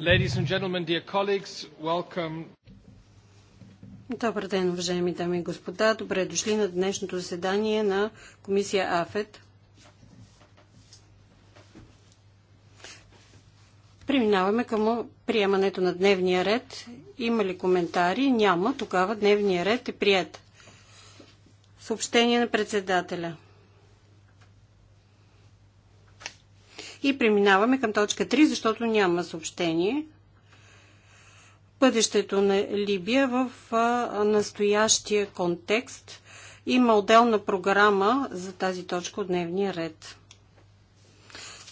Ladies and gentlemen, dear colleagues, welcome. Добър ден, уважаеми дами и господа. Добре дошли на днешното заседание на комисия АФЕТ. Преминаваме към приемането на дневния ред. Има ли коментари? Няма. Тогава дневния ред е прият. Съобщение на председателя. И преминаваме към точка 3, защото няма съобщение. Пъдещето на Либия в настоящия контекст има отделна програма за тази точка от дневния ред.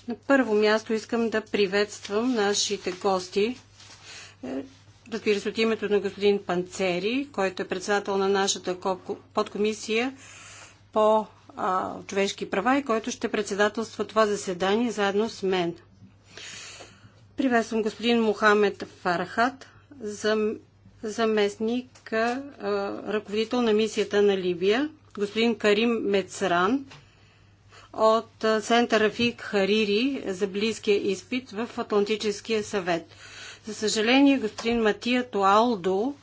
На първо място искам да приветствам нашите гости. Е, разбира се, от името на господин Панцери, който е председател на нашата подкомисия по човешки права и който ще председателства това заседание заедно с мен. Приветствам господин Мохамед Фархат, заместник ръководител на мисията на Либия, господин Карим Мецран от Център Рафик Харири за близкия изпит в Атлантическия съвет. За съжаление, господин Матия Туалдо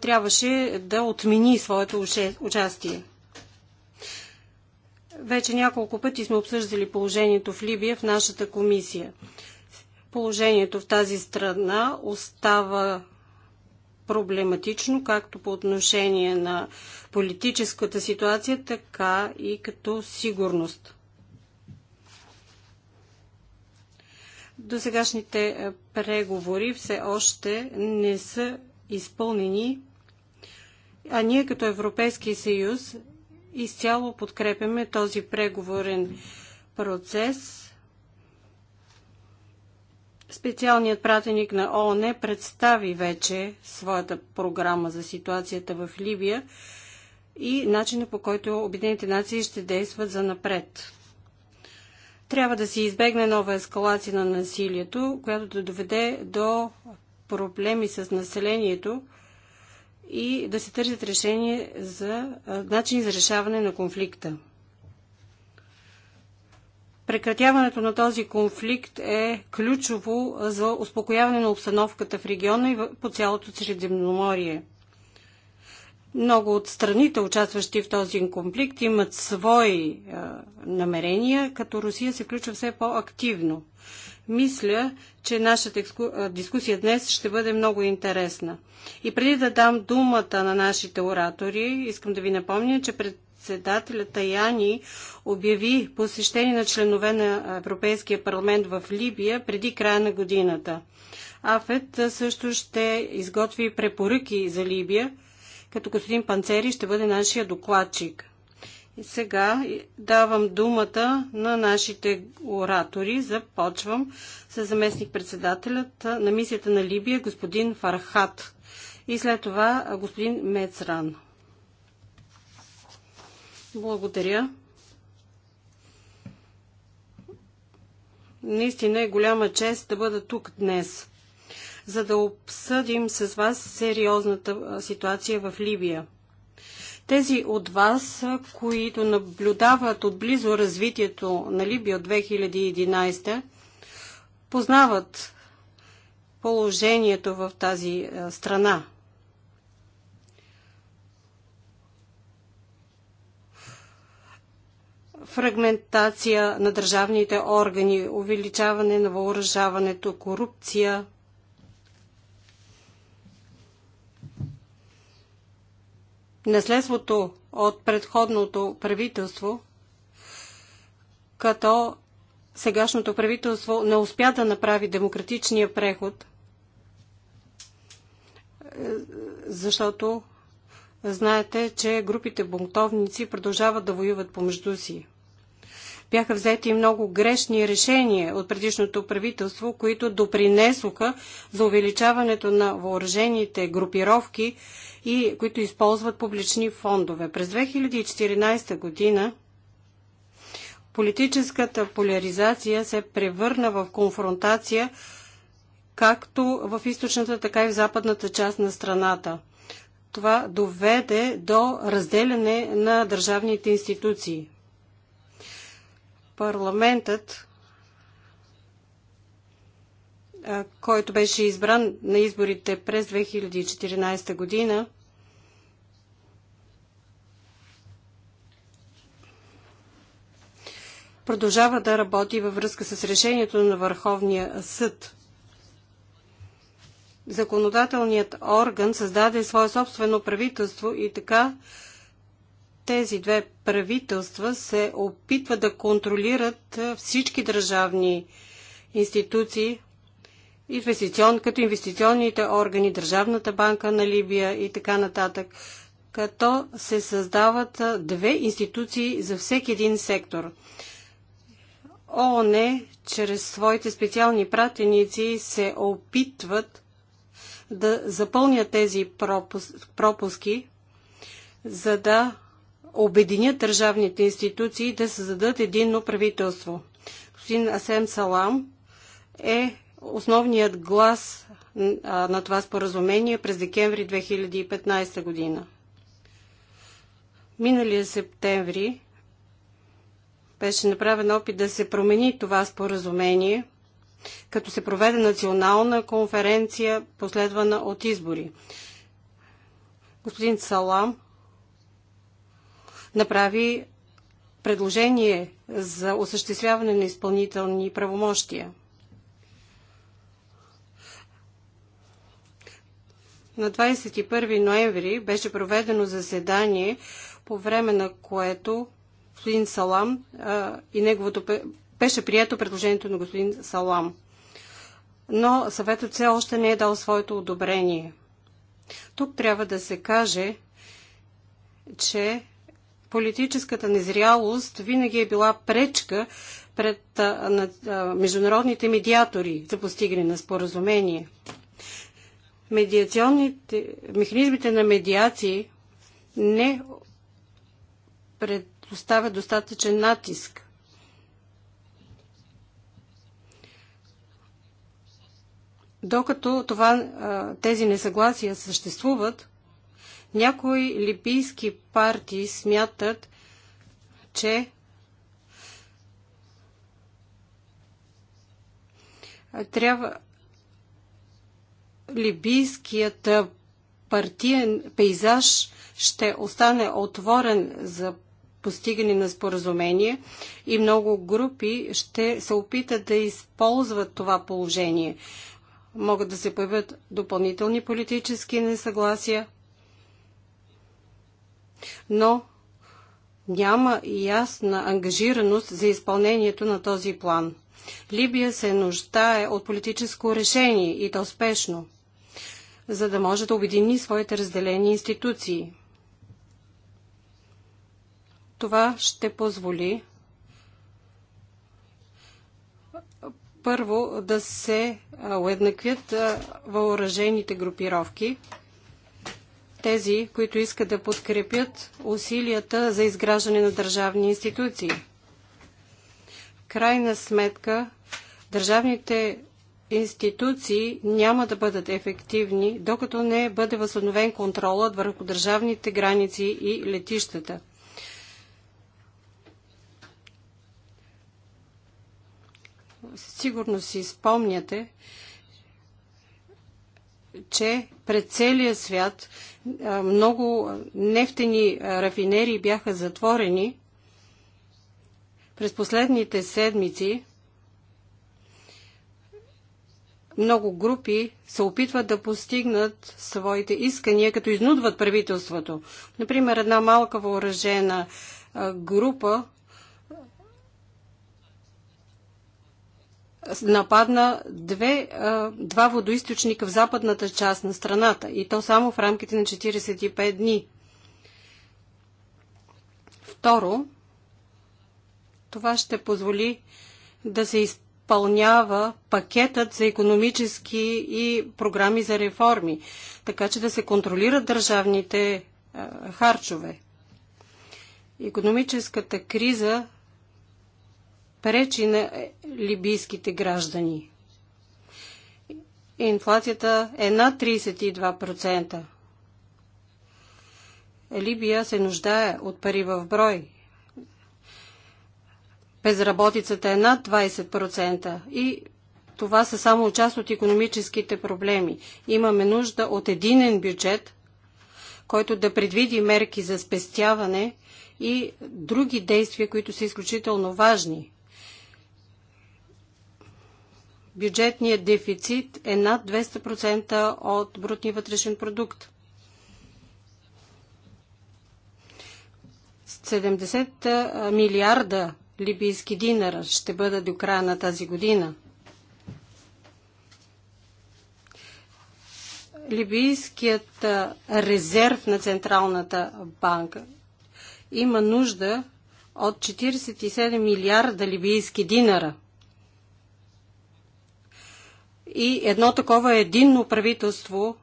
трябваше да отмени своето участие. Вече няколко пъти сме обсъждали положението в Либия в нашата комисия. Положението в тази страна остава проблематично, както по отношение на политическата ситуация, така и като сигурност. До сегашните е, преговори все още не са изпълнени, а ние като Европейски съюз изцяло подкрепяме този преговорен процес. Специалният пратеник на ООН представи вече своята програма за ситуацията в Либия и начина по който Обединените нации ще действат за напред. Трябва да се избегне нова ескалация на насилието, която да доведе до проблеми с населението, и да се търсят решение за начини за решаване на конфликта. Прекратяването на този конфликт е ключово за успокояване на обстановката в региона и по цялото Средиземноморие. Много от страните, участващи в този конфликт, имат свои намерения, като Русия се включва все по-активно. Мисля, че нашата дискусия днес ще бъде много интересна. И преди да дам думата на нашите оратори, искам да ви напомня, че пред председателят Таяни обяви посещение на членове на Европейския парламент в Либия преди края на годината. АФЕТ също ще изготви препоръки за Либия, като господин Панцери ще бъде нашия докладчик. И сега давам думата на нашите оратори. Започвам с заместник-председателят на мисията на Либия, господин Фархат. И след това господин Мецран. Благодаря. Наистина е голяма чест да бъда тук днес, за да обсъдим с вас сериозната ситуация в Либия – тези от вас, които наблюдават отблизо развитието на Либия от 2011, познават положението в тази е, страна. Фрагментация на държавните органи, увеличаване на въоръжаването, корупция – наследството от предходното правителство, като сегашното правителство не успя да направи демократичния преход, е, защото знаете, че групите бунтовници продължават да воюват помежду си бяха взети много грешни решения от предишното правителство, които допринесоха за увеличаването на въоръжените групировки и които използват публични фондове. През 2014 година политическата поляризация се превърна в конфронтация както в източната, така и в западната част на страната. Това доведе до разделяне на държавните институции парламентът, който беше избран на изборите през 2014 година, продължава да работи във връзка с решението на Върховния съд. Законодателният орган създаде свое собствено правителство и така тези две правителства се опитват да контролират всички държавни институции, инвестицион, като инвестиционните органи, Държавната банка на Либия и така нататък, като се създават две институции за всеки един сектор. ООН чрез своите специални пратеници се опитват да запълнят тези пропуски, за да обединят държавните институции и да създадат единно правителство. Господин Асен Салам е основният глас на това споразумение през декември 2015 година. Миналия септември беше направен опит да се промени това споразумение, като се проведе национална конференция, последвана от избори. Господин Салам направи предложение за осъществяване на изпълнителни правомощия. На 21 ноември беше проведено заседание, по време на което господин Салам а, и неговото беше прието предложението на господин Салам. Но съветът все още не е дал своето одобрение. Тук трябва да се каже, че политическата незрялост винаги е била пречка пред а, на, а, международните медиатори за постигане на споразумение. Медиационните, механизмите на медиации не предоставят достатъчен натиск. Докато това, а, тези несъгласия съществуват, някои либийски партии смятат, че трябва либийският партиен пейзаж ще остане отворен за постигане на споразумение и много групи ще се опитат да използват това положение. Могат да се появят допълнителни политически несъгласия, но няма ясна ангажираност за изпълнението на този план. Либия се нуждае от политическо решение и то спешно, за да може да обедини своите разделени институции. Това ще позволи първо да се уеднаквят въоръжените групировки, тези, които искат да подкрепят усилията за изграждане на държавни институции. В крайна сметка, държавните институции няма да бъдат ефективни, докато не бъде възстановен контролът върху държавните граници и летищата. Сигурно си спомняте, че пред целия свят много нефтени рафинерии бяха затворени през последните седмици. Много групи се опитват да постигнат своите искания, като изнудват правителството. Например, една малка въоръжена група нападна две, два водоисточника в западната част на страната и то само в рамките на 45 дни. Второ, това ще позволи да се изпълнява пакетът за економически и програми за реформи, така че да се контролират държавните харчове. Економическата криза пречи на либийските граждани. Инфлацията е над 32%. Либия се нуждае от пари в брой. Безработицата е над 20% и това са само част от економическите проблеми. Имаме нужда от единен бюджет, който да предвиди мерки за спестяване и други действия, които са изключително важни бюджетният дефицит е над 200% от брутния вътрешен продукт. 70 милиарда либийски динара ще бъдат до края на тази година. Либийският резерв на Централната банка има нужда от 47 милиарда либийски динара – и едно такова единно правителство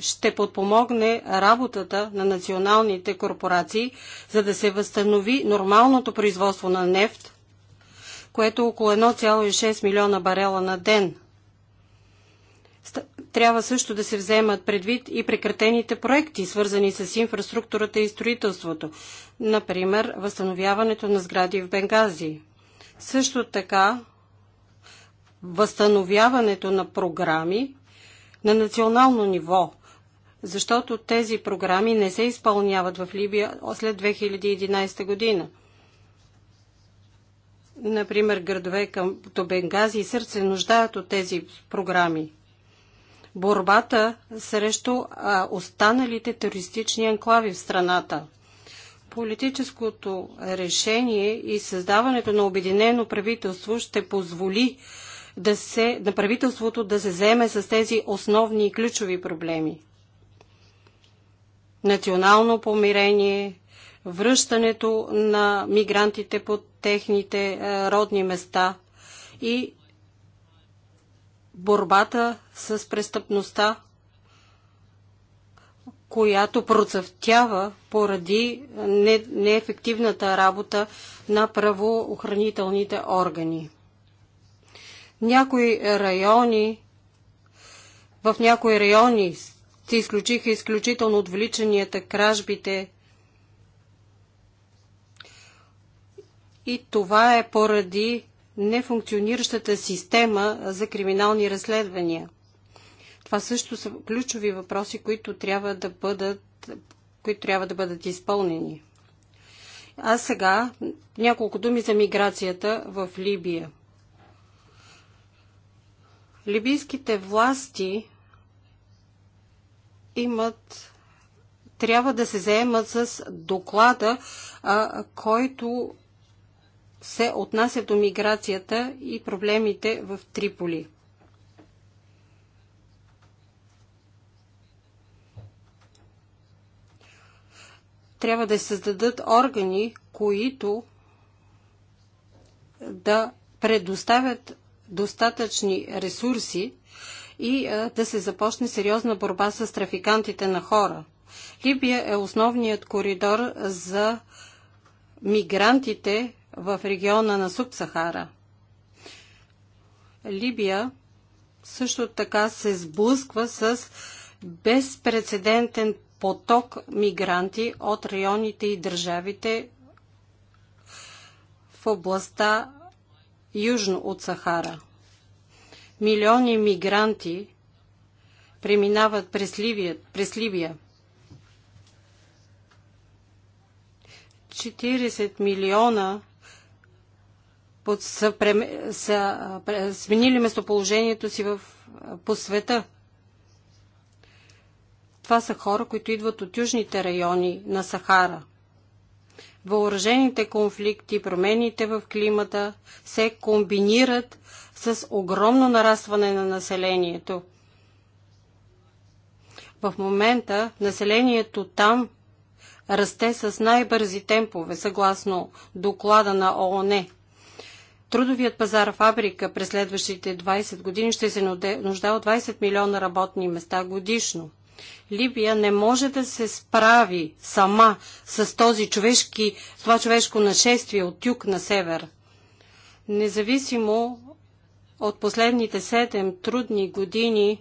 ще подпомогне работата на националните корпорации, за да се възстанови нормалното производство на нефт, което е около 1,6 милиона барела на ден. Трябва също да се вземат предвид и прекратените проекти, свързани с инфраструктурата и строителството, например възстановяването на сгради в Бенгази. Също така възстановяването на програми на национално ниво, защото тези програми не се изпълняват в Либия след 2011 година. Например, градове към Тобенгази и сърце нуждаят от тези програми. Борбата срещу останалите терористични анклави в страната политическото решение и създаването на обединено правителство ще позволи да се, на правителството да се вземе с тези основни и ключови проблеми. Национално помирение, връщането на мигрантите под техните е, родни места и борбата с престъпността, която процъфтява поради не, неефективната работа на правоохранителните органи. Някои райони, в някои райони се изключиха изключително отвличанията, кражбите. И това е поради нефункциониращата система за криминални разследвания. Това също са ключови въпроси, които трябва да бъдат, които трябва да бъдат изпълнени. А сега няколко думи за миграцията в Либия. Либийските власти имат трябва да се заемат с доклада, а, който се отнася до миграцията и проблемите в Триполи. Трябва да се създадат органи, които да предоставят достатъчни ресурси и да се започне сериозна борба с трафикантите на хора. Либия е основният коридор за мигрантите в региона на Субсахара. Либия също така се сблъсква с безпредседентен поток мигранти от районите и държавите в областта южно от Сахара. Милиони мигранти преминават през Ливия. През Ливия. 40 милиона под, са, прем, са сменили местоположението си в, по света. Това са хора, които идват от южните райони на Сахара – въоръжените конфликти, промените в климата се комбинират с огромно нарастване на населението. В момента населението там расте с най-бързи темпове, съгласно доклада на ООН. Трудовият пазар в Африка през следващите 20 години ще се нуждае от 20 милиона работни места годишно – Либия не може да се справи сама с този човешки, това човешко нашествие от юг на север. Независимо от последните седем трудни години,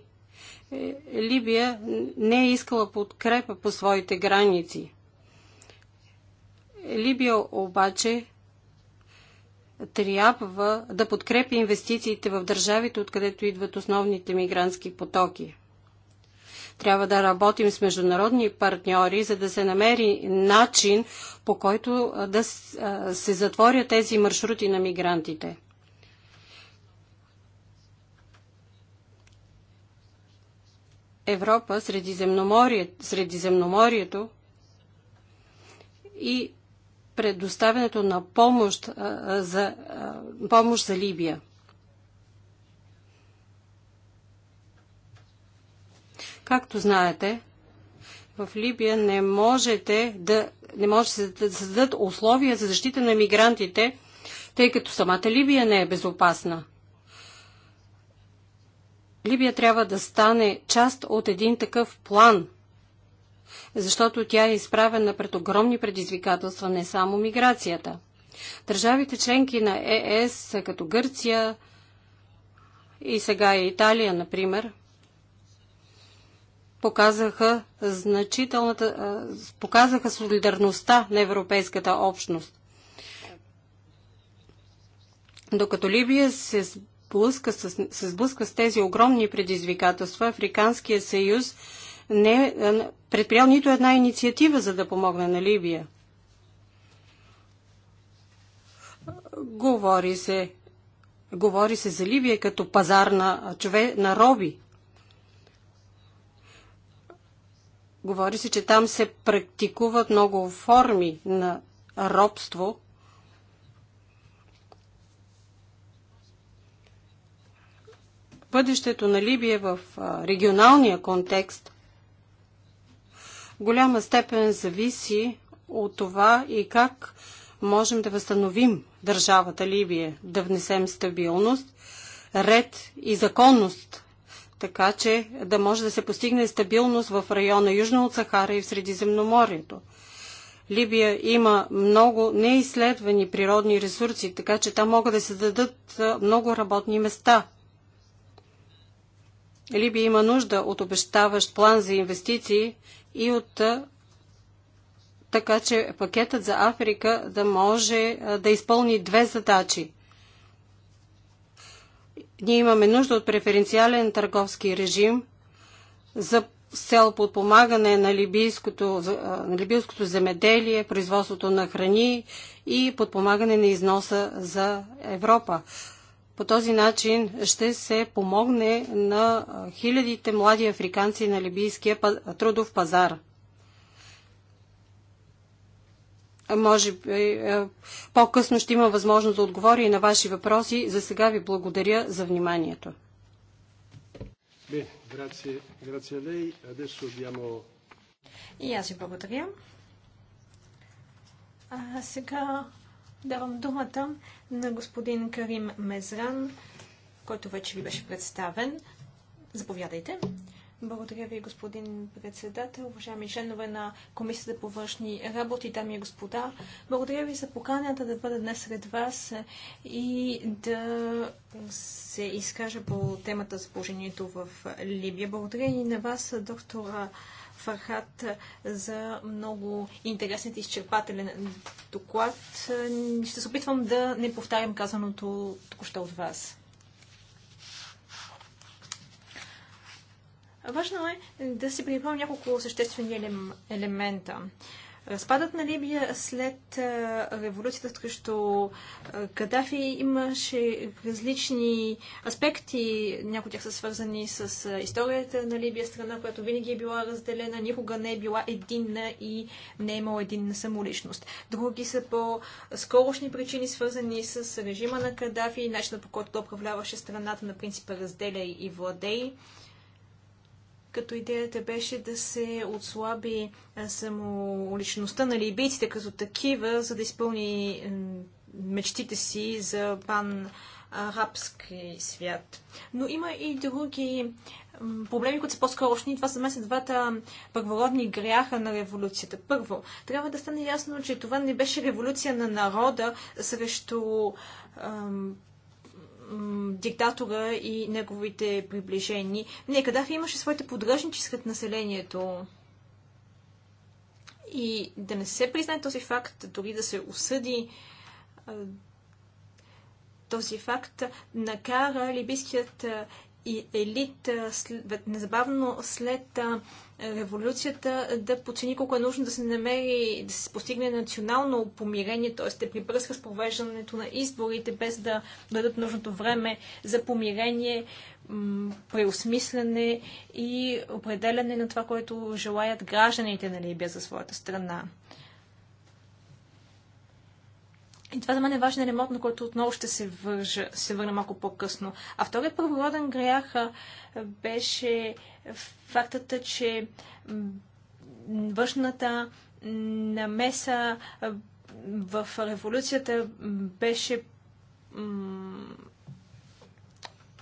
е, Либия не е искала подкрепа по своите граници. Либия обаче трябва да подкрепи инвестициите в държавите, откъдето идват основните мигрантски потоки. Трябва да работим с международни партньори, за да се намери начин, по който да се затворят тези маршрути на мигрантите. Европа, Средиземноморие, Средиземноморието и предоставянето на помощ за, помощ за Либия. Както знаете, в Либия не можете да не може да създадат условия за защита на мигрантите, тъй като самата Либия не е безопасна. Либия трябва да стане част от един такъв план, защото тя е изправена пред огромни предизвикателства, не само миграцията. Държавите членки на ЕС, е като Гърция и сега и Италия, например, показаха значителната, показаха солидарността на европейската общност. Докато Либия се сблъска с, се сблъска с тези огромни предизвикателства, Африканския съюз не предприял нито една инициатива, за да помогне на Либия. Говори се, говори се за Ливия като пазар на, чове, на роби. Говори се, че там се практикуват много форми на робство. Бъдещето на Либия в регионалния контекст голяма степен зависи от това и как можем да възстановим държавата Либия, да внесем стабилност, ред и законност така че да може да се постигне стабилност в района южно от Сахара и в Средиземноморието. Либия има много неизследвани природни ресурси, така че там могат да се дадат много работни места. Либия има нужда от обещаващ план за инвестиции и от така че пакетът за Африка да може да изпълни две задачи – ние имаме нужда от преференциален търговски режим за цел подпомагане на либийското, на либийското земеделие, производството на храни и подпомагане на износа за Европа. По този начин ще се помогне на хилядите млади африканци на либийския трудов пазар. може би е, по-късно ще има възможност да отговоря и на ваши въпроси. За сега ви благодаря за вниманието. И аз ви благодаря. А сега давам думата на господин Карим Мезран, който вече ви беше представен. Заповядайте. Благодаря ви, господин председател, уважаеми членове на Комисията по външни работи, дами и господа. Благодаря ви за поканята да бъда днес сред вас и да се изкажа по темата за положението в Либия. Благодаря и на вас, доктора Фархат, за много интересен и изчерпателен доклад. Ще се опитвам да не повтарям казаното току-що от вас. Важно е да си припомня няколко съществени елемента. Разпадът на Либия след революцията срещу Кадафи имаше различни аспекти. Някои от тях са свързани с историята на Либия, страна, която винаги е била разделена, никога не е била единна и не е имала единна самоличност. Други са по-скорошни причини, свързани с режима на Кадафи, начинът по който управляваше страната на принципа разделяй и владей като идеята беше да се отслаби само личността на либийците като такива, за да изпълни мечтите си за пан арабски свят. Но има и други проблеми, които са по-скорошни. Това са мен са двата първородни гряха на революцията. Първо, трябва да стане ясно, че това не беше революция на народа срещу ам, диктатора и неговите приближени. Не, Кадафи имаше своите подръжници сред населението. И да не се признае този факт, дори да се осъди този факт, накара либийският елит след, незабавно след революцията да подцени колко е нужно да се намери, да се постигне национално помирение, т.е. да прибързка с провеждането на изборите, без да дадат нужното време за помирение, преосмислене и определяне на това, което желаят гражданите на Либия за своята страна. И това за мен е важен елемент, на който отново ще се, вържа, се върна малко по-късно. А вторият първороден грях беше фактата, че външната намеса в революцията беше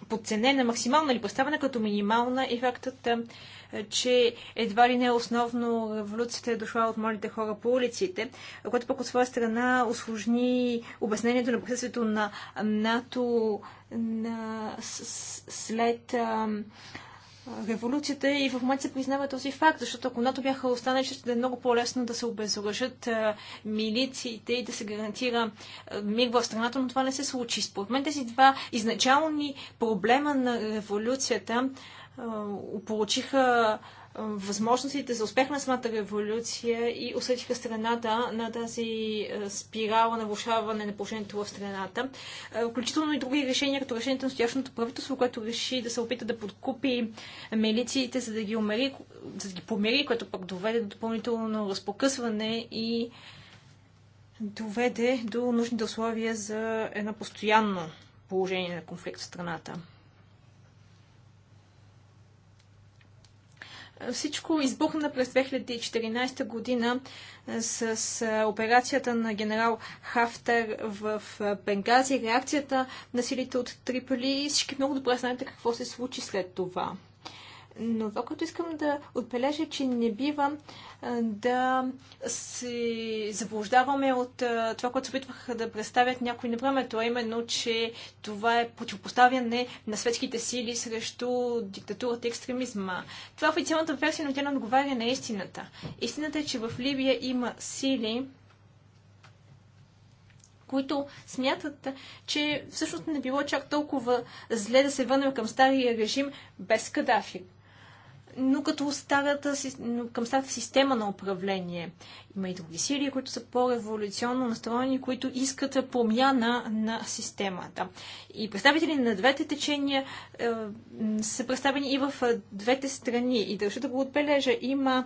подценена максимално или поставена като минимална и фактът, че едва ли не основно революцията е дошла от младите хора по улиците, което пък от своя страна осложни обяснението на присъствието на НАТО на, след революцията и в момента се признава този факт, защото ако НАТО бяха останали, ще е много по-лесно да се обезоръжат милициите и да се гарантира мир в страната, но това не се случи. Според мен тези два изначални проблема на революцията получиха възможностите за успех на самата революция и усетиха страната на тази спирала на влушаване на положението в страната. Включително и други решения, като решението на стоящното правителство, което реши да се опита да подкупи милициите, за да ги, умери, за да ги помири, което пък доведе до допълнително разпокъсване и доведе до нужните условия за едно постоянно положение на конфликт в страната. Всичко избухна през 2014 година с, с операцията на генерал Хафтер в Бенгази, реакцията на силите от Триполи. Всички много добре знаете какво се случи след това. Но това, което искам да отбележа, е, че не бива да се заблуждаваме от това, което се опитваха да представят някои на времето, а именно, че това е противопоставяне на светските сили срещу диктатурата и екстремизма. Това е официалната версия, но тя не отговаря на истината. Истината е, че в Ливия има сили, които смятат, че всъщност не било чак толкова зле да се върнем към стария режим без Кадафи но като старата, но към старата система на управление. Има и други сили, които са по-революционно настроени, които искат промяна на системата. И представители на двете течения е, са представени и в е, двете страни. И държа да го отбележа, има,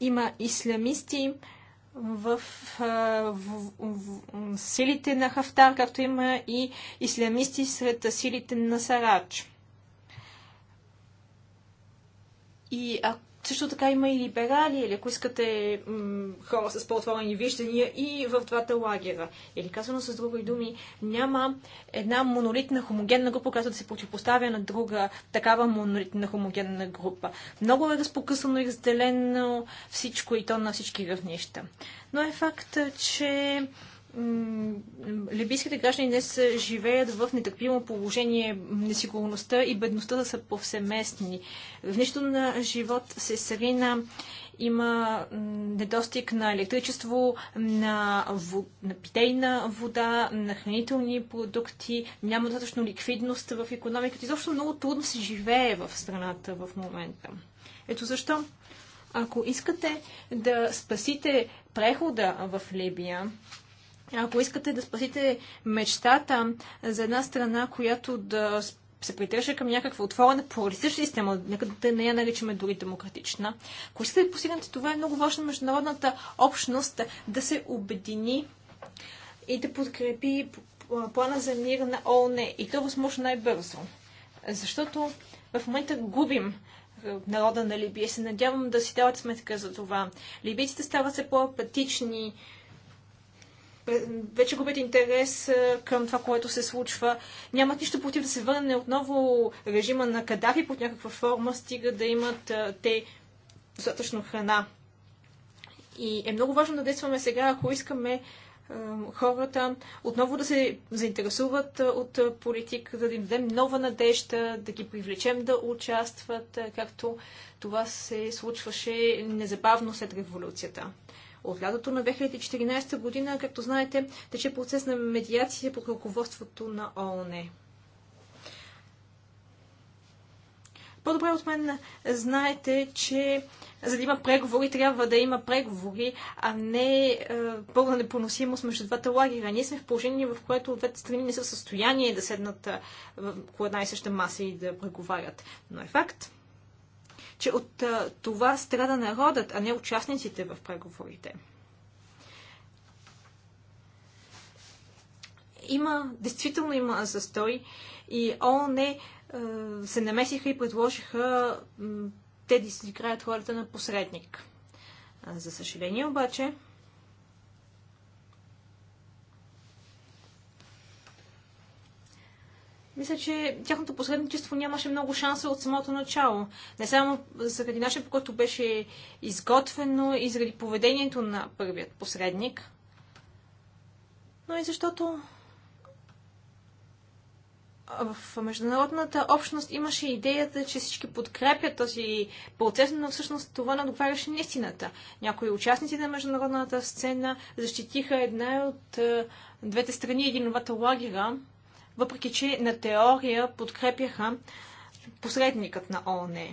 има ислямисти, е, в, в, в, в силите на Хафтар, както има и ислямисти сред силите на Сарач. И а, също така има и либерали, или ако искате хора с по-отворени виждания и в двата лагера. Или казано с други думи, няма една монолитна хомогенна група, която да се противопоставя на друга такава монолитна хомогенна група. Много е разпокъсано и разделено всичко и то на всички равнища. Но е факт, че либийските граждани днес живеят в нетърпимо положение. Несигурността и бедността са повсеместни. Нищо на живот се срина. Има недостиг на електричество, на, на питейна вода, на хранителни продукти, няма достатъчно ликвидност в економиката. Изобщо много трудно се живее в страната в момента. Ето защо, ако искате да спасите прехода в Либия, ако искате да спасите мечтата за една страна, която да се притежа към някаква отворена плуралистична система, нека да не я наричаме дори демократична. Ако искате да постигнете това, е много важно международната общност да се обедини и да подкрепи плана за мир на ООН и то възможно най-бързо. Защото в момента губим е, народа на Либия. Се надявам да си давате сметка за това. Либийците стават се по-апатични, вече губят интерес към това, което се случва. Нямат нищо против да се върне отново режима на Кадафи под някаква форма, стига да имат те достатъчно храна. И е много важно да действаме сега, ако искаме хората отново да се заинтересуват от политика, да им дадем нова надежда, да ги привлечем да участват, както това се случваше незабавно след революцията. От лятото на 2014 година, както знаете, тече процес на медиация под ръководството на ООН. По-добре от мен знаете, че за да има преговори, трябва да има преговори, а не е, пълна непоносимост между двата лагера. Ние сме в положение, в което двете страни не са в състояние да седнат е, в една и съща маса и да преговарят. Но е факт, че от а, това страда народът, а не участниците в преговорите. Има, действително има застой и ООН е, се намесиха и предложиха те да изиграят ролята на посредник. За съжаление обаче, мисля, че тяхното посредничество нямаше много шанса от самото начало. Не само заради начина, по който беше изготвено и заради поведението на първият посредник, но и защото в международната общност имаше идеята, че всички подкрепят този процес, но всъщност това не отговаряше на истината. Някои участници на международната сцена защитиха една от двете страни, един от лагера, въпреки че на теория подкрепяха посредникът на ООН.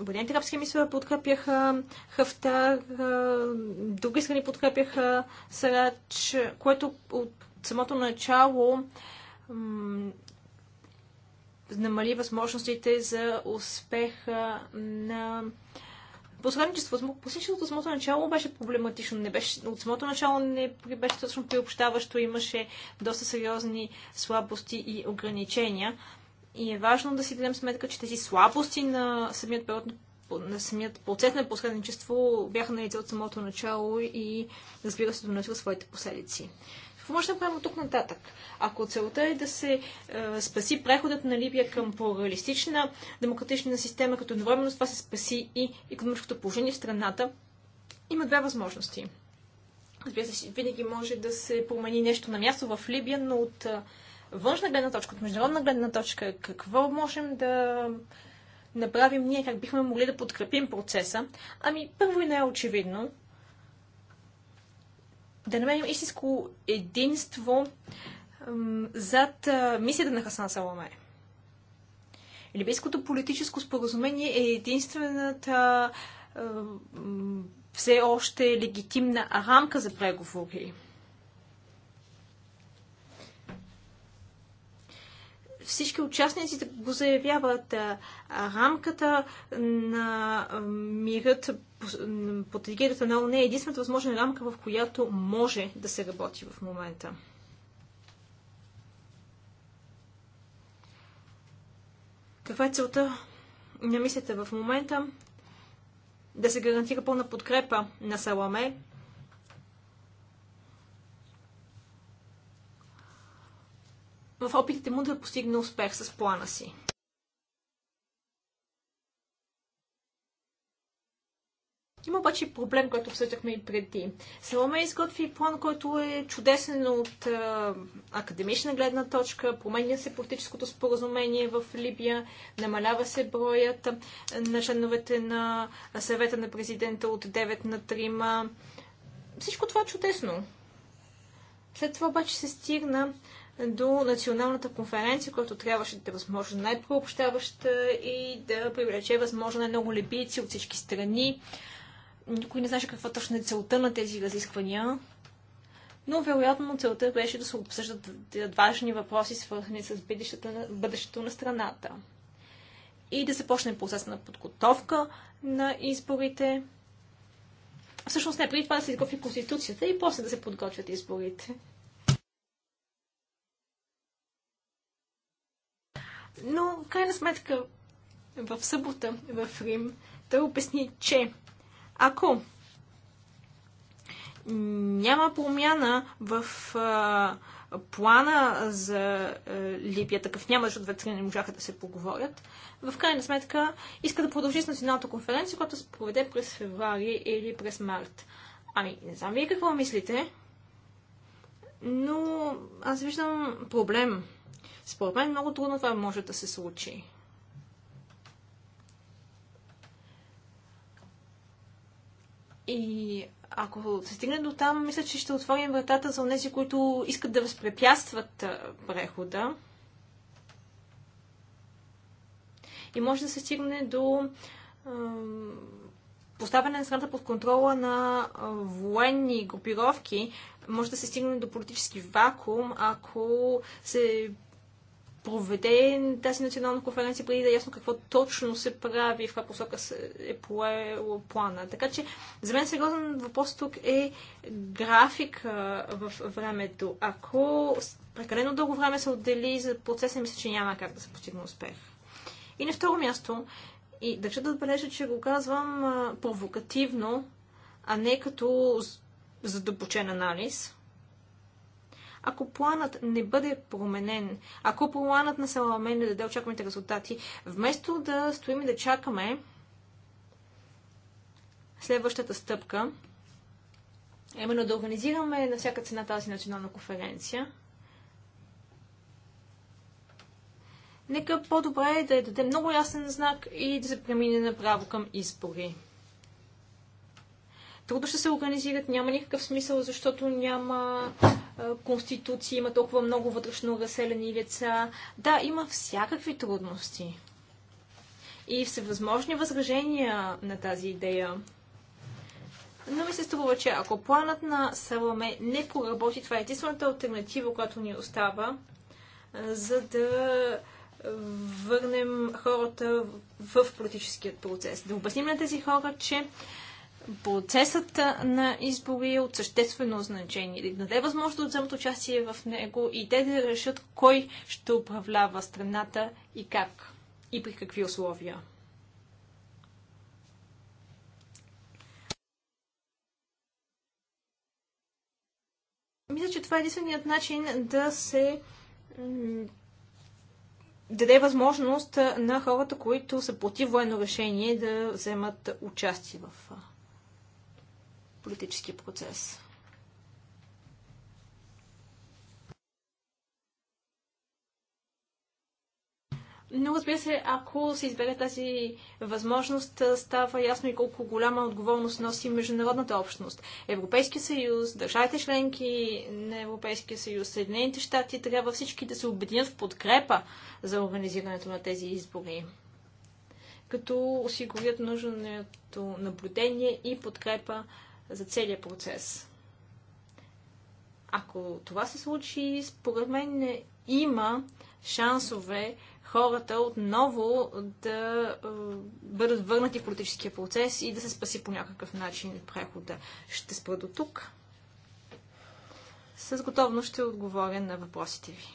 Обединените арабски мисли подкрепяха Хафтар, други страни подкрепяха Сарач, което от самото начало намали възможностите за успеха на посредничеството. Посредничеството от самото начало беше проблематично. Не беше, от самото начало не беше точно приобщаващо. Имаше доста сериозни слабости и ограничения. И е важно да си дадем сметка, че тези слабости на самият период на самият процес на посредничество бяха на от самото начало и разбира се донесоха своите последици. Какво може да правим от тук нататък? Ако целта е да се е, спаси преходът на Либия към по-реалистична демократична система, като едновременно с това се спаси и економическото положение в страната, има две възможности. Разбира се, винаги може да се промени нещо на място в Либия, но от е, външна гледна точка, от международна гледна точка, какво можем да направим ние, как бихме могли да подкрепим процеса? Ами, първо и най-очевидно, да намерим истинско единство зад мисията на Хасан Саламе. Либийското политическо споразумение е единствената все още легитимна рамка за преговори. всички участници го заявяват. Рамката на мирът под егидата на ОНЕ е единствената възможна рамка, в която може да се работи в момента. Каква е целта на мислите в момента? Да се гарантира пълна подкрепа на Саламе. В опитите му да постигне успех с плана си. Има обаче проблем, който обсъждахме и преди. Саломе изготви план, който е чудесен от а, академична гледна точка, променя се политическото споразумение в Либия, намалява се броят на членовете на съвета на президента от 9 на 3. Всичко това е чудесно. След това обаче се стигна до националната конференция, която трябваше да е възможно най-прообщаваща и да привлече възможно най-много либийци от всички страни. Никой не знаеше каква точно е целта на тези разисквания, но вероятно целта беше да се обсъждат важни въпроси, свързани с бъдещето на, бъдещето на страната. И да се почне процес на подготовка на изборите. Всъщност не, преди това да се изготви Конституцията и после да се подготвят изборите. Но, крайна сметка, в събота в Рим той обясни, че ако няма промяна в а, плана за а, Либия, такъв няма, защото двете не можаха да се поговорят, в крайна сметка иска да продължи с националната конференция, която се проведе през февруари или през март. Ами, не знам вие какво мислите, но аз виждам проблем. Според мен много трудно това може да се случи. И ако се стигне до там, мисля, че ще отворим вратата за тези, които искат да възпрепятстват прехода. И може да се стигне до е, поставяне на страната под контрола на военни групировки. Може да се стигне до политически вакуум, ако се проведе тази национална конференция, преди да е ясно какво точно се прави, в каква посока е поело плана. Така че, за мен сериозен въпрос тук е график в времето. Ако прекалено дълго време се отдели за процеса, мисля, че няма как да се постигне успех. И на второ място, и държа да отбележа, че го казвам провокативно, а не като задълбочен анализ, ако планът не бъде променен, ако планът на Саламен не даде очакваните резултати, вместо да стоим и да чакаме следващата стъпка, именно да организираме на всяка цена тази национална конференция, нека по-добре е да я даде много ясен знак и да се премине направо към избори. Трудно ще се организират, няма никакъв смисъл, защото няма конституции, има толкова много вътрешно разселени лица. Да, има всякакви трудности. И всевъзможни възражения на тази идея. Но ми се струва, че ако планът на Саламе не поработи, това е единствената альтернатива, която ни остава, за да върнем хората в политическият процес. Да обясним на тези хора, че процесът на избори е от съществено значение. Да даде възможност да вземат участие в него и те да решат кой ще управлява страната и как и при какви условия. Мисля, че това е единственият начин да се даде възможност на хората, които са против военно решение, да вземат участие в политически процес. Но разбира се, ако се избере тази възможност, става ясно и колко голяма отговорност носи международната общност. Европейския съюз, държавите членки на Европейския съюз, Съединените щати, трябва всички да се обединят в подкрепа за организирането на тези избори като осигурят нужното наблюдение и подкрепа за целия процес. Ако това се случи, според мен е, има шансове хората отново да е, бъдат върнати в политическия процес и да се спаси по някакъв начин прехода. Ще спра до тук. С готовност ще отговоря на въпросите ви.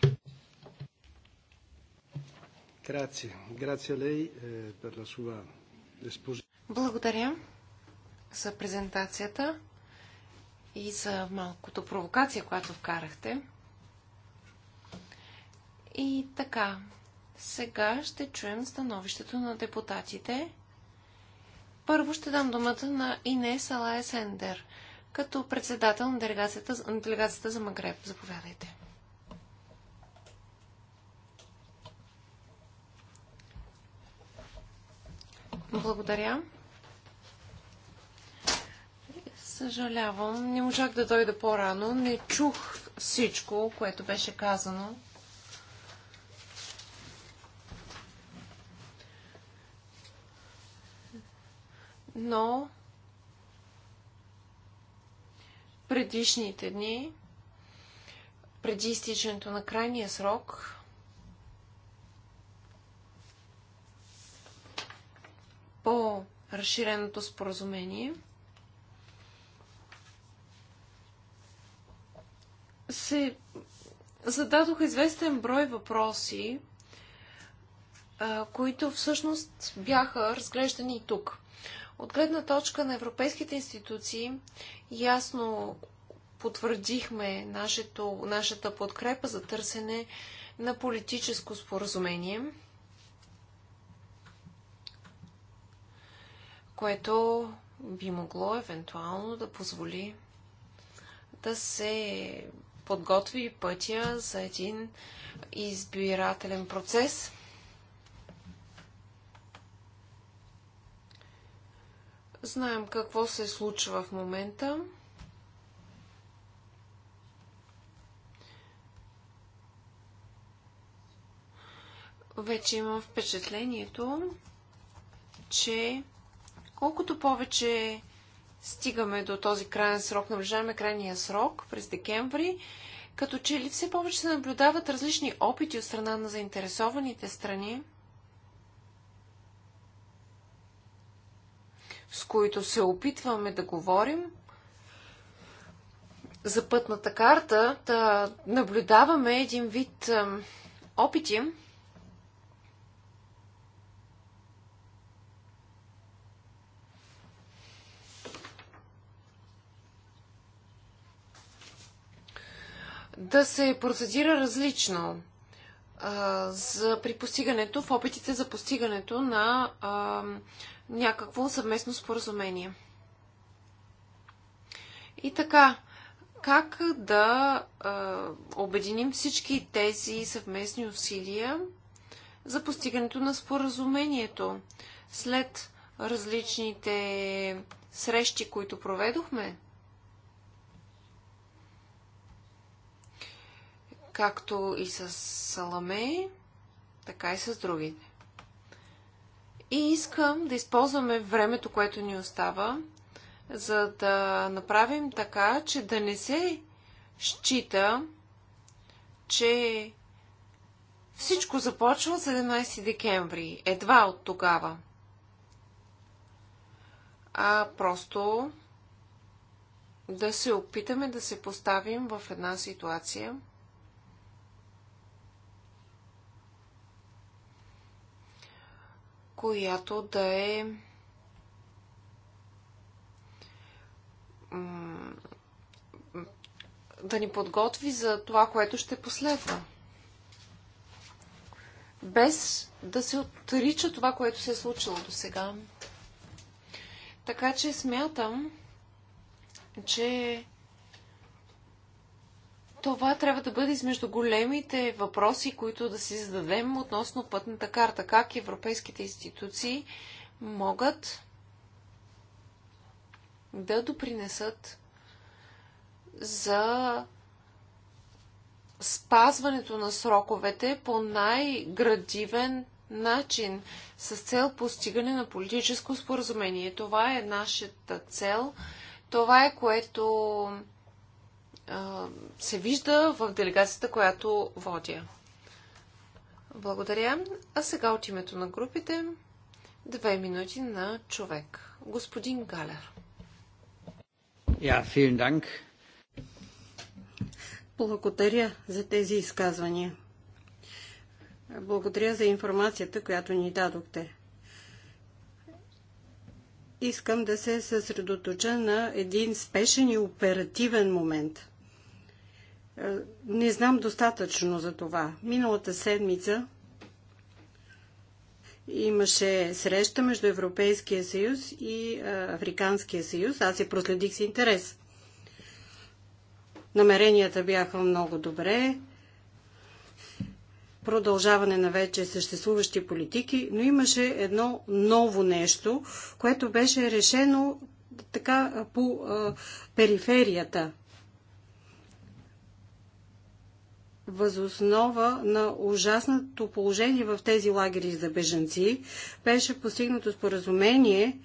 Eh, Благодаря за презентацията и за малкото провокация, която вкарахте. И така, сега ще чуем становището на депутатите. Първо ще дам думата на Инес Алая Сендер, като председател на делегацията, на делегацията за Магреб. Заповядайте. Благодаря. Съжалявам, не можах да дойда по-рано. Не чух всичко, което беше казано. Но предишните дни, преди изтичането на крайния срок, по разширеното споразумение – се зададох известен брой въпроси, които всъщност бяха разглеждани и тук. От гледна точка на европейските институции ясно потвърдихме нашето, нашата подкрепа за търсене на политическо споразумение, което би могло евентуално да позволи да се подготви пътя за един избирателен процес. Знаем какво се случва в момента. Вече имам впечатлението, че колкото повече стигаме до този крайен срок, наближаваме крайния срок през декември, като че ли все повече се наблюдават различни опити от страна на заинтересованите страни, с които се опитваме да говорим за пътната карта, да наблюдаваме един вид опити да се процедира различно а, за, при постигането, в опитите за постигането на а, някакво съвместно споразумение. И така, как да а, обединим всички тези съвместни усилия за постигането на споразумението след различните срещи, които проведохме? както и с Саламе, така и с другите. И искам да използваме времето, което ни остава, за да направим така, че да не се счита, че всичко започва 17 декември, едва от тогава. А просто да се опитаме да се поставим в една ситуация – която да е да ни подготви за това, което ще последва. Без да се отрича това, което се е случило до сега. Така че смятам, че това трябва да бъде измежду големите въпроси, които да си зададем относно пътната карта. Как европейските институции могат да допринесат за спазването на сроковете по най-градивен начин с цел постигане на политическо споразумение. Това е нашата цел. Това е което се вижда в делегацията, която водя. Благодаря. А сега от името на групите две минути на човек. Господин Галер. Благодаря за тези изказвания. Благодаря за информацията, която ни дадохте. Искам да се съсредоточа на един спешен и оперативен момент – не знам достатъчно за това. Миналата седмица имаше среща между Европейския съюз и Африканския съюз. Аз я проследих с интерес. Намеренията бяха много добре. Продължаване на вече съществуващи политики, но имаше едно ново нещо, което беше решено така по периферията възоснова на ужасното положение в тези лагери за бежанци беше постигнато споразумение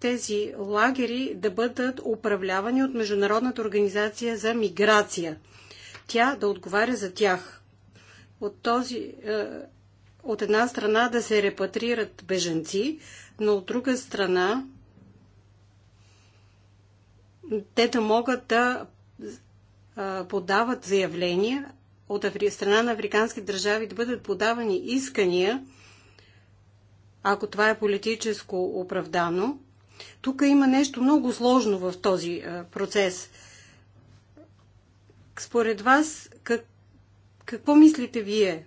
тези лагери да бъдат управлявани от Международната организация за миграция. Тя да отговаря за тях. От, този, е, от една страна да се репатрират бежанци, но от друга страна те да могат да подават заявления от страна на африкански държави да бъдат подавани искания, ако това е политическо оправдано. Тук има нещо много сложно в този процес. Според вас, как, какво мислите вие?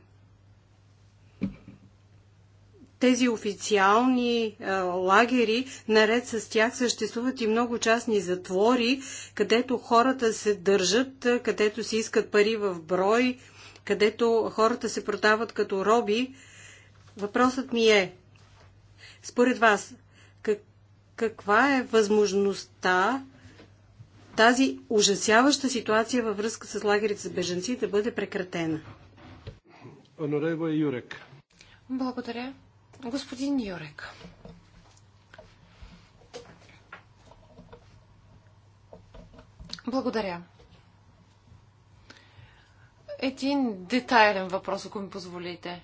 тези официални е, лагери, наред с тях съществуват и много частни затвори, където хората се държат, е, където се искат пари в брой, където хората се продават като роби. Въпросът ми е, според вас, как, каква е възможността тази ужасяваща ситуация във връзка с лагерите с беженци да бъде прекратена? Онорева Юрек. Благодаря. Господин Йорек. Благодаря. Един детайлен въпрос, ако ми позволите.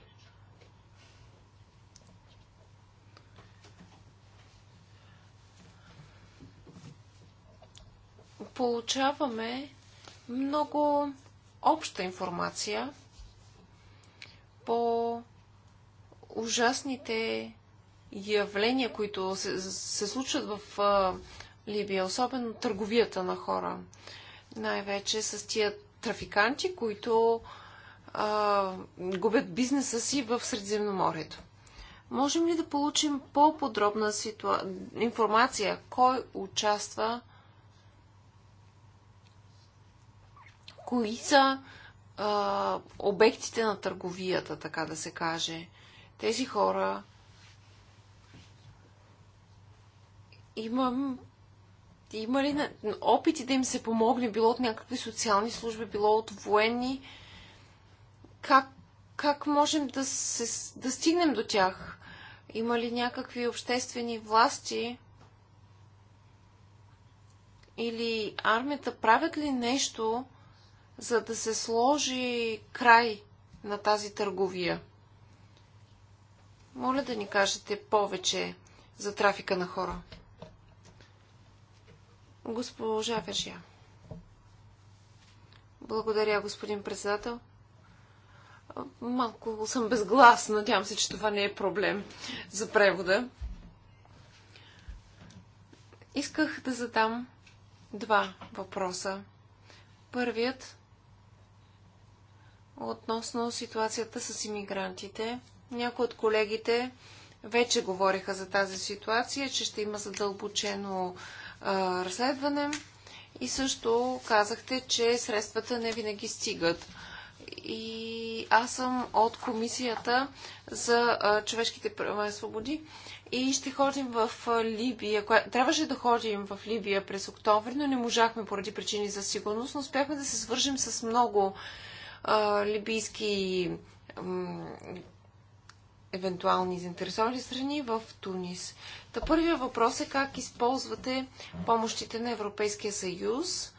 Получаваме много обща информация по ужасните явления, които се, се случват в а, Либия, особено търговията на хора. Най-вече с тия трафиканти, които а, губят бизнеса си в Средиземноморието. Можем ли да получим по-подробна ситуа... информация кой участва, кои са а, обектите на търговията, така да се каже? тези хора имам има ли опити да им се помогне, било от някакви социални служби, било от военни? Как, как можем да, се, да стигнем до тях? Има ли някакви обществени власти? Или армията правят ли нещо, за да се сложи край на тази търговия? Моля да ни кажете повече за трафика на хора. Госпожа Вержия. Благодаря, господин председател. Малко съм безгласна. Надявам се, че това не е проблем за превода. Исках да задам два въпроса. Първият относно ситуацията с иммигрантите – някои от колегите вече говориха за тази ситуация, че ще има задълбочено а, разследване и също казахте, че средствата не винаги стигат. И аз съм от комисията за а, човешките права и свободи и ще ходим в Либия. Коя... Трябваше да ходим в Либия през октомври, но не можахме поради причини за сигурност, но успяхме да се свържим с много а, либийски евентуални заинтересовани страни в Тунис. Та първия въпрос е как използвате помощите на Европейския съюз.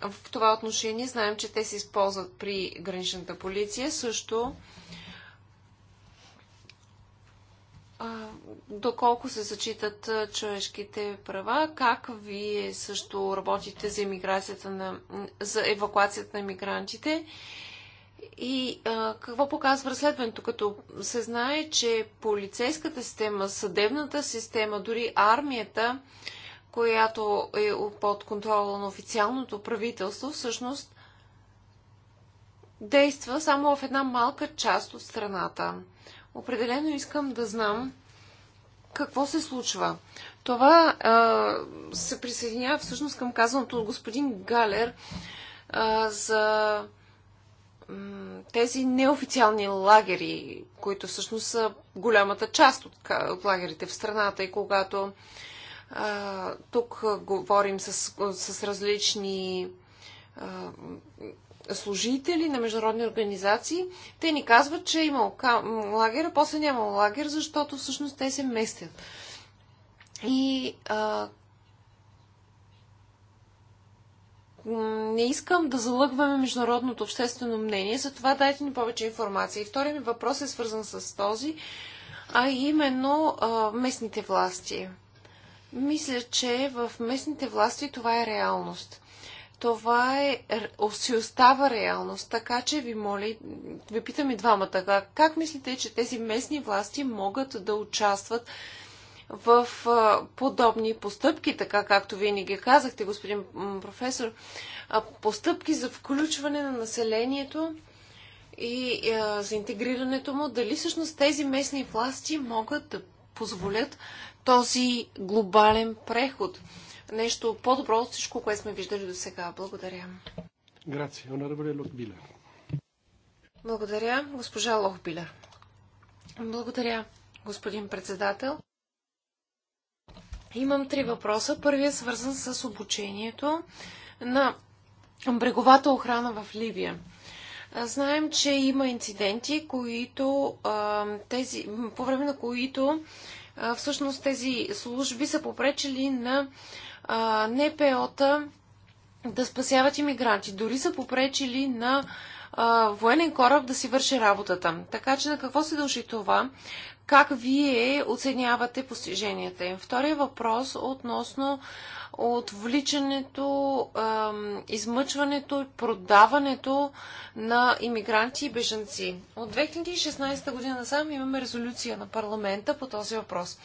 В това отношение знаем, че те се използват при граничната полиция. Също доколко се зачитат човешките права, как вие също работите за, на, за евакуацията на мигрантите и а, какво показва разследването, като се знае, че полицейската система, съдебната система, дори армията, която е под контрола на официалното правителство, всъщност действа само в една малка част от страната. Определено искам да знам какво се случва. Това а, се присъединява всъщност към казаното от господин Галер а, за тези неофициални лагери, които всъщност са голямата част от, от лагерите в страната и когато а, тук говорим с, с различни а, служители на международни организации, те ни казват, че е лагер, а после няма лагер, защото всъщност те се местят. И а, не искам да залъгваме международното обществено мнение, затова дайте ни повече информация. И вторият ми въпрос е свързан с този, а именно а, местните власти. Мисля, че в местните власти това е реалност. Това е, си остава реалност, така че ви моля, ви питам и двамата, как мислите, че тези местни власти могат да участват в подобни постъпки, така както вие ни ги казахте, господин професор, постъпки за включване на населението и за интегрирането му, дали всъщност тези местни власти могат да позволят този глобален преход. Нещо по-добро от всичко, което сме виждали до сега. Благодаря. Благодаря, госпожа Лохбилер. Благодаря, господин председател. Имам три въпроса. Първият е свързан с обучението на бреговата охрана в Либия. Знаем, че има инциденти, които, тези, по време на които всъщност тези служби са попречили на НПО-та да спасяват иммигранти. Дори са попречили на военен кораб да си върши работата. Така че на какво се дължи това? Как вие оценявате постиженията им? Втория въпрос относно отвличането, измъчването и продаването на иммигранти и бежанци. От 2016 година сам имаме резолюция на парламента по този въпрос.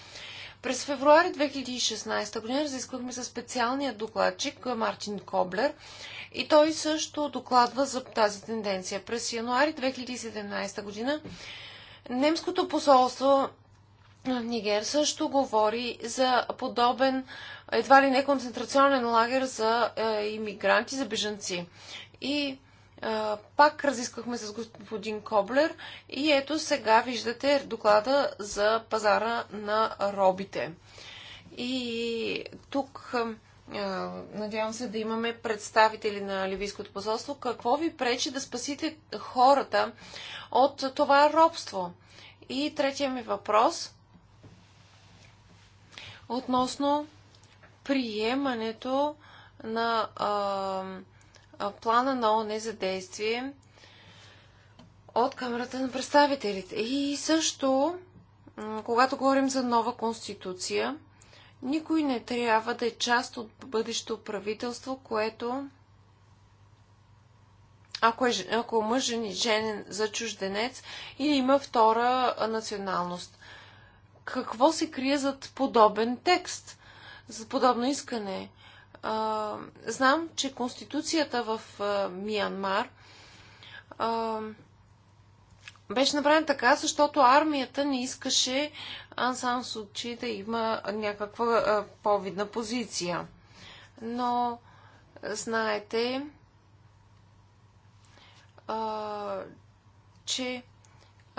През февруари 2016 година разисквахме със специалния докладчик Мартин Коблер и той също докладва за тази тенденция. През януари 2017 година Немското посолство в Нигер също говори за подобен едва ли не концентрационен лагер за е, иммигранти, за бежанци. И е, пак разисквахме с господин Коблер и ето сега виждате доклада за пазара на робите. И тук е, Надявам се да имаме представители на Ливийското посолство. Какво ви пречи да спасите хората от това робство? И третия ми въпрос относно приемането на а, а, плана на ОНЕ за действие от Камерата на представителите. И също, когато говорим за нова конституция, никой не трябва да е част от бъдещето правителство, което ако, е, ако мъжен е женен за чужденец и има втора националност. Какво се крие зад подобен текст, за подобно искане? А, знам, че Конституцията в а, Миянмар а, беше направен така, защото армията не искаше Ансан Сучи да има някаква повидна позиция. Но, знаете, а, че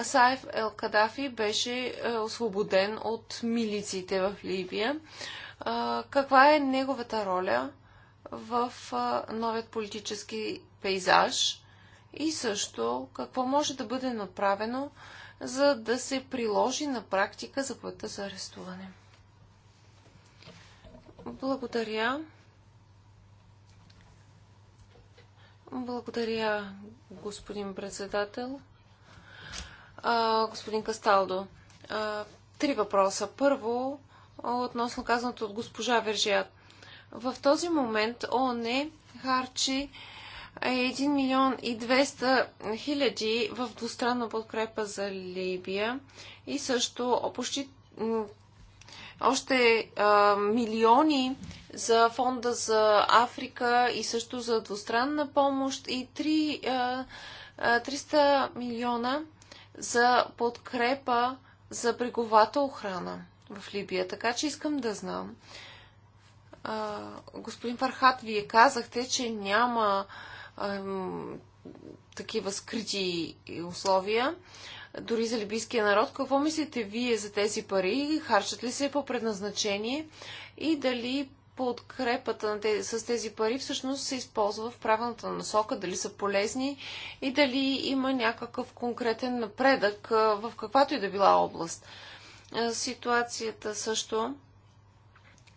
Асаев Ел Кадафи беше а, освободен от милициите в Ливия. А, каква е неговата роля в новият политически пейзаж? и също какво може да бъде направено, за да се приложи на практика заповедта за арестуване. Благодаря. Благодаря, господин председател. А, господин Касталдо, а, три въпроса. Първо, относно казаното от госпожа Вержият. В този момент ОНЕ харчи 1 милион и 200 хиляди в двустранна подкрепа за Либия и също почти още а, милиони за фонда за Африка и също за двустранна помощ и 3, а, 300 милиона за подкрепа за бреговата охрана в Либия. Така че искам да знам. А, господин Фархат, вие казахте, че няма а, такива скрити условия, дори за либийския народ. Какво мислите вие за тези пари? Харчат ли се по предназначение и дали подкрепата на тези, с тези пари всъщност се използва в правилната насока, дали са полезни и дали има някакъв конкретен напредък в каквато и да била област. Ситуацията също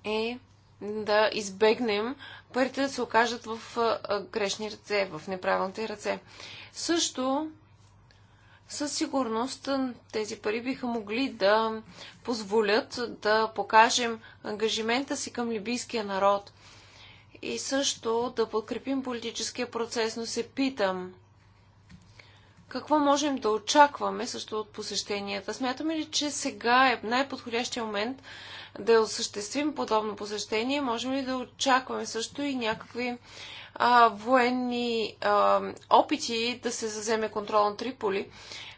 е да избегнем парите да се окажат в грешни ръце, в неправилните ръце. Също със сигурност тези пари биха могли да позволят да покажем ангажимента си към либийския народ и също да подкрепим политическия процес, но се питам – какво можем да очакваме също от посещенията? Смятаме ли, че сега е най-подходящия момент да осъществим подобно посещение? Можем ли да очакваме също и някакви а, военни а, опити да се заземе контрол на Триполи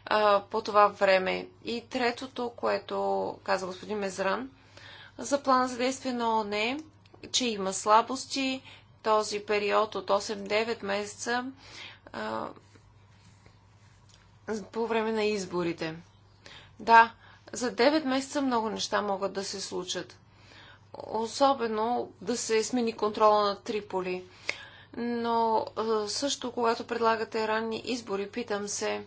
а, по това време? И третото, което каза господин Мезран, за плана за действие на ОНЕ, че има слабости, този период от 8-9 месеца а, по време на изборите. Да, за 9 месеца много неща могат да се случат. Особено да се смени контрола на Триполи. Но също, когато предлагате ранни избори, питам се,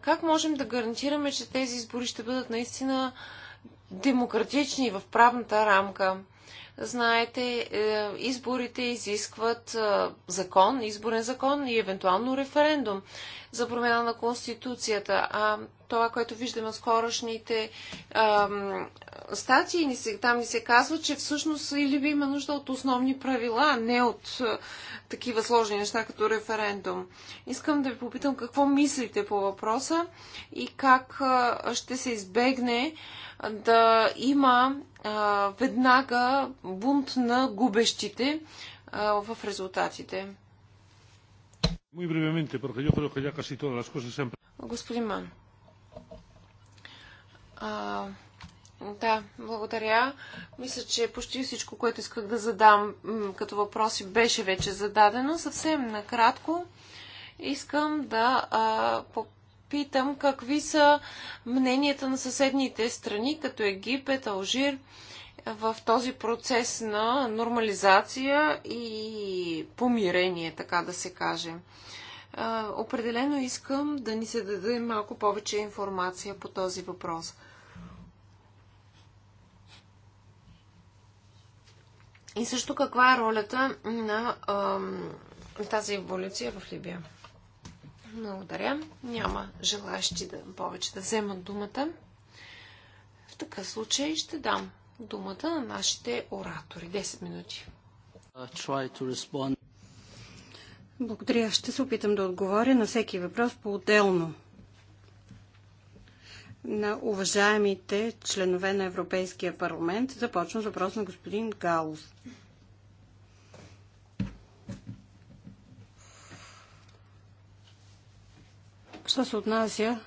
как можем да гарантираме, че тези избори ще бъдат наистина демократични в правната рамка? Знаете, е, изборите изискват е, закон, изборен закон и евентуално референдум за промяна на Конституцията. А това, което виждаме от скорошните ам, статии, ни се, там ни се казва, че всъщност или би има нужда от основни правила, не от а, такива сложни неща като референдум. Искам да ви попитам какво мислите по въпроса и как а, ще се избегне да има а, веднага бунт на губещите а, в резултатите. Muy brevemente, porque yo creo que ya casi todas las cosas se han... Господин Ман. А, да, благодаря. Мисля, че почти всичко, което исках да задам като въпроси, беше вече зададено. Съвсем накратко искам да а, попитам какви са мненията на съседните страни, като Египет, Алжир. А, в този процес на нормализация и помирение, така да се каже. Определено искам да ни се даде малко повече информация по този въпрос. И също каква е ролята на ам, тази еволюция в Либия? Благодаря. Няма желащи да, повече да вземат думата. В такъв случай ще дам думата на нашите оратори. 10 минути. Благодаря. Ще се опитам да отговоря на всеки въпрос по-отделно. На уважаемите членове на Европейския парламент започвам с въпрос на господин Гаус. Що се отнася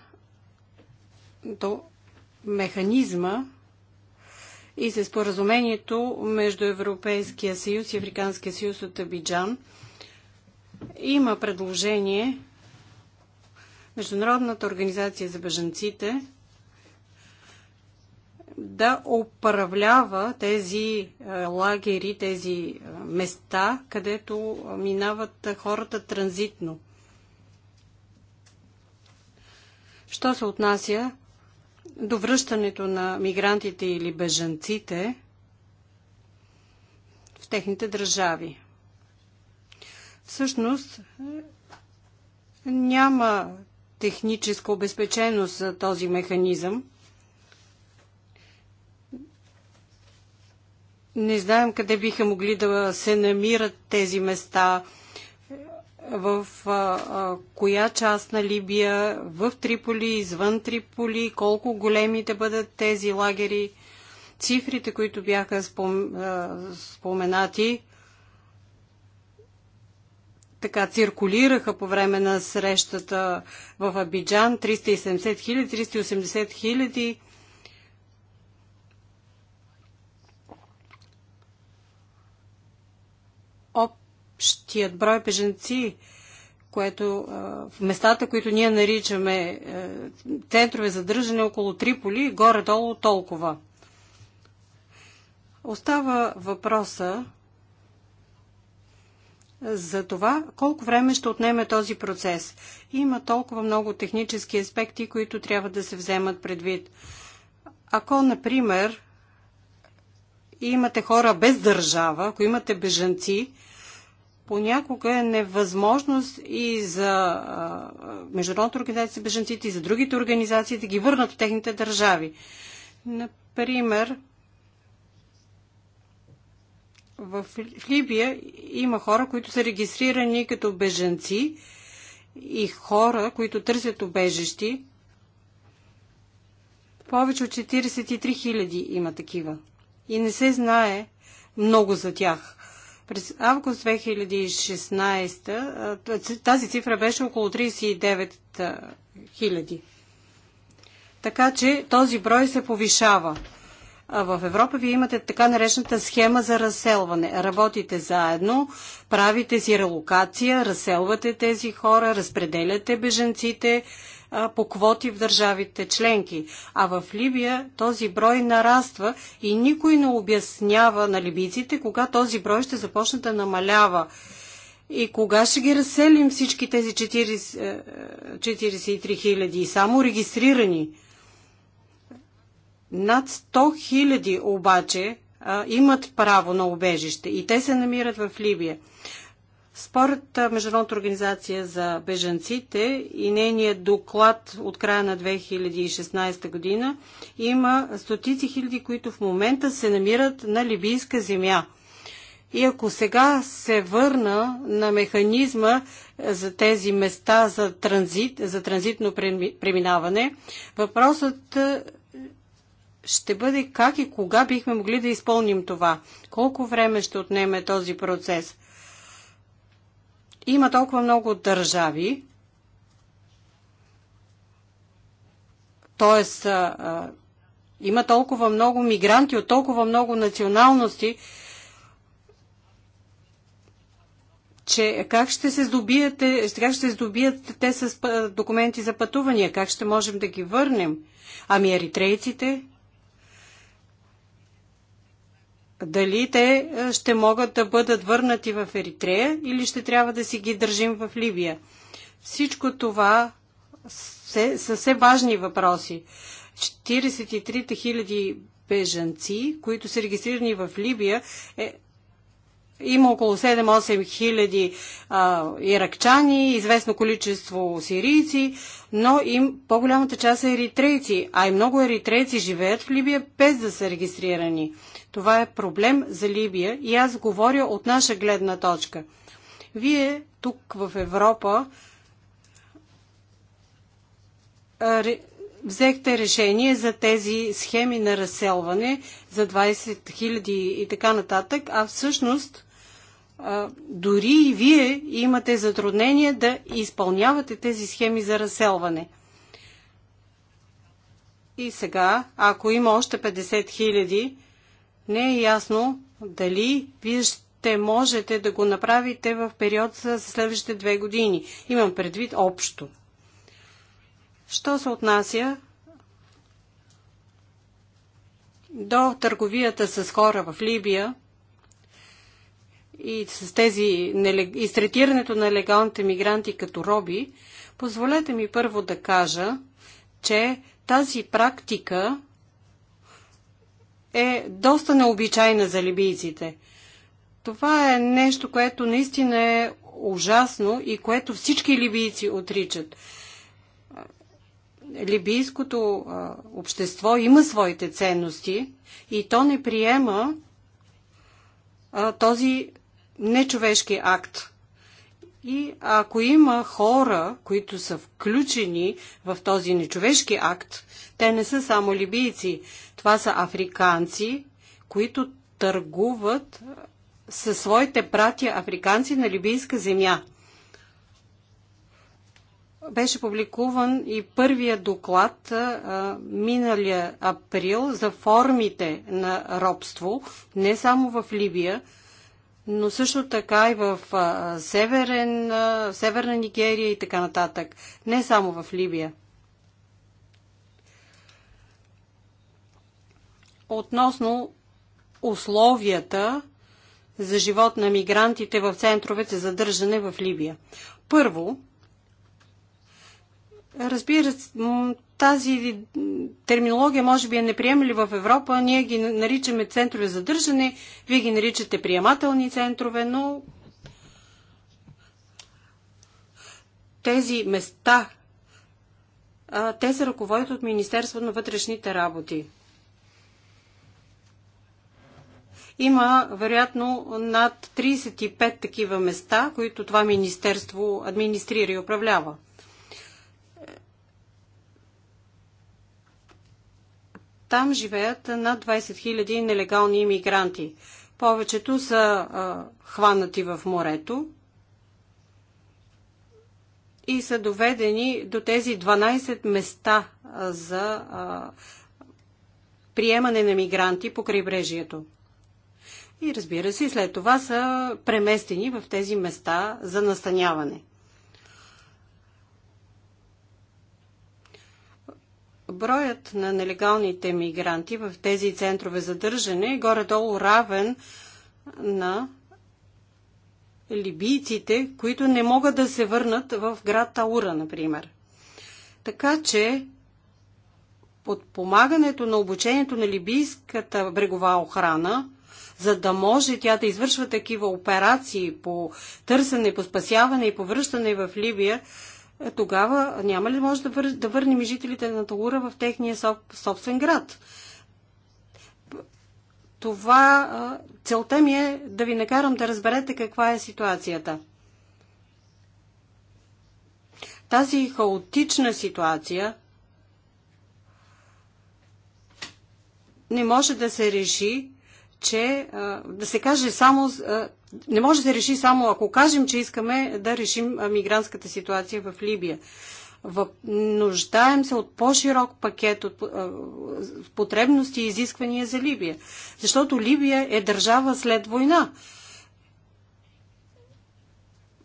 до механизма и се споразумението между Европейския съюз и Африканския съюз от Абиджан. Има предложение Международната организация за бежанците да управлява тези е, лагери, тези е, места, където минават хората транзитно. Що се отнася довръщането на мигрантите или бежанците в техните държави. Всъщност няма техническа обезпеченост за този механизъм. Не знаем къде биха могли да се намират тези места в а, а, коя част на Либия, в Триполи, извън Триполи, колко големи да бъдат тези лагери. Цифрите, които бяха спом, а, споменати, така циркулираха по време на срещата в Абиджан 370 хиляди, 380 хиляди. Оп общият брой беженци, което в местата, които ние наричаме е, центрове за държане около Триполи, горе-долу толкова. Остава въпроса за това колко време ще отнеме този процес. Има толкова много технически аспекти, които трябва да се вземат предвид. Ако, например, имате хора без държава, ако имате беженци, понякога е невъзможност и за Международната организация за беженците и за другите организации да ги върнат в техните държави. Например, в Либия има хора, които са регистрирани като беженци и хора, които търсят обежещи. Повече от 43 000 има такива. И не се знае много за тях. През август 2016 тази цифра беше около 39 хиляди. Така че този брой се повишава. В Европа вие имате така наречената схема за разселване. Работите заедно, правите си релокация, разселвате тези хора, разпределяте беженците, по квоти в държавите членки. А в Либия този брой нараства и никой не обяснява на либийците кога този брой ще започне да намалява. И кога ще ги разселим всички тези 40, 43 е, е, хиляди, само регистрирани? Над 100 хиляди обаче а, имат право на убежище и те се намират в Либия. Според Международната организация за бежанците и нейният доклад от края на 2016 година има стотици хиляди, които в момента се намират на либийска земя. И ако сега се върна на механизма за тези места за транзит, за транзитно преминаване, въпросът ще бъде как и кога бихме могли да изпълним това. Колко време ще отнеме този процес? Има толкова много държави, т.е. има толкова много мигранти от толкова много националности, че как ще се здобият, как ще здобият те с документи за пътувания, как ще можем да ги върнем? Ами еритрейците, дали те е, ще могат да бъдат върнати в Еритрея или ще трябва да си ги държим в Либия. Всичко това се, са все важни въпроси. 43 000 бежанци, които са регистрирани в Либия, е, има около 7-8 хиляди иракчани, известно количество сирийци, но им по-голямата част са е еритрейци, а и много еритрейци живеят в Либия без да са регистрирани. Това е проблем за Либия и аз говоря от наша гледна точка. Вие тук в Европа взехте решение за тези схеми на разселване за 20 000 и така нататък, а всъщност дори и вие имате затруднение да изпълнявате тези схеми за разселване. И сега, ако има още 50 000, не е ясно дали вие ще можете да го направите в период за следващите две години. Имам предвид общо. Що се отнася до търговията с хора в Либия и с тези и с третирането на легалните мигранти като роби, позволете ми първо да кажа, че тази практика е доста необичайна за либийците. Това е нещо, което наистина е ужасно и което всички либийци отричат. Либийското общество има своите ценности и то не приема този нечовешки акт. И ако има хора, които са включени в този нечовешки акт, те не са само либийци. Това са африканци, които търгуват със своите братя африканци на либийска земя. Беше публикуван и първия доклад а, миналия април за формите на робство, не само в Либия, но също така и в северен, северна Нигерия и така нататък. Не само в Либия. Относно условията за живот на мигрантите в центровете за държане в Либия. Първо, Разбира се, тази терминология може би е неприемли в Европа. Ние ги наричаме центрове за държане, вие ги наричате приемателни центрове, но тези места, те се ръководят от Министерството на вътрешните работи. Има, вероятно, над 35 такива места, които това министерство администрира и управлява. Там живеят над 20 000 нелегални иммигранти. Повечето са а, хванати в морето и са доведени до тези 12 места за а, приемане на мигранти по крайбрежието. И разбира се, след това са преместени в тези места за настаняване. броят на нелегалните мигранти в тези центрове за държане е горе-долу равен на либийците, които не могат да се върнат в град Таура, например. Така че подпомагането на обучението на либийската брегова охрана, за да може тя да извършва такива операции по търсене, по спасяване и повръщане в Либия, е, тогава няма ли може да, вър... да върнем жителите на Талура в техния собствен град? Това целта ми е да ви накарам да разберете каква е ситуацията. Тази хаотична ситуация не може да се реши че да се каже само. Не може да се реши само ако кажем, че искаме да решим мигрантската ситуация в Либия. Нуждаем се от по-широк пакет от потребности и изисквания за Либия. Защото Либия е държава след война.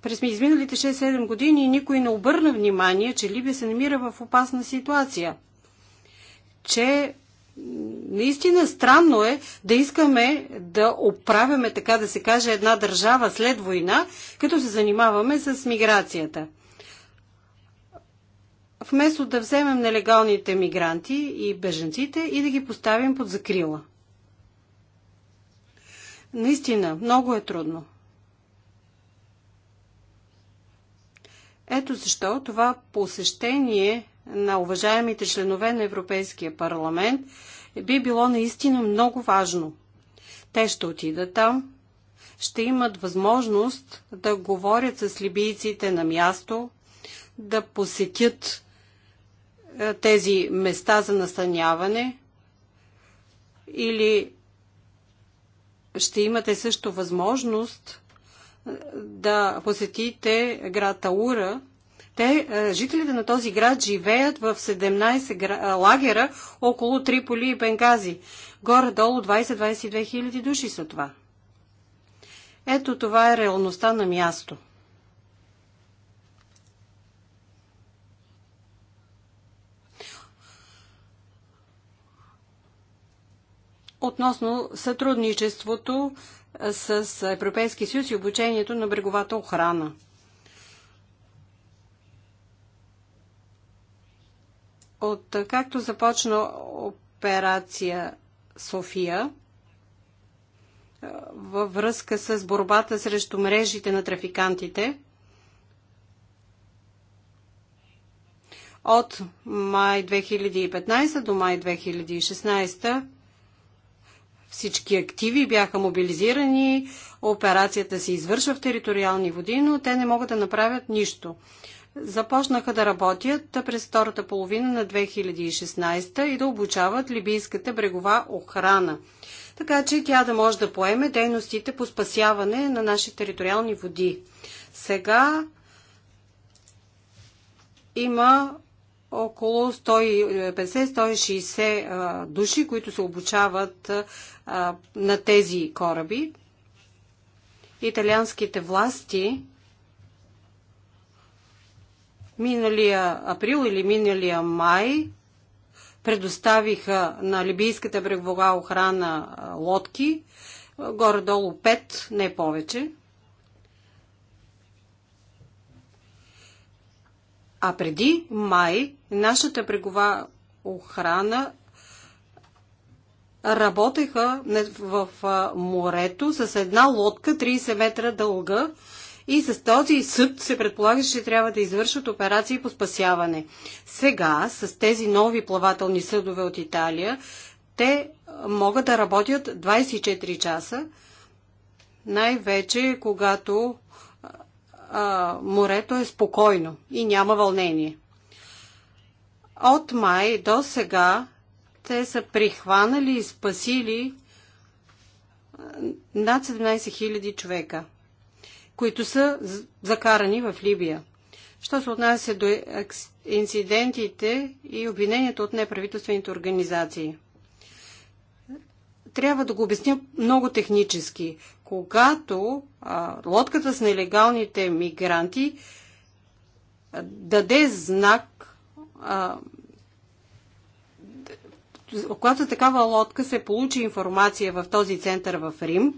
През изминалите 6-7 години никой не обърна внимание, че Либия се намира в опасна ситуация. Че наистина странно е да искаме да оправяме, така да се каже, една държава след война, като се занимаваме с миграцията. Вместо да вземем нелегалните мигранти и беженците и да ги поставим под закрила. Наистина, много е трудно. Ето защо това посещение на уважаемите членове на Европейския парламент би било наистина много важно. Те ще отидат там, ще имат възможност да говорят с либийците на място, да посетят е, тези места за настаняване или ще имате също възможност е, да посетите град Аура, те, е, жителите на този град живеят в 17 е, лагера около Триполи и Бенгази. Горе-долу 20-22 хиляди души са това. Ето това е реалността на място. Относно сътрудничеството е, с Европейския съюз и обучението на бреговата охрана – От както започна операция София, във връзка с борбата срещу мрежите на трафикантите. От май 2015 до май 2016 всички активи бяха мобилизирани, операцията се извършва в териториални води, но те не могат да направят нищо започнаха да работят през втората половина на 2016 и да обучават либийската брегова охрана, така че тя да може да поеме дейностите по спасяване на наши териториални води. Сега има около 150-160 души, които се обучават на тези кораби. Италианските власти Миналия април или миналия май предоставиха на либийската брегова охрана лодки, горе-долу 5, не повече. А преди май нашата брегова охрана работеха в морето с една лодка 30 метра дълга, и с този съд се предполага, че трябва да извършат операции по спасяване. Сега, с тези нови плавателни съдове от Италия, те могат да работят 24 часа, най-вече когато а, морето е спокойно и няма вълнение. От май до сега те са прихванали и спасили над 17 000 човека които са закарани в Либия. Що се отнася до инцидентите и обвиненията от неправителствените организации? Трябва да го обясня много технически. Когато а, лодката с нелегалните мигранти даде знак, а, когато такава лодка се получи информация в този център в Рим,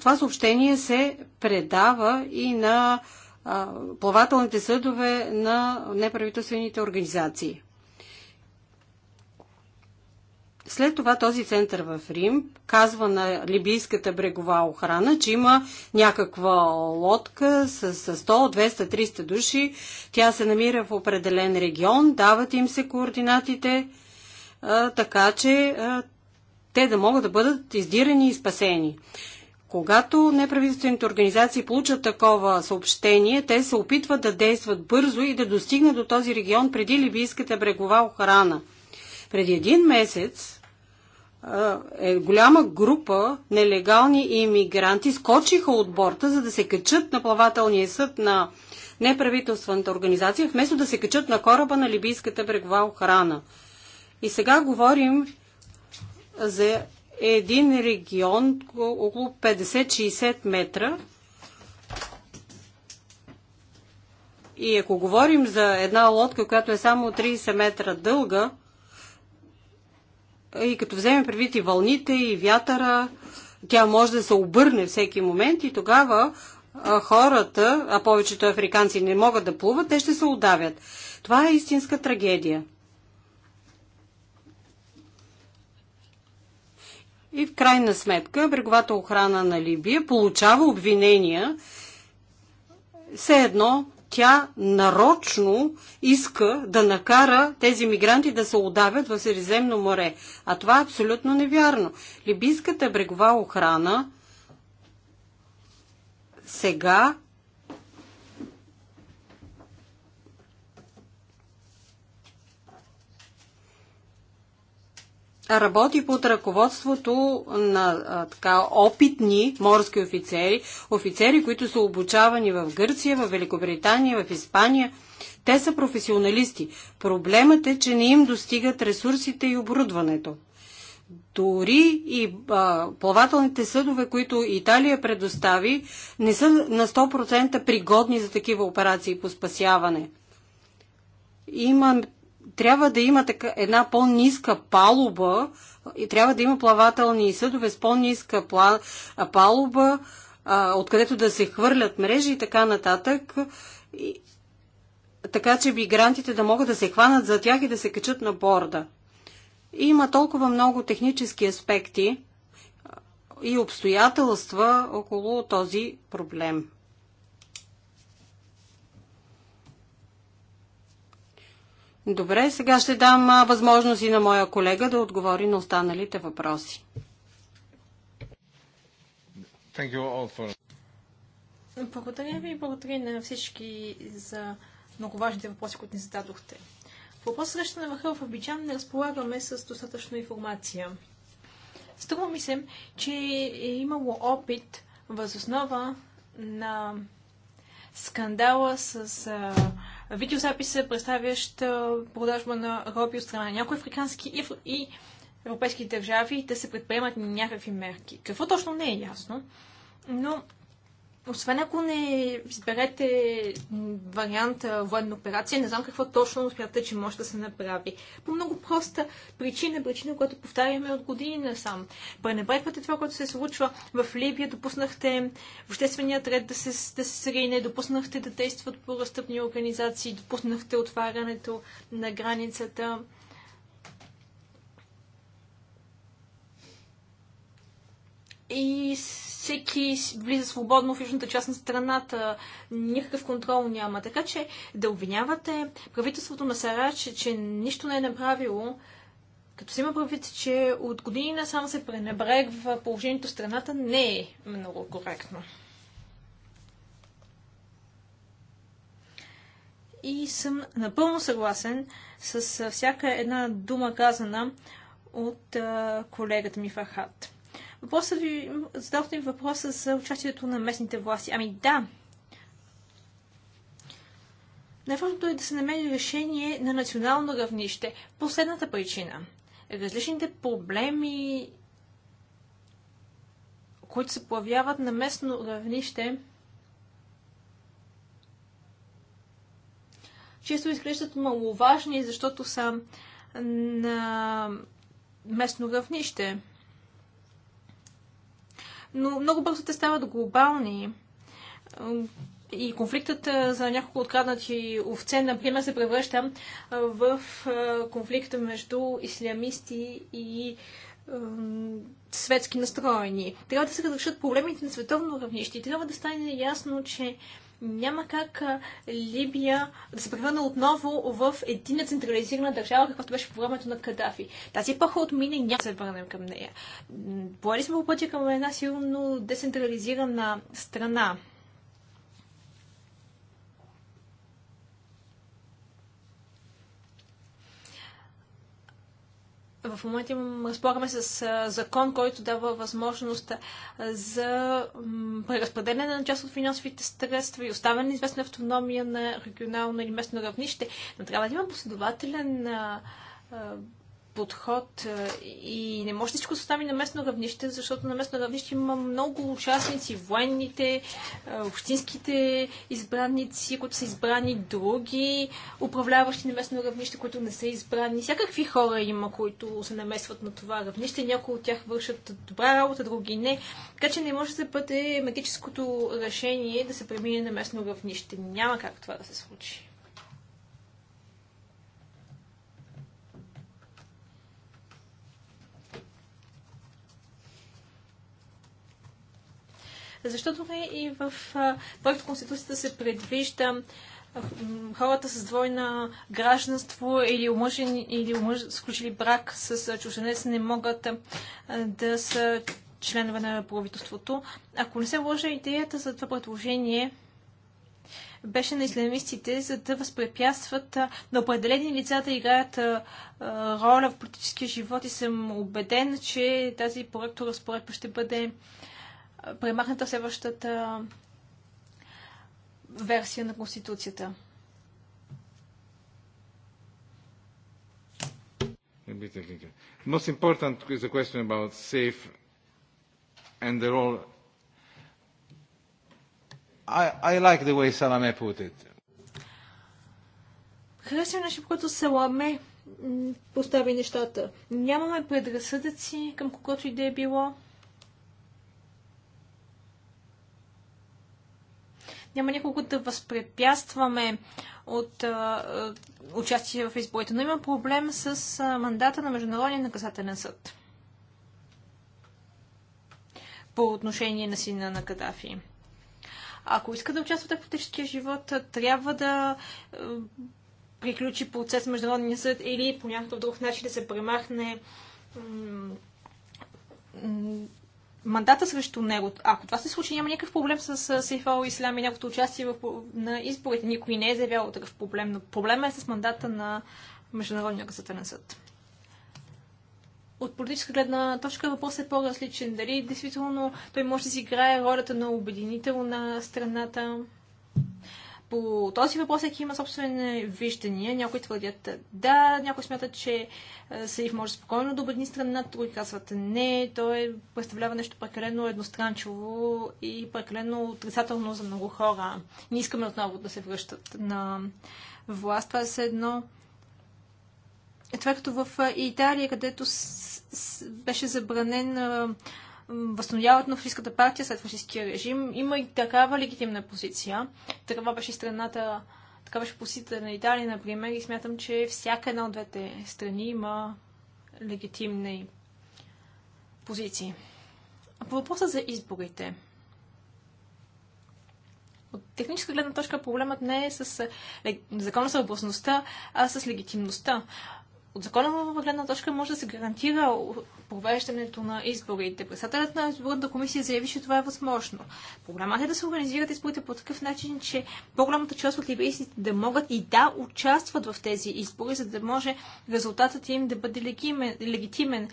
това съобщение се предава и на плавателните съдове на неправителствените организации. След това този център в Рим казва на либийската брегова охрана, че има някаква лодка с 100, 200, 300 души. Тя се намира в определен регион, дават им се координатите, така че те да могат да бъдат издирани и спасени. Когато неправителствените организации получат такова съобщение, те се опитват да действат бързо и да достигнат до този регион преди либийската брегова охрана. Преди един месец е, голяма група нелегални иммигранти скочиха от борта, за да се качат на плавателния съд на неправителствената организация, вместо да се качат на кораба на либийската брегова охрана. И сега говорим за е един регион около 50-60 метра. И ако говорим за една лодка, която е само 30 метра дълга, и като вземе предвид и вълните, и вятъра, тя може да се обърне всеки момент и тогава хората, а повечето африканци не могат да плуват, те ще се удавят. Това е истинска трагедия. И в крайна сметка бреговата охрана на Либия получава обвинения, все едно тя нарочно иска да накара тези мигранти да се удавят в Средиземно море. А това е абсолютно невярно. Либийската брегова охрана сега работи под ръководството на а, така опитни морски офицери, офицери, които са обучавани в Гърция, в Великобритания, в Испания. Те са професионалисти. Проблемът е, че не им достигат ресурсите и оборудването. Дори и а, плавателните съдове, които Италия предостави, не са на 100% пригодни за такива операции по спасяване. Има трябва да има така, една по-ниска палуба и трябва да има плавателни съдове с по-ниска палуба, а, откъдето да се хвърлят мрежи и така нататък. И, така че мигрантите да могат да се хванат за тях и да се качат на борда. И има толкова много технически аспекти и обстоятелства около този проблем. Добре, сега ще дам възможност и на моя колега да отговори на останалите въпроси. For... Благодаря ви и благодаря на всички за много важните въпроси, които ни зададохте. По въпрос среща на върха в Абиджан не разполагаме с достатъчно информация. Струва ми се, че е имало опит възоснова на скандала с а, видеозаписа, представящ продажба на роби от страна на някои африкански и европейски държави да се предприемат някакви мерки. Какво точно не е ясно, но освен ако не изберете варианта военна операция, не знам какво точно смятате, че може да се направи. По много проста причина, причина, която повтаряме от години насам. Пренебрегвате това, което се случва в Либия, допуснахте общественият ред да се, да се срине, допуснахте да действат по разтъпни организации, допуснахте отварянето на границата. и всеки влиза свободно в южната част на страната. Никакъв контрол няма. Така че да обвинявате правителството на Сарач, че, че нищо не е направило, като се има правит, че от години насам се пренебрегва положението в страната, не е много коректно. И съм напълно съгласен с всяка една дума казана от колегата ми Фахат. Въпросът ви, задавате ми въпроса за участието на местните власти. Ами да, Най-важното е да се намери решение на национално равнище. Последната причина. Различните проблеми, които се появяват на местно равнище, често изглеждат маловажни, защото са на местно равнище но много бързо те стават глобални. И конфликтът за няколко откраднати овце, например, се превръща в конфликта между ислямисти и светски настроени. Трябва да се разрешат проблемите на световно равнище и трябва да стане ясно, че няма как Либия да се превърне отново в едина централизирана държава, каквато беше по времето на Кадафи. Тази епоха отмина и няма да се върнем към нея. Поели сме по пътя към една силно децентрализирана страна. в момента разполагаме с закон, който дава възможност за преразпределение на част от финансовите средства и оставяне на известна автономия на регионално или местно равнище. Но трябва да има последователен подход и не може всичко да се остави на местно равнище, защото на местно равнище има много участници, военните, общинските избранници, които са избрани, други управляващи на местно равнище, които не са избрани. Всякакви хора има, които се намесват на това равнище. Някои от тях вършат добра работа, други не. Така че не може да бъде магическото решение да се премине на местно равнище. Няма как това да се случи. защото и в проект Конституцията се предвижда хората с двойна гражданство или омъжен, или омъж, сключили брак с чужденец не могат да са членове на правителството. Ако не се вложа идеята за това предложение беше на исламистите, за да възпрепятстват на определени лица да играят роля в политическия живот и съм убеден, че тази разпоредба ще бъде премахната следващата версия на Конституцията. Most important is the question about safe and the role. I, I like the way Salame put it. нещо, което Саламе постави нещата. Нямаме предразсъдъци към когото и да е било. няма някого да възпрепятстваме от а, участие в изборите, но има проблем с а, мандата на Международния наказателен съд по отношение на сина на Кадафи. Ако иска да участвате в политическия живот, трябва да приключи процес на Международния съд или по някакъв друг начин да се премахне мандата срещу него. Ако това се случи, няма никакъв проблем с Сейфал Ислам и неговото участие в, на изборите. Никой не е заявявал такъв проблем, но проблема е с мандата на Международния наказателен съд. От политическа гледна точка въпросът е по-различен. Дали действително той може да си играе ролята на обединител на страната? По този въпрос всеки има собствени виждания. Някои твърдят да, някои смятат, че е, Саиф може спокойно да обедни страна, други казват не. Той представлява нещо прекалено едностранчиво и прекалено отрицателно за много хора. Не искаме отново да се връщат на власт. Това е едно това е като в е, Италия, където с, с, беше забранен е, възстановяват на фашистската партия след фашистския режим. Има и такава легитимна позиция. Такава беше страната, така беше позицията на Италия, например, и смятам, че всяка една от двете страни има легитимни позиции. А по въпроса за изборите. От техническа гледна точка проблемът не е с законосъобразността, а с легитимността от законова гледна точка може да се гарантира провеждането на изборите. Председателят на изборната комисия заяви, че това е възможно. Проблемът е да се организират изборите по такъв начин, че по-голямата част от либеристите да могат и да участват в тези избори, за да може резултатът им да бъде легимен, легитимен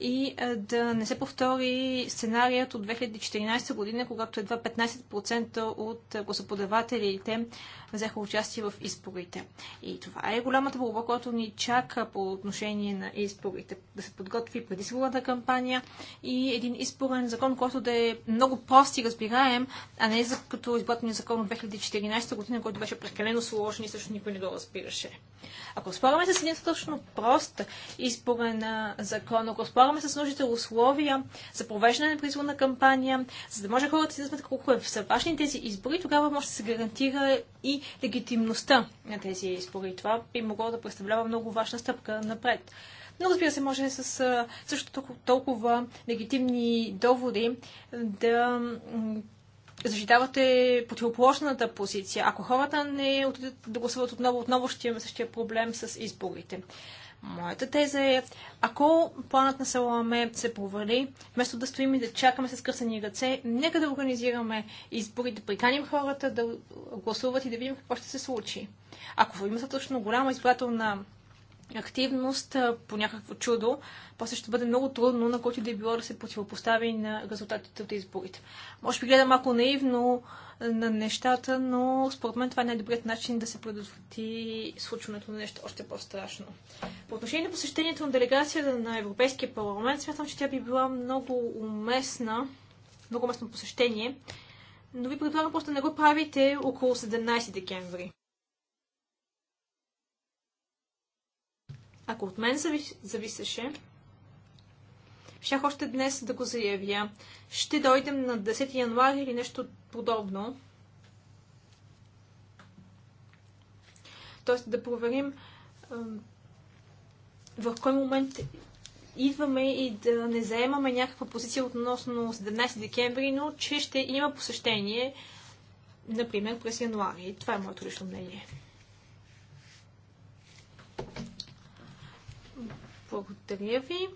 и да не се повтори сценарият от 2014 година, когато едва 15% от гласоподавателите взеха участие в изборите. И това е голямата борба, която ни чака по отношение на изборите. Да се подготви предизборната кампания и един изборен закон, който да е много прост и разбираем, а не за, като изготвения закон от 2014 година, който беше прекалено сложен и също никой не го разбираше. Ако спораме с един точно прост изборен закон, ако спораме разполагаме с нужните условия за провеждане на призвана кампания, за да може хората да знаят колко е, са важни тези избори, тогава може да се гарантира и легитимността на тези избори. Това би могло да представлява много важна стъпка напред. Но разбира се, може с също толкова, толкова легитимни доводи да защитавате противоположната позиция. Ако хората не отидат да гласуват отново, отново ще имаме същия проблем с изборите. Моята теза е, ако планът на Саламе се провали, вместо да стоим и да чакаме с кръсани ръце, нека да организираме избори, да приканим хората да гласуват и да видим какво ще се случи. Ако има достатъчно голяма избирателна активност по някакво чудо, после ще бъде много трудно на който да е било да се противопостави на резултатите от изборите. Може би гледам малко наивно на нещата, но според мен това е най-добрият начин да се предотврати случването на нещо още по-страшно. По отношение на посещението на делегацията на Европейския парламент, смятам, че тя би била много уместна, много уместно посещение, но ви предлагам просто да не го правите около 17 декември. Ако от мен завис... зависеше, щях още днес да го заявя. Ще дойдем на 10 януари или нещо подобно. Тоест да проверим в кой момент идваме и да не заемаме някаква позиция относно 17 декември, но че ще има посещение, например, през януари. Това е моето лично мнение. Благодаря ви.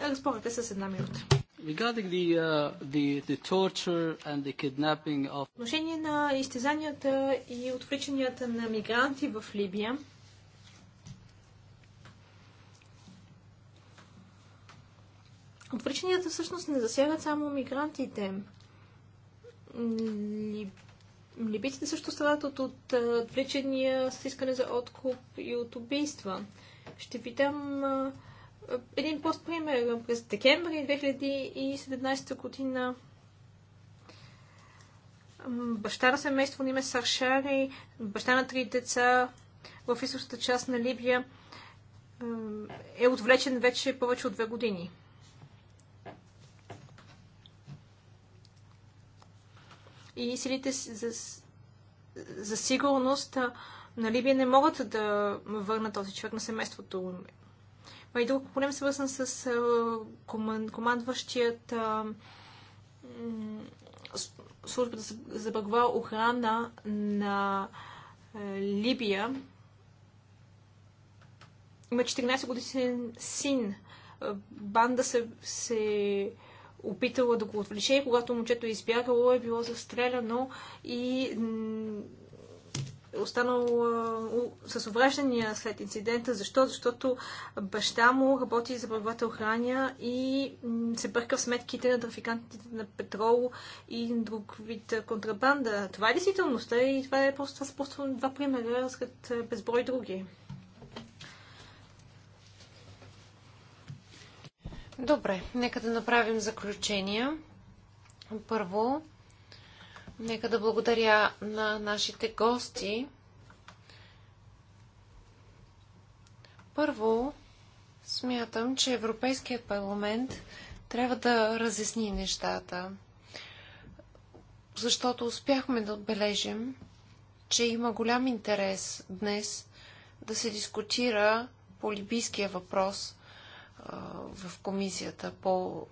Разполагате с една минута. Regarding the, uh, the, the torture and the kidnapping of... Отношение на изтезанията и отвличанията на мигранти в Либия, Отвличанията всъщност не засягат само мигрантите. Либийците също страдат от, отвличания с искане за откуп и от убийства. Ще ви дам е, един пост пример. През декември 2017 година баща на семейство на име Саршари, баща на три деца в източната част на Либия е отвлечен вече повече от две години. И силите за, за сигурност на Либия не могат да върнат този човек на семейството и е, друг проблем, свързан с е, командващият е, службата за бъгва охрана на Либия. Има 14 годишен син. Банда се, се опитала да го отвлече, когато момчето е избягало, е било застреляно и останал с увреждания след инцидента. Защо? Защото баща му работи за правилата охраня и се бърка в сметките на трафикантите на петрол и друг вид контрабанда. Това е действителността и това е просто, това са просто два примера след безброй други. Добре, нека да направим заключения. Първо, Нека да благодаря на нашите гости. Първо, смятам, че Европейският парламент трябва да разясни нещата, защото успяхме да отбележим, че има голям интерес днес да се дискутира по либийския въпрос в комисията по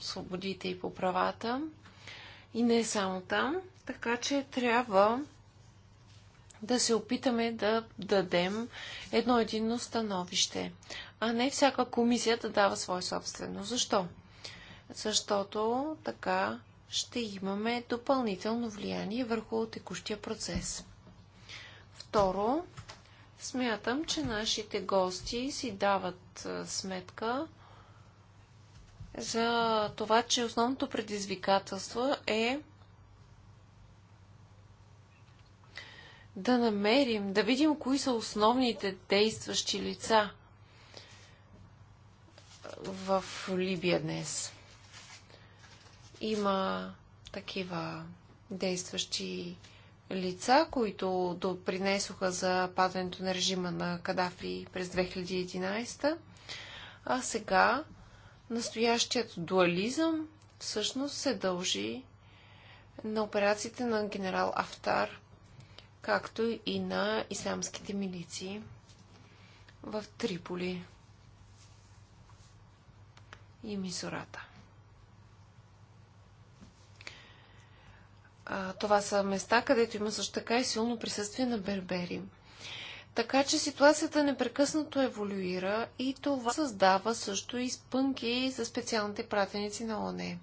свободите и по правата. И не е само там. Така че трябва да се опитаме да дадем едно единно становище, а не всяка комисия да дава свое собствено. Защо? Защото така ще имаме допълнително влияние върху текущия процес. Второ, смятам, че нашите гости си дават сметка за това, че основното предизвикателство е да намерим, да видим кои са основните действащи лица в Либия днес. Има такива действащи лица, които допринесоха за падането на режима на Кадафи през 2011. А сега настоящият дуализъм всъщност се дължи на операциите на генерал Афтар, както и на исламските милиции в Триполи и Мисората. това са места, където има също така и силно присъствие на бербери – така че ситуацията непрекъснато еволюира и това създава също и спънки за специалните пратеници на ОНЕ.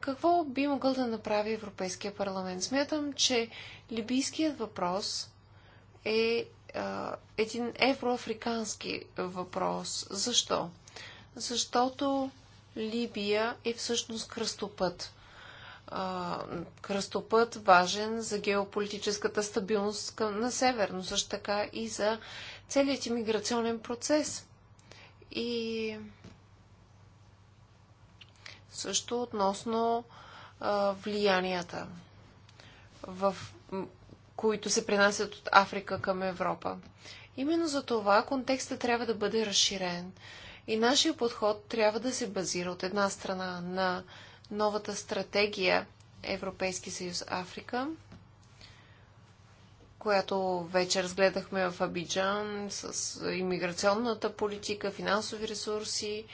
Какво би могъл да направи Европейския парламент? Смятам, че либийският въпрос е а, един евроафрикански въпрос. Защо? Защото Либия е всъщност кръстопът а, кръстопът важен за геополитическата стабилност на север, но също така и за целият иммиграционен процес. И също относно а, влиянията, в, които се принасят от Африка към Европа. Именно за това контекстът трябва да бъде разширен. И нашия подход трябва да се базира от една страна на новата стратегия Европейски съюз Африка, която вече разгледахме в Абиджан с иммиграционната политика, финансови ресурси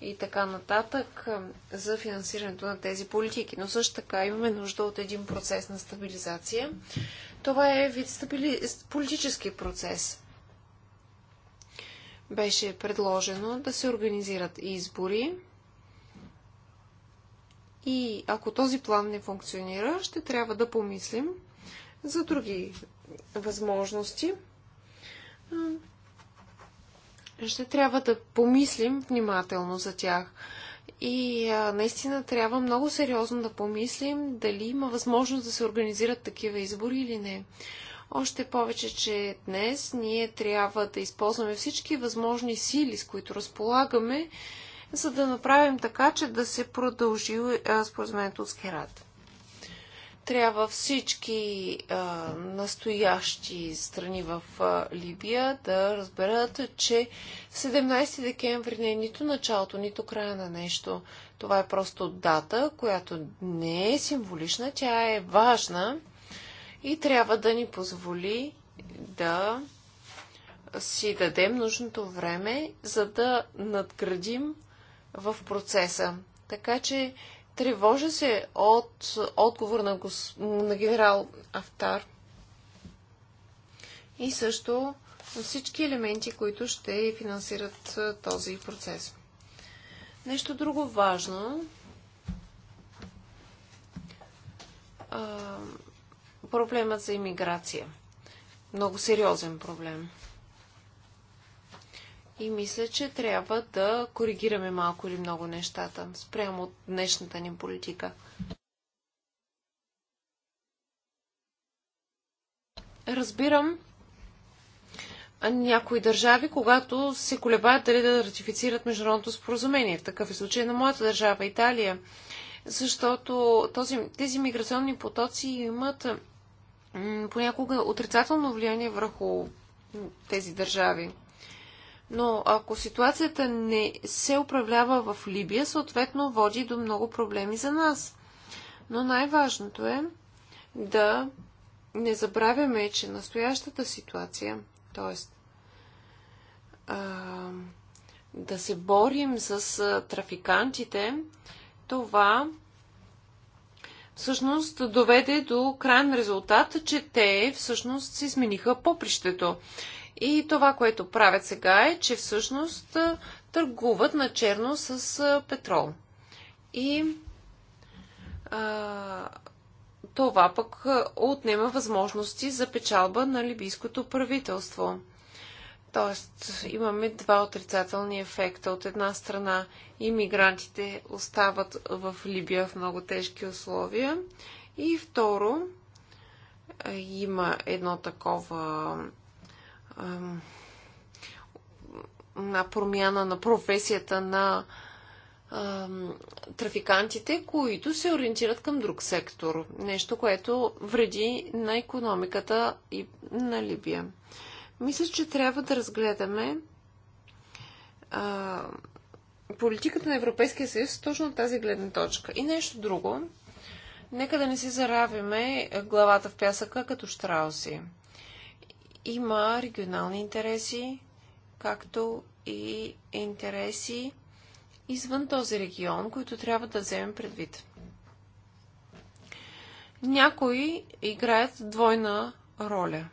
и така нататък за финансирането на тези политики. Но също така имаме нужда от един процес на стабилизация. Това е вид стабили... политически процес. Беше предложено да се организират избори и ако този план не функционира, ще трябва да помислим за други възможности. Ще трябва да помислим внимателно за тях. И а, наистина трябва много сериозно да помислим дали има възможност да се организират такива избори или не. Още повече, че днес ние трябва да използваме всички възможни сили, с които разполагаме, за да направим така, че да се продължи споразумението от Херат. Трябва всички а, настоящи страни в а, Либия да разберат, че 17 декември не е нито началото, нито края на нещо. Това е просто дата, която не е символична, тя е важна и трябва да ни позволи да си дадем нужното време, за да надградим в процеса. Така че тревожа се от отговор на, гос... на генерал Афтар и също всички елементи, които ще финансират този процес. Нещо друго важно. А, проблемът за иммиграция. Много сериозен проблем. И мисля, че трябва да коригираме малко или много нещата спрямо от днешната ни политика. Разбирам някои държави, когато се колебаят дали да ратифицират международното споразумение. В такъв е случай на моята държава, Италия. Защото този, тези миграционни потоци имат понякога отрицателно влияние върху тези държави. Но ако ситуацията не се управлява в Либия, съответно води до много проблеми за нас. Но най-важното е да не забравяме, че настоящата ситуация, т.е. да се борим с а, трафикантите, това всъщност доведе до крайен резултат, че те всъщност си смениха попрището. И това, което правят сега е, че всъщност търгуват на черно с петрол. И а, това пък отнема възможности за печалба на либийското правителство. Тоест, имаме два отрицателни ефекта. От една страна, иммигрантите остават в Либия в много тежки условия. И второ, има едно такова на промяна на професията на трафикантите, които се ориентират към друг сектор. Нещо, което вреди на економиката и на Либия. Мисля, че трябва да разгледаме а, политиката на Европейския съюз точно от тази гледна точка. И нещо друго. Нека да не си заравиме главата в пясъка като штрауси има регионални интереси, както и интереси извън този регион, които трябва да вземем предвид. Някои играят двойна роля.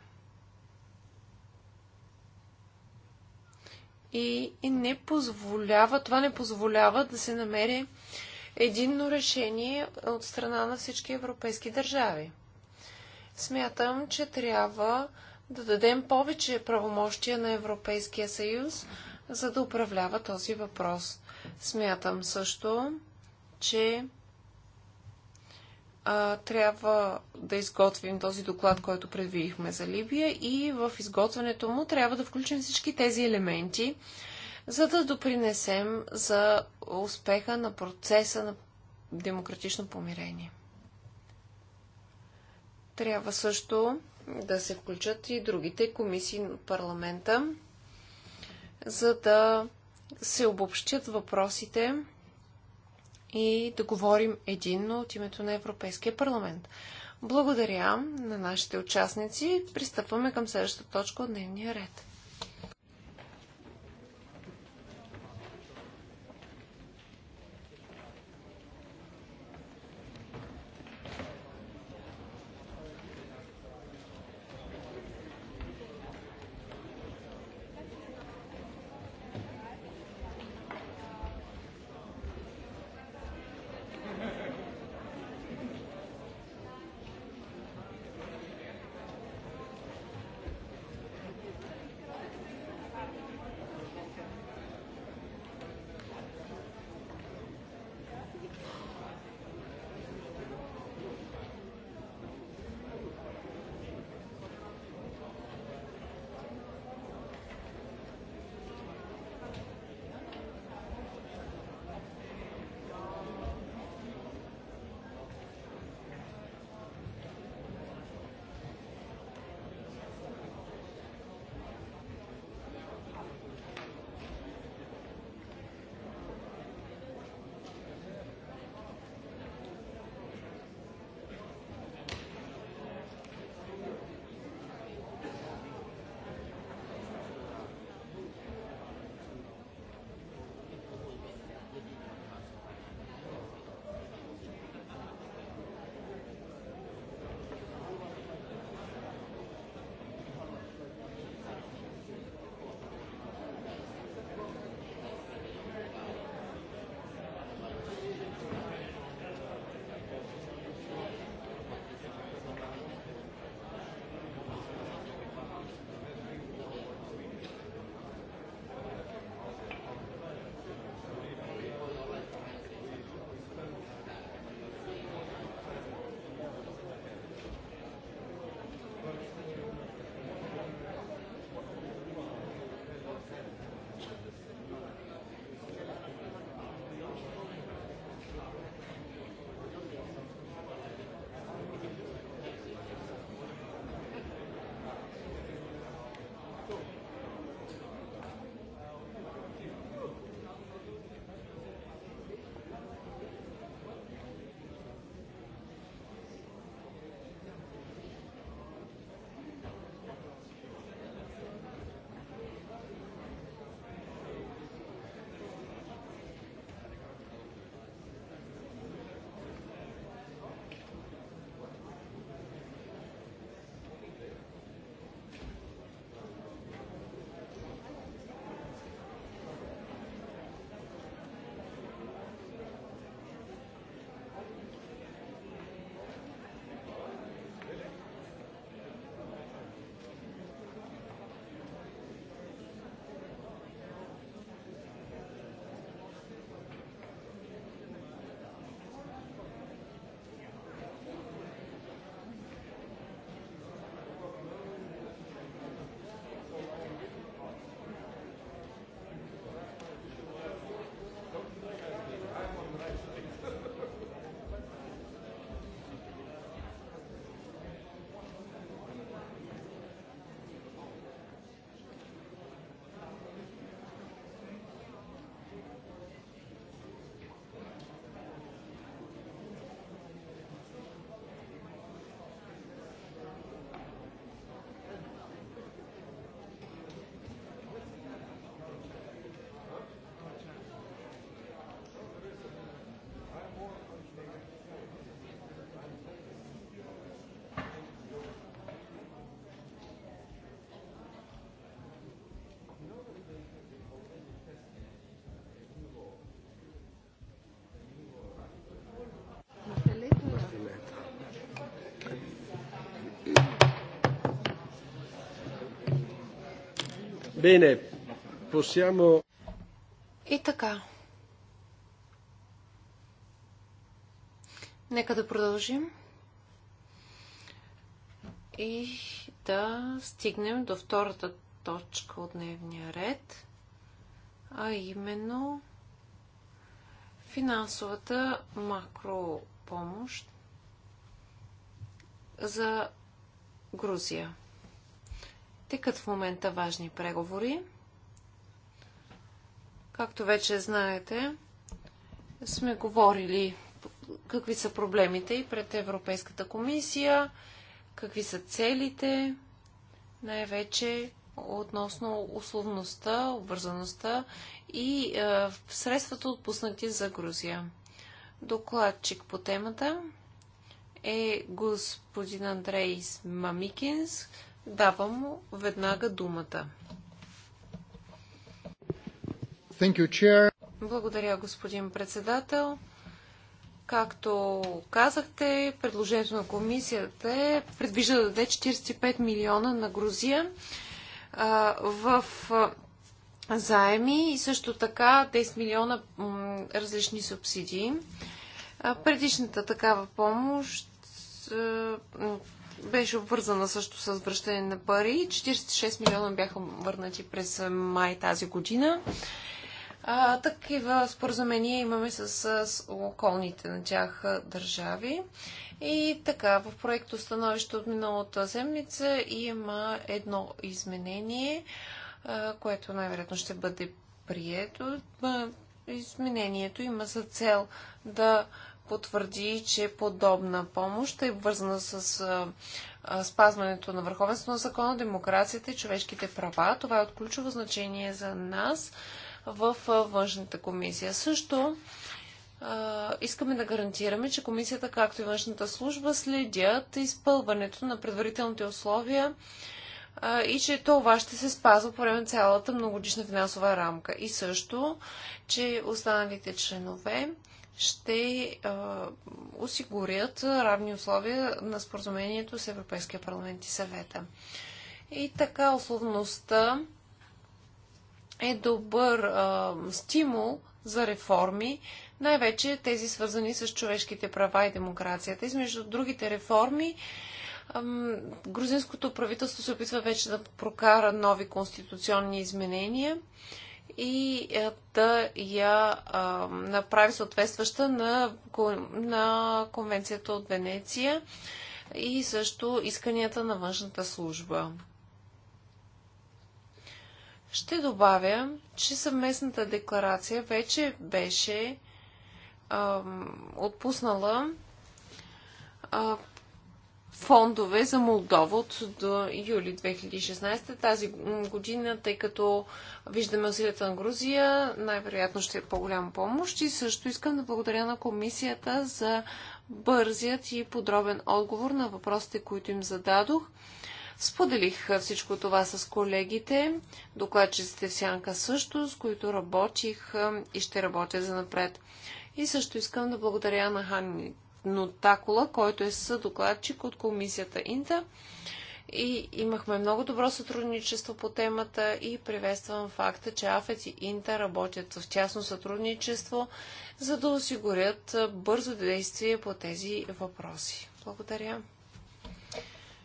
И, и не позволява, това не позволява да се намери единно решение от страна на всички европейски държави. Смятам, че трябва да дадем повече правомощия на Европейския съюз, за да управлява този въпрос. Смятам също, че а, трябва да изготвим този доклад, който предвидихме за Либия и в изготвянето му трябва да включим всички тези елементи, за да допринесем за успеха на процеса на демократично помирение. Трябва също да се включат и другите комисии на парламента, за да се обобщат въпросите и да говорим единно от името на Европейския парламент. Благодаря на нашите участници. Пристъпваме към следващата точка от дневния ред. Bene, possiamo... И така. Нека да продължим и да стигнем до втората точка от дневния ред, а именно финансовата макропомощ за Грузия. Текат в момента важни преговори. Както вече знаете, сме говорили какви са проблемите и пред Европейската комисия, какви са целите, най-вече относно условността, обвързаността и е, средствата отпуснати за Грузия. Докладчик по темата е господин Андрей Мамикинс, Давам му веднага думата. You, Благодаря, господин председател. Както казахте, предложението на комисията е, предвижда да даде 45 милиона на Грузия а, в а, заеми и също така 10 милиона м, различни субсидии. А, предишната такава помощ беше обвързана също с връщане на пари. 46 милиона бяха върнати през май тази година. А, такива споразумения имаме с, с околните на тях държави. И така, в проекто становище от миналата седмица има едно изменение, а, което най-вероятно ще бъде прието. Изменението има за цел да потвърди, че подобна помощ е вързана с а, спазването на върховенството на закона, демокрацията и човешките права. Това е от ключово значение за нас в външната комисия. Също а, искаме да гарантираме, че комисията, както и външната служба, следят изпълването на предварителните условия а, и че това ще се спазва по време на цялата многодишна финансова рамка. И също, че останалите членове ще а, осигурят равни условия на споразумението с Европейския парламент и съвета. И така условността е добър а, стимул за реформи, най-вече тези свързани с човешките права и демокрацията. Измежду другите реформи, грузинското правителство се опитва вече да прокара нови конституционни изменения и е, да я а, направи съответстваща на, на конвенцията от Венеция и също исканията на външната служба. Ще добавя, че съвместната декларация вече беше а, отпуснала а, фондове за Молдова от до юли 2016 тази година, тъй като виждаме усилията на Грузия, най-вероятно ще е по-голяма помощ и също искам да благодаря на комисията за бързият и подробен отговор на въпросите, които им зададох. Споделих всичко това с колегите, докладчиците в Сянка също, с които работих и ще работя за напред. И също искам да благодаря на Ханни Нотакола, който е съдокладчик от комисията Инта. И имахме много добро сътрудничество по темата и приветствам факта, че АФЕТ и Инта работят в тясно сътрудничество, за да осигурят бързо действие по тези въпроси. Благодаря.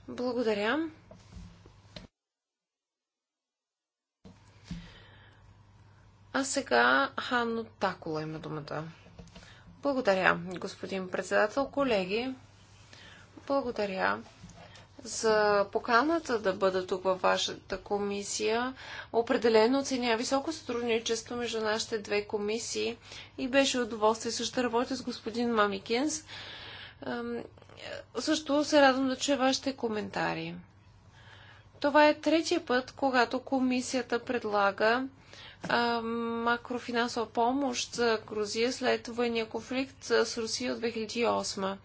Благодаря. А сега Ханно Такола има думата. Благодаря, господин председател. Колеги, благодаря за поканата да бъда тук във вашата комисия. Определено оценя високо сътрудничество между нашите две комисии и беше удоволствие също да работя с господин Мамикинс. Също се радвам да чуя вашите коментари. Това е третия път, когато комисията предлага макрофинансова помощ за Грузия след военния конфликт с Русия от 2008.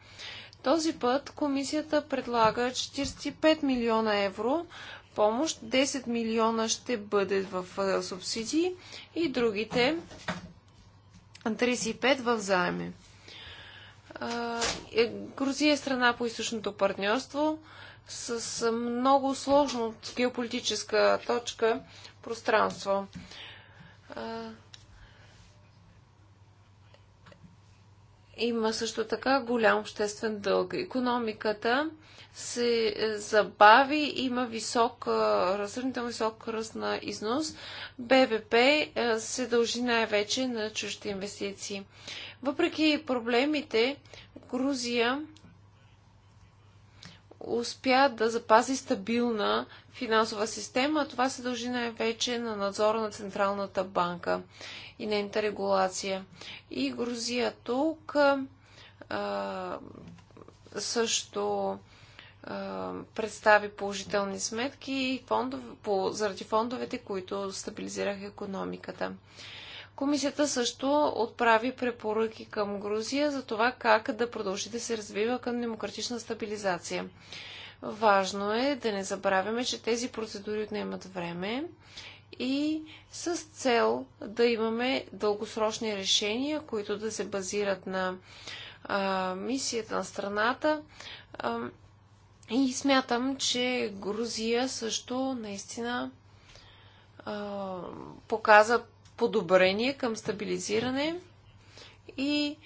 Този път комисията предлага 45 милиона евро помощ, 10 милиона ще бъде в субсидии и другите 35 в заеми. Е, Грузия е страна по източното партньорство с много сложно от геополитическа точка пространство има също така голям обществен дълг. Економиката се е, забави, има висок, разсърнително висок ръст на износ. БВП е, се дължи най-вече на чуждите инвестиции. Въпреки проблемите, Грузия успя да запази стабилна финансова система, това се дължи най-вече на надзора на Централната банка и нейната регулация. И Грузия тук а, също а, представи положителни сметки фондов, по, заради фондовете, които стабилизирах економиката. Комисията също отправи препоръки към Грузия за това как да продължи да се развива към демократична стабилизация. Важно е да не забравяме, че тези процедури отнемат време и с цел да имаме дългосрочни решения, които да се базират на а, мисията на страната. А, и смятам, че Грузия също наистина а, показа подобрение към стабилизиране и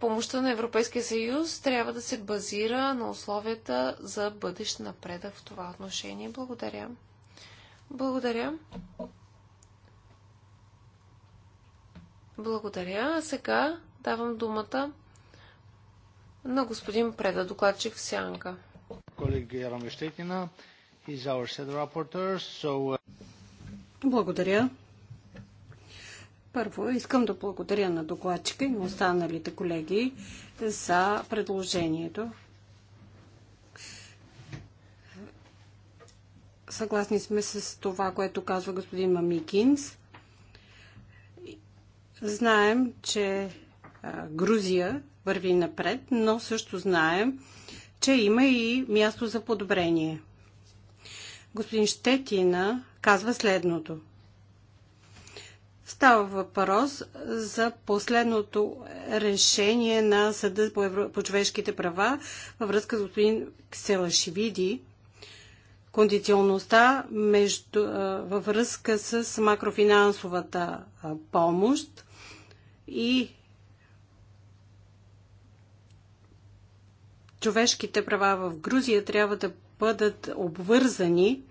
помощта на Европейския съюз трябва да се базира на условията за бъдещ напредък в това отношение. Благодаря. Благодаря. Благодаря. А сега давам думата на господин Преда, докладчик в Сянка. Рамештетина, our rapporteur, so... Uh, Благодаря. Първо, искам да благодаря на докладчика и на останалите колеги за предложението. Съгласни сме с това, което казва господин Мамикинс. Знаем, че Грузия върви напред, но също знаем, че има и място за подобрение. Господин Щетина казва следното – Става въпрос за последното решение на Съда по, евро... по човешките права във връзка с господин Кселашивиди. Кондиционността между, във връзка с макрофинансовата помощ и човешките права в Грузия трябва да бъдат обвързани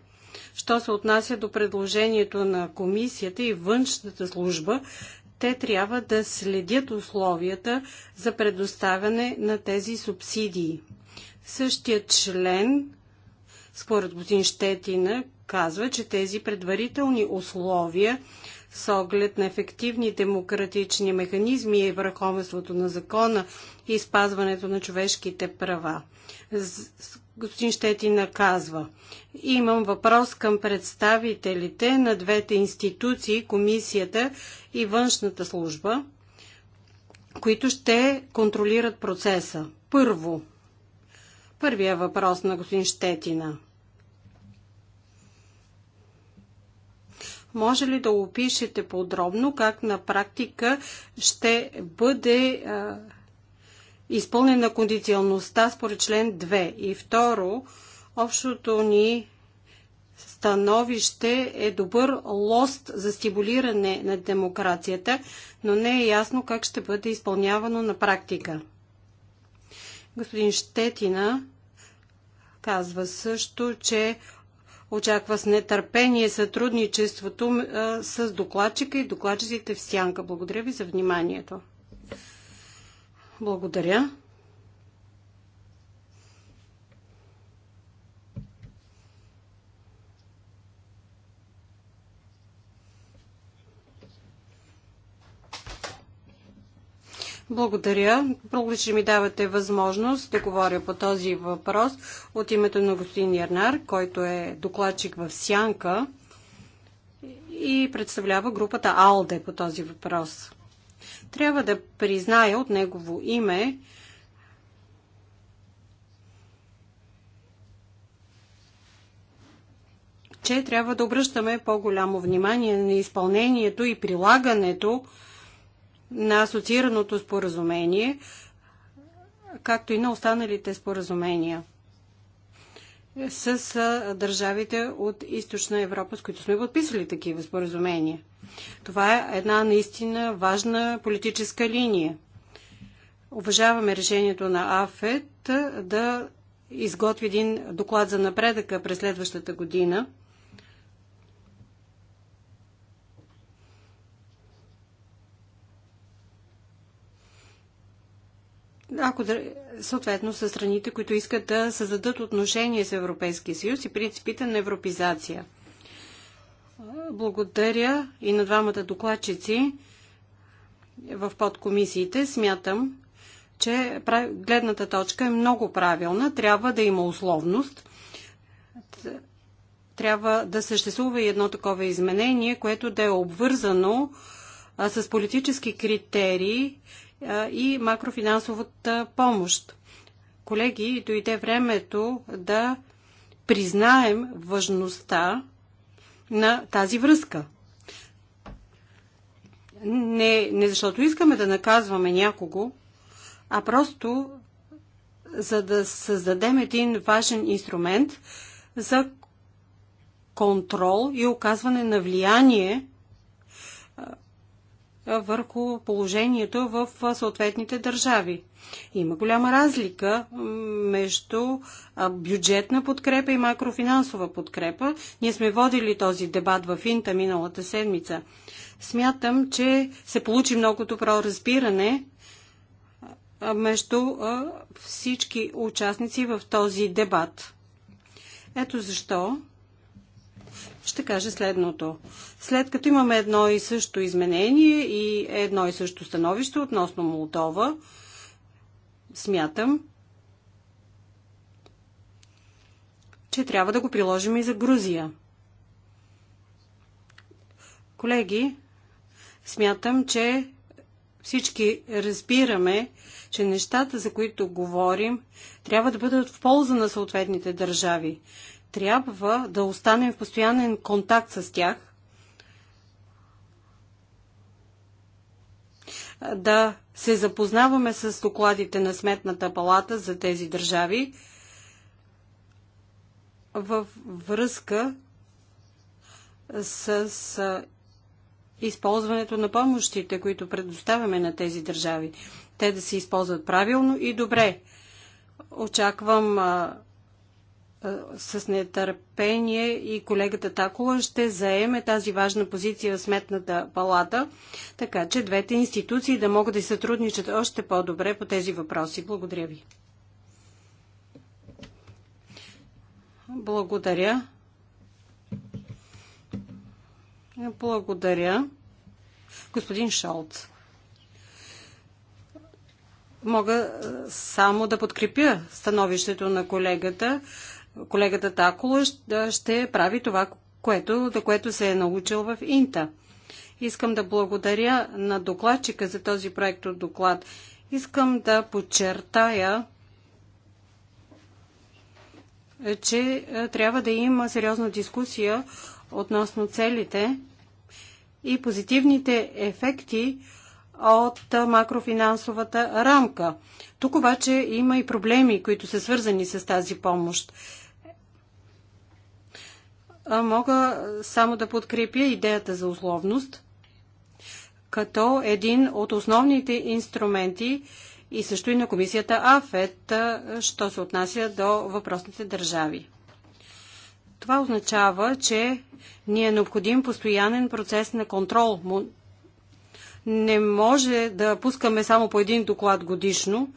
Що се отнася до предложението на комисията и външната служба, те трябва да следят условията за предоставяне на тези субсидии. Същия член, според господин Щетина, казва, че тези предварителни условия с оглед на ефективни демократични механизми и върховенството на закона и спазването на човешките права господин Щети наказва. Имам въпрос към представителите на двете институции, комисията и външната служба, които ще контролират процеса. Първо, първия въпрос на господин Щетина. Може ли да опишете подробно как на практика ще бъде на кондиционността според член 2. И второ, общото ни становище е добър лост за стимулиране на демокрацията, но не е ясно как ще бъде изпълнявано на практика. Господин Щетина казва също, че очаква с нетърпение сътрудничеството с докладчика и докладчиците в сянка. Благодаря ви за вниманието. Благодаря. Благодаря. Благодаря, че ми давате възможност да говоря по този въпрос от името на господин Ярнар, който е докладчик в Сянка и представлява групата АЛДЕ по този въпрос. Трябва да призная от негово име, че трябва да обръщаме по-голямо внимание на изпълнението и прилагането на асоциираното споразумение, както и на останалите споразумения с държавите от източна Европа, с които сме подписали такива споразумения. Това е една наистина важна политическа линия. Уважаваме решението на АФЕТ да изготви един доклад за напредъка през следващата година. Ако съответно са страните, които искат да създадат отношения с Европейския съюз и принципите на европизация. Благодаря и на двамата докладчици в подкомисиите. Смятам, че гледната точка е много правилна. Трябва да има условност. Трябва да съществува и едно такова изменение, което да е обвързано с политически критерии и макрофинансовата помощ. Колеги, дойде времето да признаем важността на тази връзка. Не, не защото искаме да наказваме някого, а просто за да създадем един важен инструмент за контрол и оказване на влияние върху положението в съответните държави. Има голяма разлика между бюджетна подкрепа и макрофинансова подкрепа. Ние сме водили този дебат в Инта миналата седмица. Смятам, че се получи много добро разбиране между всички участници в този дебат. Ето защо ще кажа следното. След като имаме едно и също изменение и едно и също становище относно Молдова, смятам, че трябва да го приложим и за Грузия. Колеги, смятам, че всички разбираме, че нещата, за които говорим, трябва да бъдат в полза на съответните държави трябва да останем в постоянен контакт с тях, да се запознаваме с докладите на Сметната палата за тези държави във връзка с използването на помощите, които предоставяме на тези държави. Те да се използват правилно и добре. Очаквам а, с нетърпение и колегата Такова ще заеме тази важна позиция в Сметната палата, така че двете институции да могат да се сътрудничат още по-добре по тези въпроси. Благодаря ви. Благодаря. Благодаря. Господин Шолц. Мога само да подкрепя становището на колегата колегата Такола ще прави това, което, за което се е научил в Инта. Искам да благодаря на докладчика за този проект от доклад. Искам да подчертая, че е, трябва да има сериозна дискусия относно целите и позитивните ефекти от е, макрофинансовата рамка. Тук обаче има и проблеми, които са свързани с тази помощ мога само да подкрепя идеята за условност като един от основните инструменти и също и на комисията АФЕТ, що се отнася до въпросните държави. Това означава, че ни е необходим постоянен процес на контрол. Не може да пускаме само по един доклад годишно,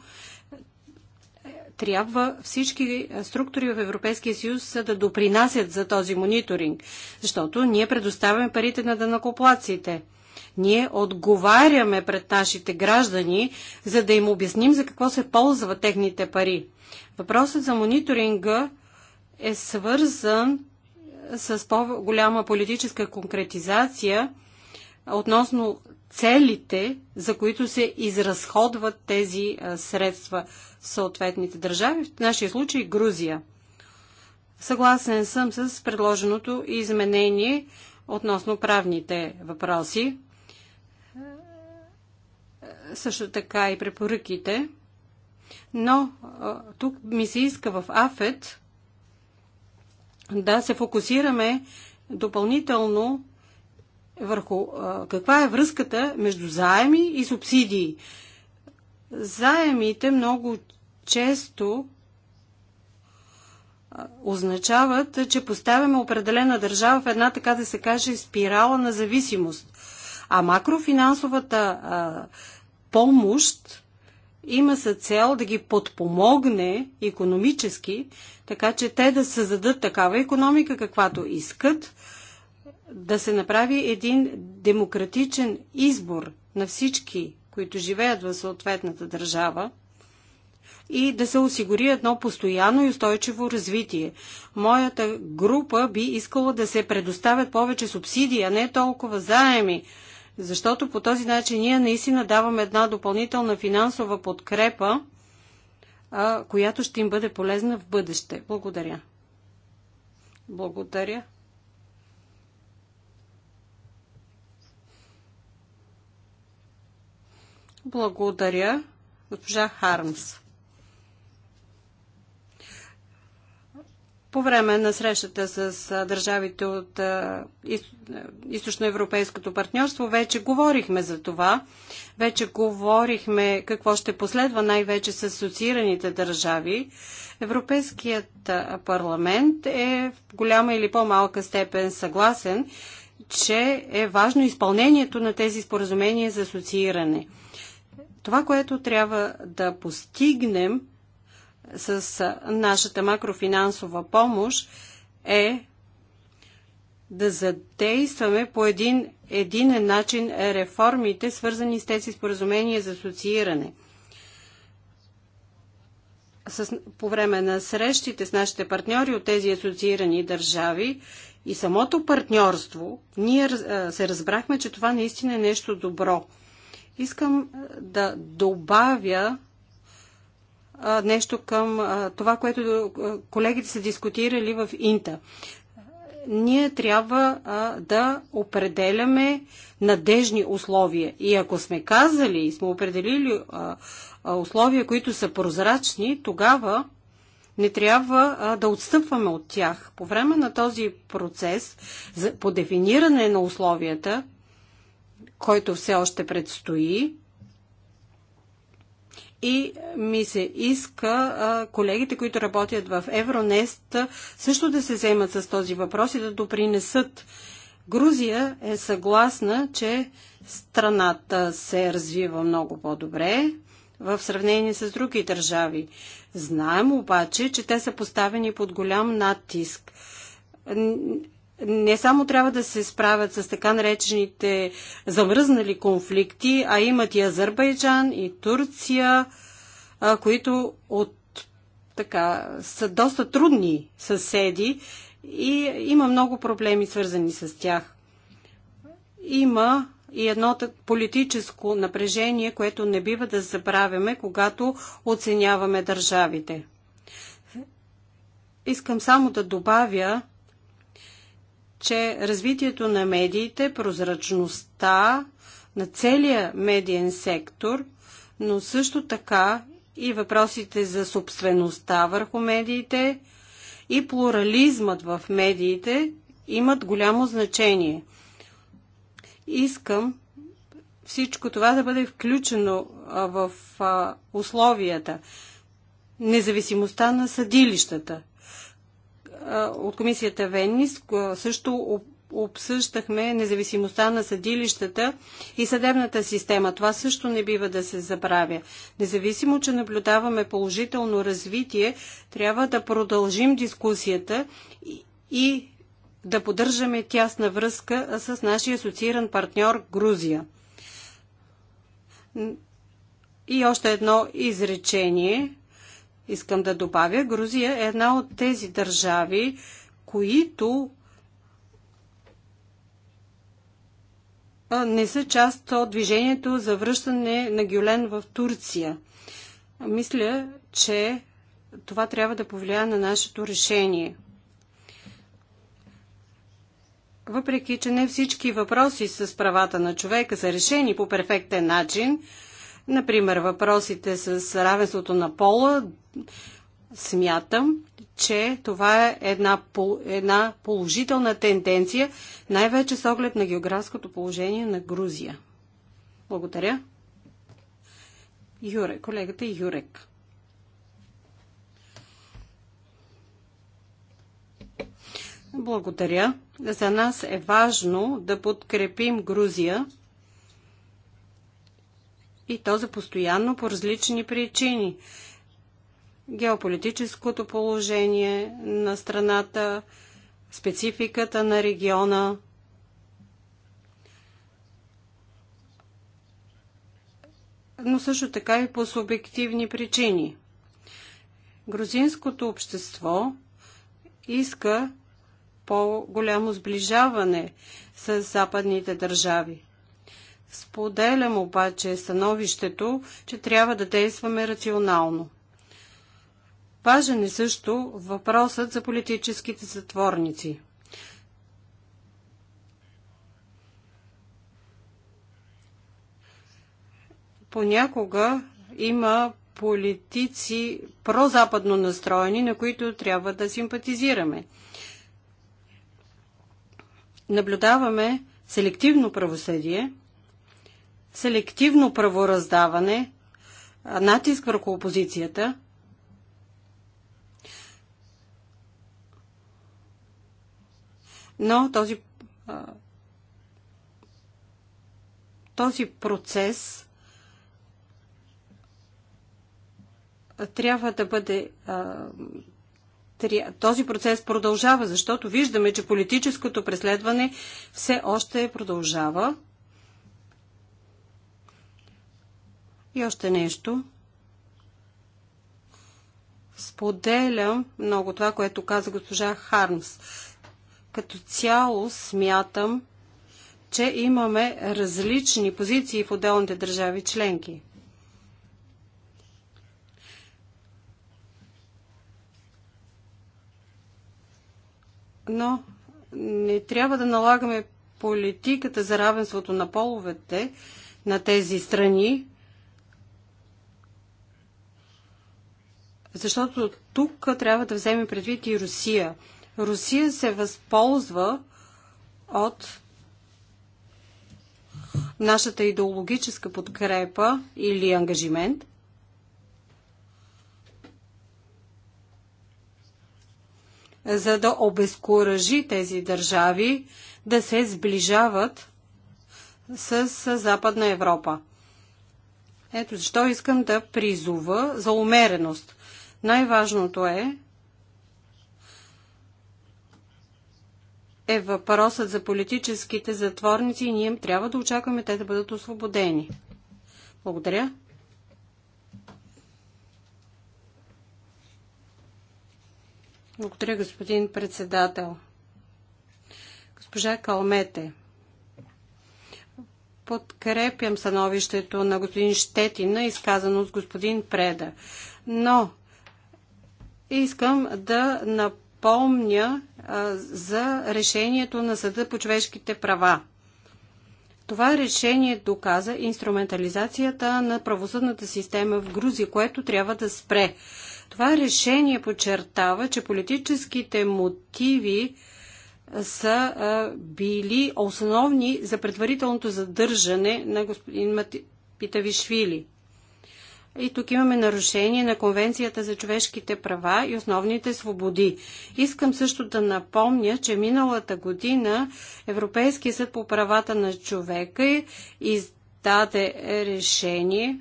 трябва всички структури в Европейския съюз да допринасят за този мониторинг, защото ние предоставяме парите на данакоплаците. Ние отговаряме пред нашите граждани, за да им обясним за какво се ползват техните пари. Въпросът за мониторинга е свързан с по-голяма политическа конкретизация относно целите, за които се изразходват тези средства съответните държави, в нашия случай Грузия. Съгласен съм с предложеното изменение относно правните въпроси, също така и препоръките, но тук ми се иска в АФЕТ да се фокусираме допълнително върху каква е връзката между заеми и субсидии. Заемите много често означават, че поставяме определена държава в една, така да се каже, спирала на зависимост. А макрофинансовата а, помощ има за цел да ги подпомогне економически, така че те да създадат такава економика, каквато искат, да се направи един демократичен избор на всички които живеят в съответната държава и да се осигури едно постоянно и устойчиво развитие. Моята група би искала да се предоставят повече субсидии, а не толкова заеми, защото по този начин ние наистина даваме една допълнителна финансова подкрепа, която ще им бъде полезна в бъдеще. Благодаря. Благодаря. Благодаря, госпожа Хармс. По време на срещата с държавите от източноевропейското партньорство вече говорихме за това. Вече говорихме какво ще последва най-вече с асоциираните държави. Европейският парламент е в голяма или по-малка степен съгласен, че е важно изпълнението на тези споразумения за асоцииране – това, което трябва да постигнем с нашата макрофинансова помощ е да задействаме по един единен начин реформите, свързани с тези споразумения за асоцииране. С, по време на срещите с нашите партньори от тези асоциирани държави и самото партньорство, ние се разбрахме, че това наистина е нещо добро – Искам е, да добавя е, нещо към е, това, което колегите са дискутирали в Инта. Ние трябва да определяме надежни условия. И ако сме казали и сме определили условия, които са прозрачни, тогава не трябва а, да отстъпваме от тях. По време на този процес за, по дефиниране на условията който все още предстои. И ми се иска колегите, които работят в Евронест, също да се вземат с този въпрос и да допринесат. Грузия е съгласна, че страната се развива много по-добре в сравнение с други държави. Знаем обаче, че те са поставени под голям натиск не само трябва да се справят с така наречените замръзнали конфликти, а имат и Азербайджан, и Турция, които от така, са доста трудни съседи и има много проблеми свързани с тях. Има и едно политическо напрежение, което не бива да забравяме, когато оценяваме държавите. Искам само да добавя, че развитието на медиите, прозрачността на целия медиен сектор, но също така и въпросите за собствеността върху медиите и плурализмът в медиите имат голямо значение. Искам всичко това да бъде включено в условията. Независимостта на съдилищата от комисията Веннис също обсъждахме независимостта на съдилищата и съдебната система. Това също не бива да се забравя. Независимо, че наблюдаваме положително развитие, трябва да продължим дискусията и да поддържаме тясна връзка с нашия асоцииран партньор Грузия. И още едно изречение. Искам да добавя, Грузия е една от тези държави, които не са част от движението за връщане на Гюлен в Турция. Мисля, че това трябва да повлияе на нашето решение. Въпреки, че не всички въпроси с правата на човека са решени по перфектен начин, Например, въпросите с равенството на пола, смятам, че това е една, една положителна тенденция, най-вече с оглед на географското положение на Грузия. Благодаря. Юре, колегата Юрек. Благодаря. За нас е важно да подкрепим Грузия и то за постоянно по различни причини. Геополитическото положение на страната, спецификата на региона, но също така и по субективни причини. Грузинското общество иска по-голямо сближаване с западните държави. Споделям обаче становището, че трябва да действаме рационално. Важен е също въпросът за политическите затворници. Понякога има политици прозападно настроени, на които трябва да симпатизираме. Наблюдаваме селективно правосъдие – селективно правораздаване, натиск върху опозицията. Но този, този процес трябва да бъде. Този процес продължава, защото виждаме, че политическото преследване все още продължава. И още нещо. Споделям много това, което каза госпожа Хармс. Като цяло смятам, че имаме различни позиции в отделните държави членки. Но не трябва да налагаме политиката за равенството на половете на тези страни, Защото тук трябва да вземем предвид и Русия. Русия се възползва от нашата идеологическа подкрепа или ангажимент. за да обезкуражи тези държави да се сближават с Западна Европа. Ето защо искам да призува за умереност. Най-важното е, е въпросът за политическите затворници и ние трябва да очакваме те да бъдат освободени. Благодаря. Благодаря, господин председател. Госпожа Калмете, подкрепям становището на господин Щетина, изказано с господин Преда. Но Искам да напомня за решението на Съда по човешките права. Това решение доказа инструментализацията на правосъдната система в Грузия, което трябва да спре. Това решение подчертава, че политическите мотиви са били основни за предварителното задържане на господин Питавишвили. И тук имаме нарушение на Конвенцията за човешките права и основните свободи. Искам също да напомня, че миналата година Европейския съд по правата на човека издаде решение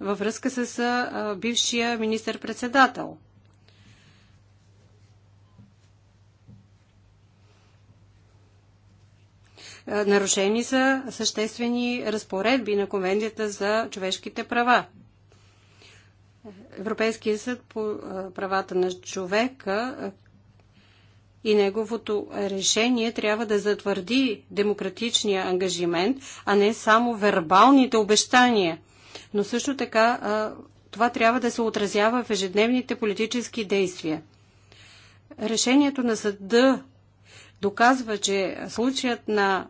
във връзка с бившия министър-председател. Нарушени са съществени разпоредби на Конвенцията за човешките права. Европейския съд по правата на човека и неговото решение трябва да затвърди демократичния ангажимент, а не само вербалните обещания. Но също така това трябва да се отразява в ежедневните политически действия. Решението на съда доказва, че случаят на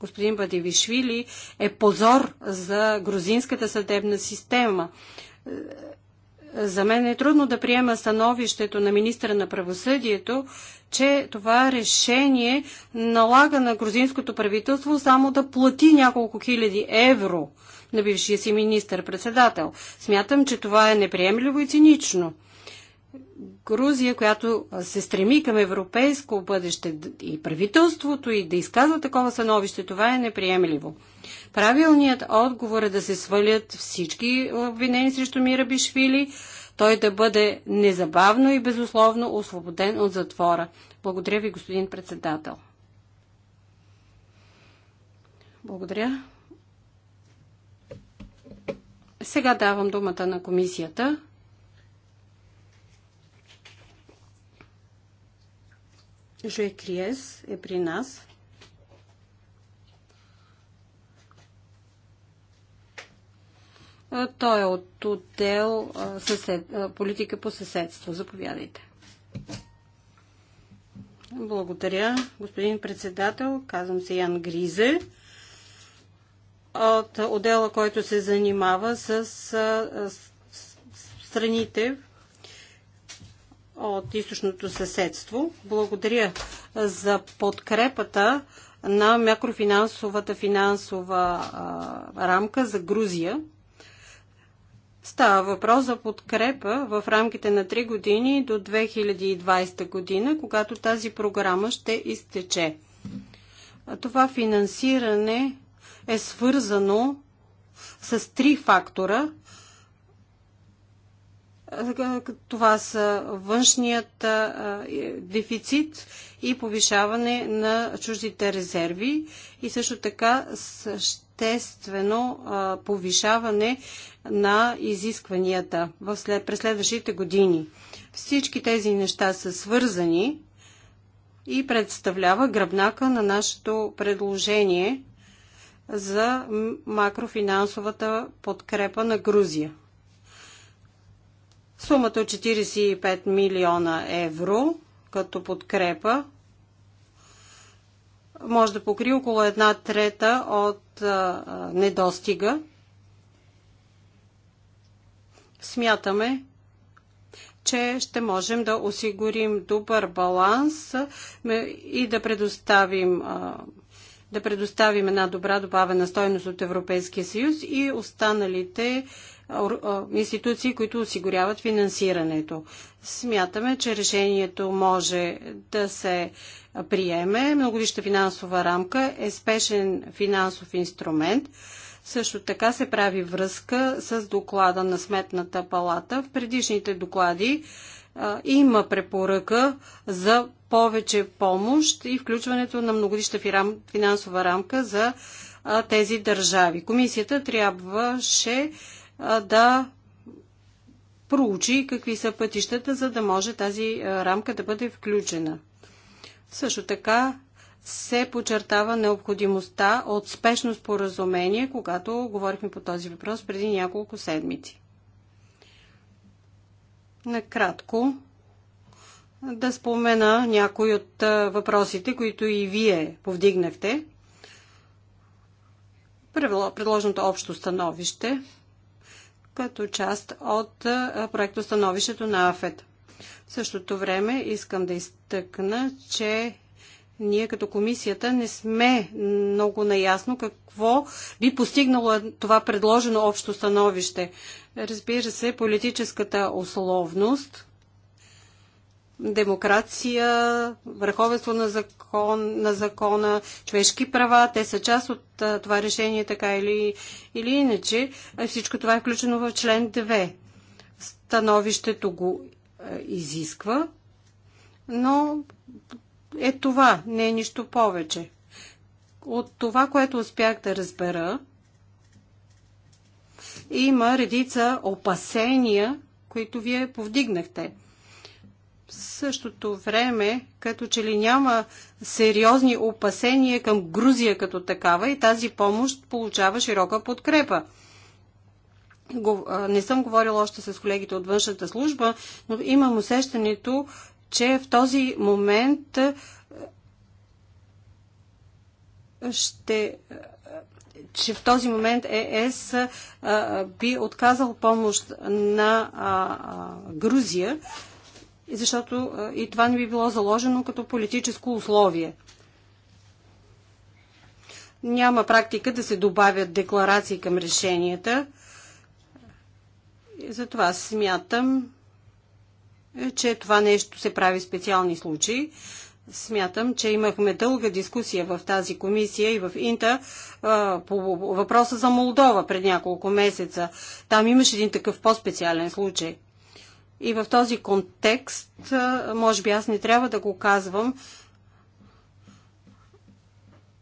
господин Бадивишвили е позор за грузинската съдебна система. За мен е трудно да приема становището на министра на правосъдието, че това решение налага на грузинското правителство само да плати няколко хиляди евро на бившия си министър-председател. Смятам, че това е неприемливо и цинично. Грузия, която се стреми към европейско бъдеще и правителството и да изказва такова становище, това е неприемливо. Правилният отговор е да се свалят всички обвинени срещу Мира Бишвили, той да бъде незабавно и безусловно освободен от затвора. Благодаря ви, господин председател. Благодаря. Сега давам думата на комисията. Жой Криес е при нас. Той е от отдел съсед, политика по съседство. Заповядайте. Благодаря, господин председател. Казвам се Ян Гризе от отдела, който се занимава с, страните с страните, от източното съседство. Благодаря за подкрепата на макрофинансовата финансова а, рамка за Грузия. Става въпрос за подкрепа в рамките на 3 години до 2020 година, когато тази програма ще изтече. Това финансиране е свързано с три фактора това са външният е, дефицит и повишаване на чуждите резерви и също така съществено повишаване на изискванията през следващите години. Всички тези неща са свързани и представлява гръбнака на нашето предложение за макрофинансовата подкрепа на Грузия. Сумата от 45 милиона евро като подкрепа може да покри около една трета от а, недостига. Смятаме, че ще можем да осигурим добър баланс и да предоставим, да предоставим една добра добавена стойност от Европейския съюз и останалите институции, които осигуряват финансирането. Смятаме, че решението може да се приеме. Многовища финансова рамка е спешен финансов инструмент. Също така се прави връзка с доклада на Сметната палата. В предишните доклади а, има препоръка за повече помощ и включването на многодища финансова рамка за а, тези държави. Комисията трябваше да проучи какви са пътищата, за да може тази рамка да бъде включена. Също така се подчертава необходимостта от спешно споразумение, когато говорихме по този въпрос преди няколко седмици. Накратко да спомена някои от въпросите, които и вие повдигнахте. Предложеното общо становище – като част от проекто становището на АФЕТ. В същото време искам да изтъкна, че ние като комисията не сме много наясно какво би постигнало това предложено общо становище. Разбира се, политическата условност демокрация, върховенство на, закон, на закона, човешки права. Те са част от това решение, така или, или иначе. Всичко това е включено в член 2. Становището го изисква, но е това, не е нищо повече. От това, което успях да разбера, има редица опасения, които вие повдигнахте – в същото време, като че ли няма сериозни опасения към Грузия като такава и тази помощ получава широка подкрепа. Не съм говорила още с колегите от външната служба, но имам усещането, че в този момент ще че в този момент ЕС би отказал помощ на Грузия, защото и това не би било заложено като политическо условие. Няма практика да се добавят декларации към решенията. Затова смятам, е, че това нещо се прави в специални случаи. Смятам, че имахме дълга дискусия в тази комисия и в Инта по въпроса за Молдова пред няколко месеца. Там имаше един такъв по-специален случай. И в този контекст, може би аз не трябва да го казвам,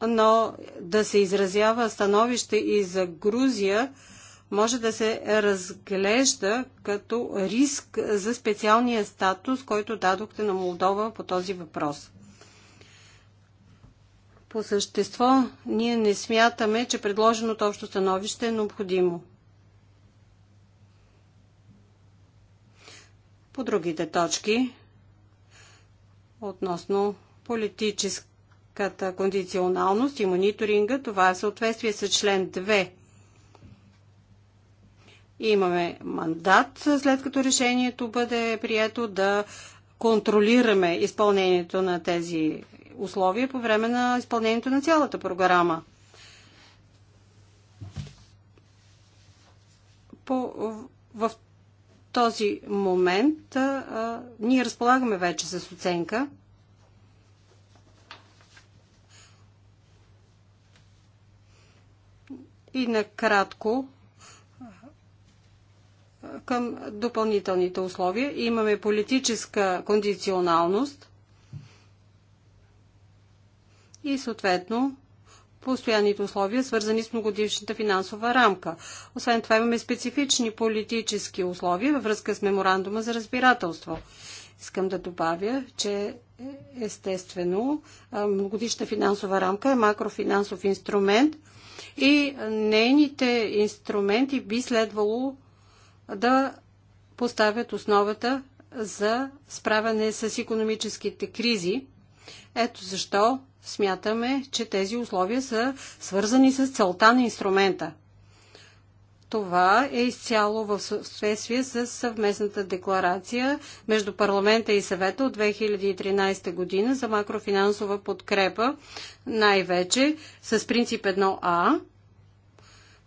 но да се изразява становище и за Грузия може да се разглежда като риск за специалния статус, който дадохте на Молдова по този въпрос. По същество, ние не смятаме, че предложеното общо становище е необходимо. по другите точки относно политическата кондиционалност и мониторинга. Това е съответствие с член 2. Имаме мандат, след като решението бъде прието да контролираме изпълнението на тези условия по време на изпълнението на цялата програма. По, в, в този момент а, ние разполагаме вече с оценка. И накратко към допълнителните условия. Имаме политическа кондиционалност и съответно постоянните условия, свързани с многодишната финансова рамка. Освен това имаме специфични политически условия във връзка с меморандума за разбирателство. Искам да добавя, че естествено многодишна финансова рамка е макрофинансов инструмент и нейните инструменти би следвало да поставят основата за справяне с економическите кризи. Ето защо Смятаме, че тези условия са свързани с целта на инструмента. Това е изцяло в съответствие с съвместната декларация между парламента и съвета от 2013 година за макрофинансова подкрепа, най-вече с принцип 1А,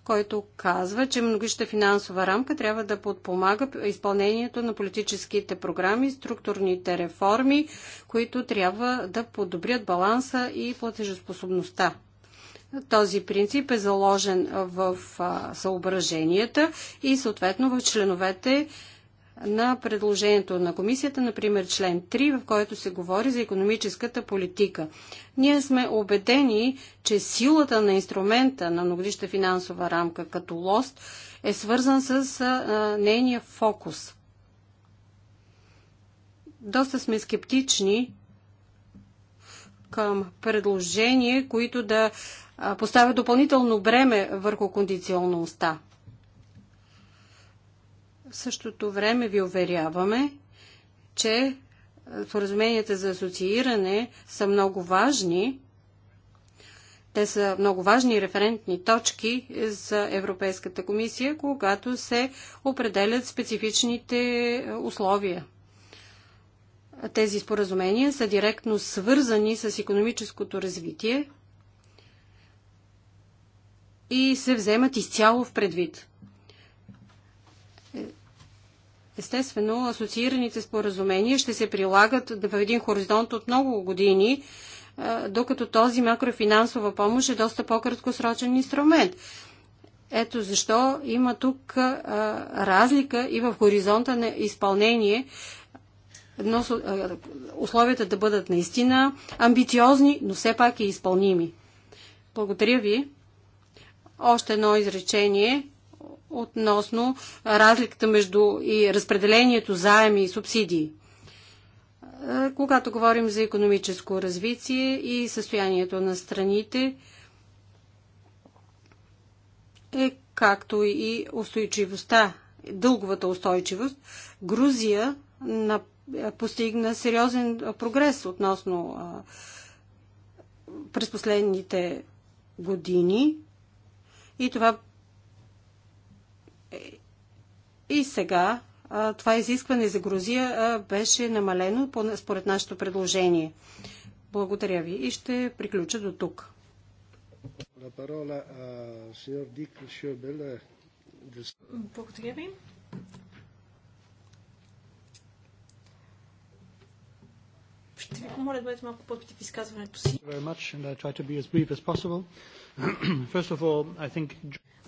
който казва, че многища финансова рамка трябва да подпомага изпълнението на политическите програми, структурните реформи, които трябва да подобрят баланса и платежоспособността. Този принцип е заложен в съображенията и съответно в членовете на предложението на комисията, например член 3, в който се говори за економическата политика. Ние сме убедени, че силата на инструмента на многодишна финансова рамка като лост е свързан с а, нейния фокус. Доста сме скептични към предложения, които да поставят допълнително бреме върху кондиционността. В същото време ви уверяваме, че е, споразуменията за асоцииране са много важни. Те са много важни референтни точки е, за Европейската комисия, когато се определят специфичните е, условия. Тези споразумения са директно свързани с економическото развитие и се вземат изцяло в предвид. Естествено, асоциираните споразумения ще се прилагат в един хоризонт от много години, докато този макрофинансова помощ е доста по-краткосрочен инструмент. Ето защо има тук разлика и в хоризонта на изпълнение, но условията да бъдат наистина амбициозни, но все пак и изпълними. Благодаря ви. Още едно изречение относно разликата между и разпределението заеми и субсидии. Когато говорим за економическо развитие и състоянието на страните, е както и устойчивостта, дълговата устойчивост, Грузия на, постигна сериозен прогрес относно а, през последните години и това и сега това изискване за Грузия беше намалено според нашето предложение. Благодаря ви и ще приключа до тук. Eh, Благодаря ви. Ще ви помоля да бъдете малко по-опити в изказването си.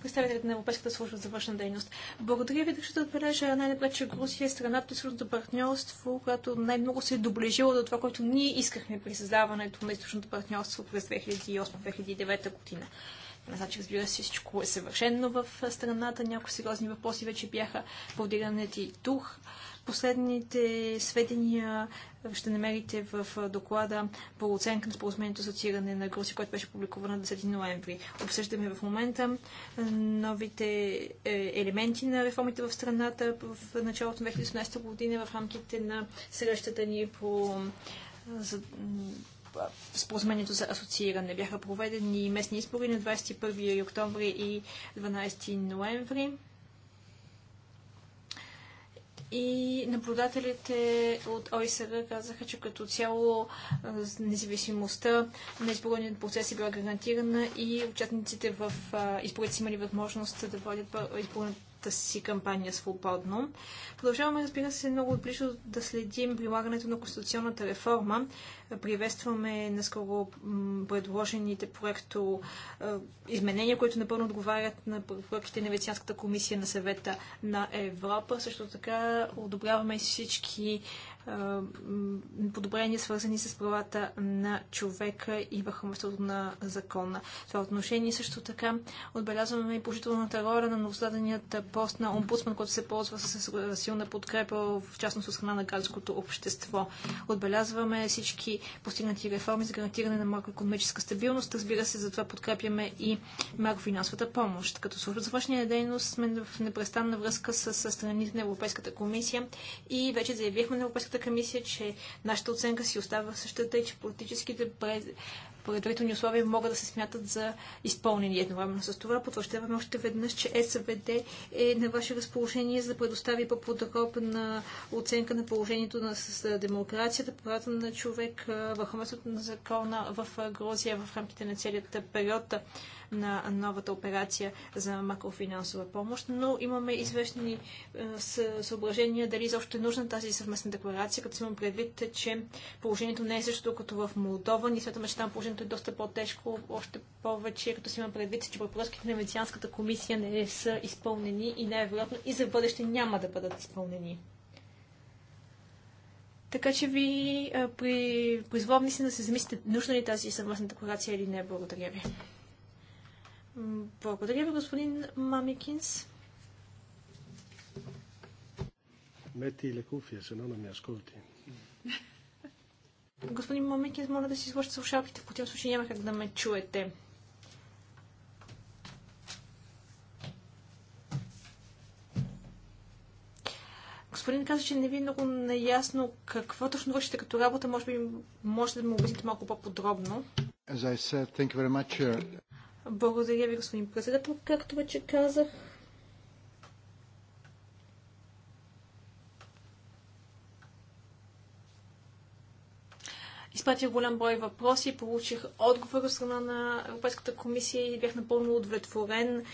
Представителите на Европейската служба за външна дейност. Благодаря ви, защото отбележа най-напред, че Грузия е страната източното партньорство, която най-много се е доближила до това, което ние искахме при създаването на източното партньорство през 2008-2009 година. Значи, разбира се, всичко е съвършено в страната. Някои сериозни въпроси вече бяха повдигнати тук. Последните сведения ще намерите в доклада по оценка на споразумението за циране на груси, който беше публикуван на 10 ноември. Обсъждаме в момента новите е, елементи на реформите в страната в началото на 2018 година в рамките на срещата ни по споразумението за асоцииране. Бяха проведени местни избори на 21 октомври и 12 ноември и наблюдателите от ОИСР казаха, че като цяло независимостта на изборния процес е била гарантирана и участниците в изборите са имали възможност да водят изборния си кампания свободно. Продължаваме, разбира се, много отблизо да следим прилагането на конституционната реформа. Приветстваме наскоро предложените проекто изменения, които напълно отговарят на проектите на Венецианската комисия на съвета на Европа. Също така одобряваме всички подобрения, свързани с правата на човека и върховенството на закона. В това отношение също така отбелязваме и положителната роля на новосъздаденият пост на омбудсман, който се ползва с силна подкрепа, в частност от страна на градското общество. Отбелязваме всички постигнати реформи за гарантиране на макроекономическа стабилност. Разбира се, затова подкрепяме и макрофинансовата помощ. Като служба за външния дейност сме в непрестанна връзка с страните на Европейската комисия и вече заявихме на Европейската Европейската комисия, че нашата оценка си остава същата и че политическите предварителни условия могат да се смятат за изпълнени. Едновременно с това потвърждаваме още веднъж, че СВД е на ваше разположение за да предостави по-подробна оценка на положението на с демокрацията, правата на човек, върховенството на закона в Грозия в рамките на целият период на новата операция за макрофинансова помощ, но имаме известни е, съображения дали изобщо е нужна тази съвместна декларация, като имам предвид, че положението не е същото като в Молдова. Ние смятаме, че там положението е доста по-тежко, още повече, като си имам предвид, че препоръчките на Венецианската комисия не са изпълнени и най-вероятно и за бъдеще няма да бъдат изпълнени. Така че ви е, при, призвам си да се замислите нужна ли е тази съвместна декларация или не. Благодаря ви. Благодаря ви, господин Мамикинс. Мети или куфия, се на ми асколти. Господин Мамикинс, моля да си изложите слушалките, в противен случай няма как да ме чуете. Господин каза, че не ви е много неясно какво точно вършите като работа. Може би можете да му обясните малко по-подробно. Said, much, uh, благодаря ви, господин председател. Както вече казах, изпратих голям брой въпроси, получих отговор от страна на Европейската комисия и бях напълно удовлетворен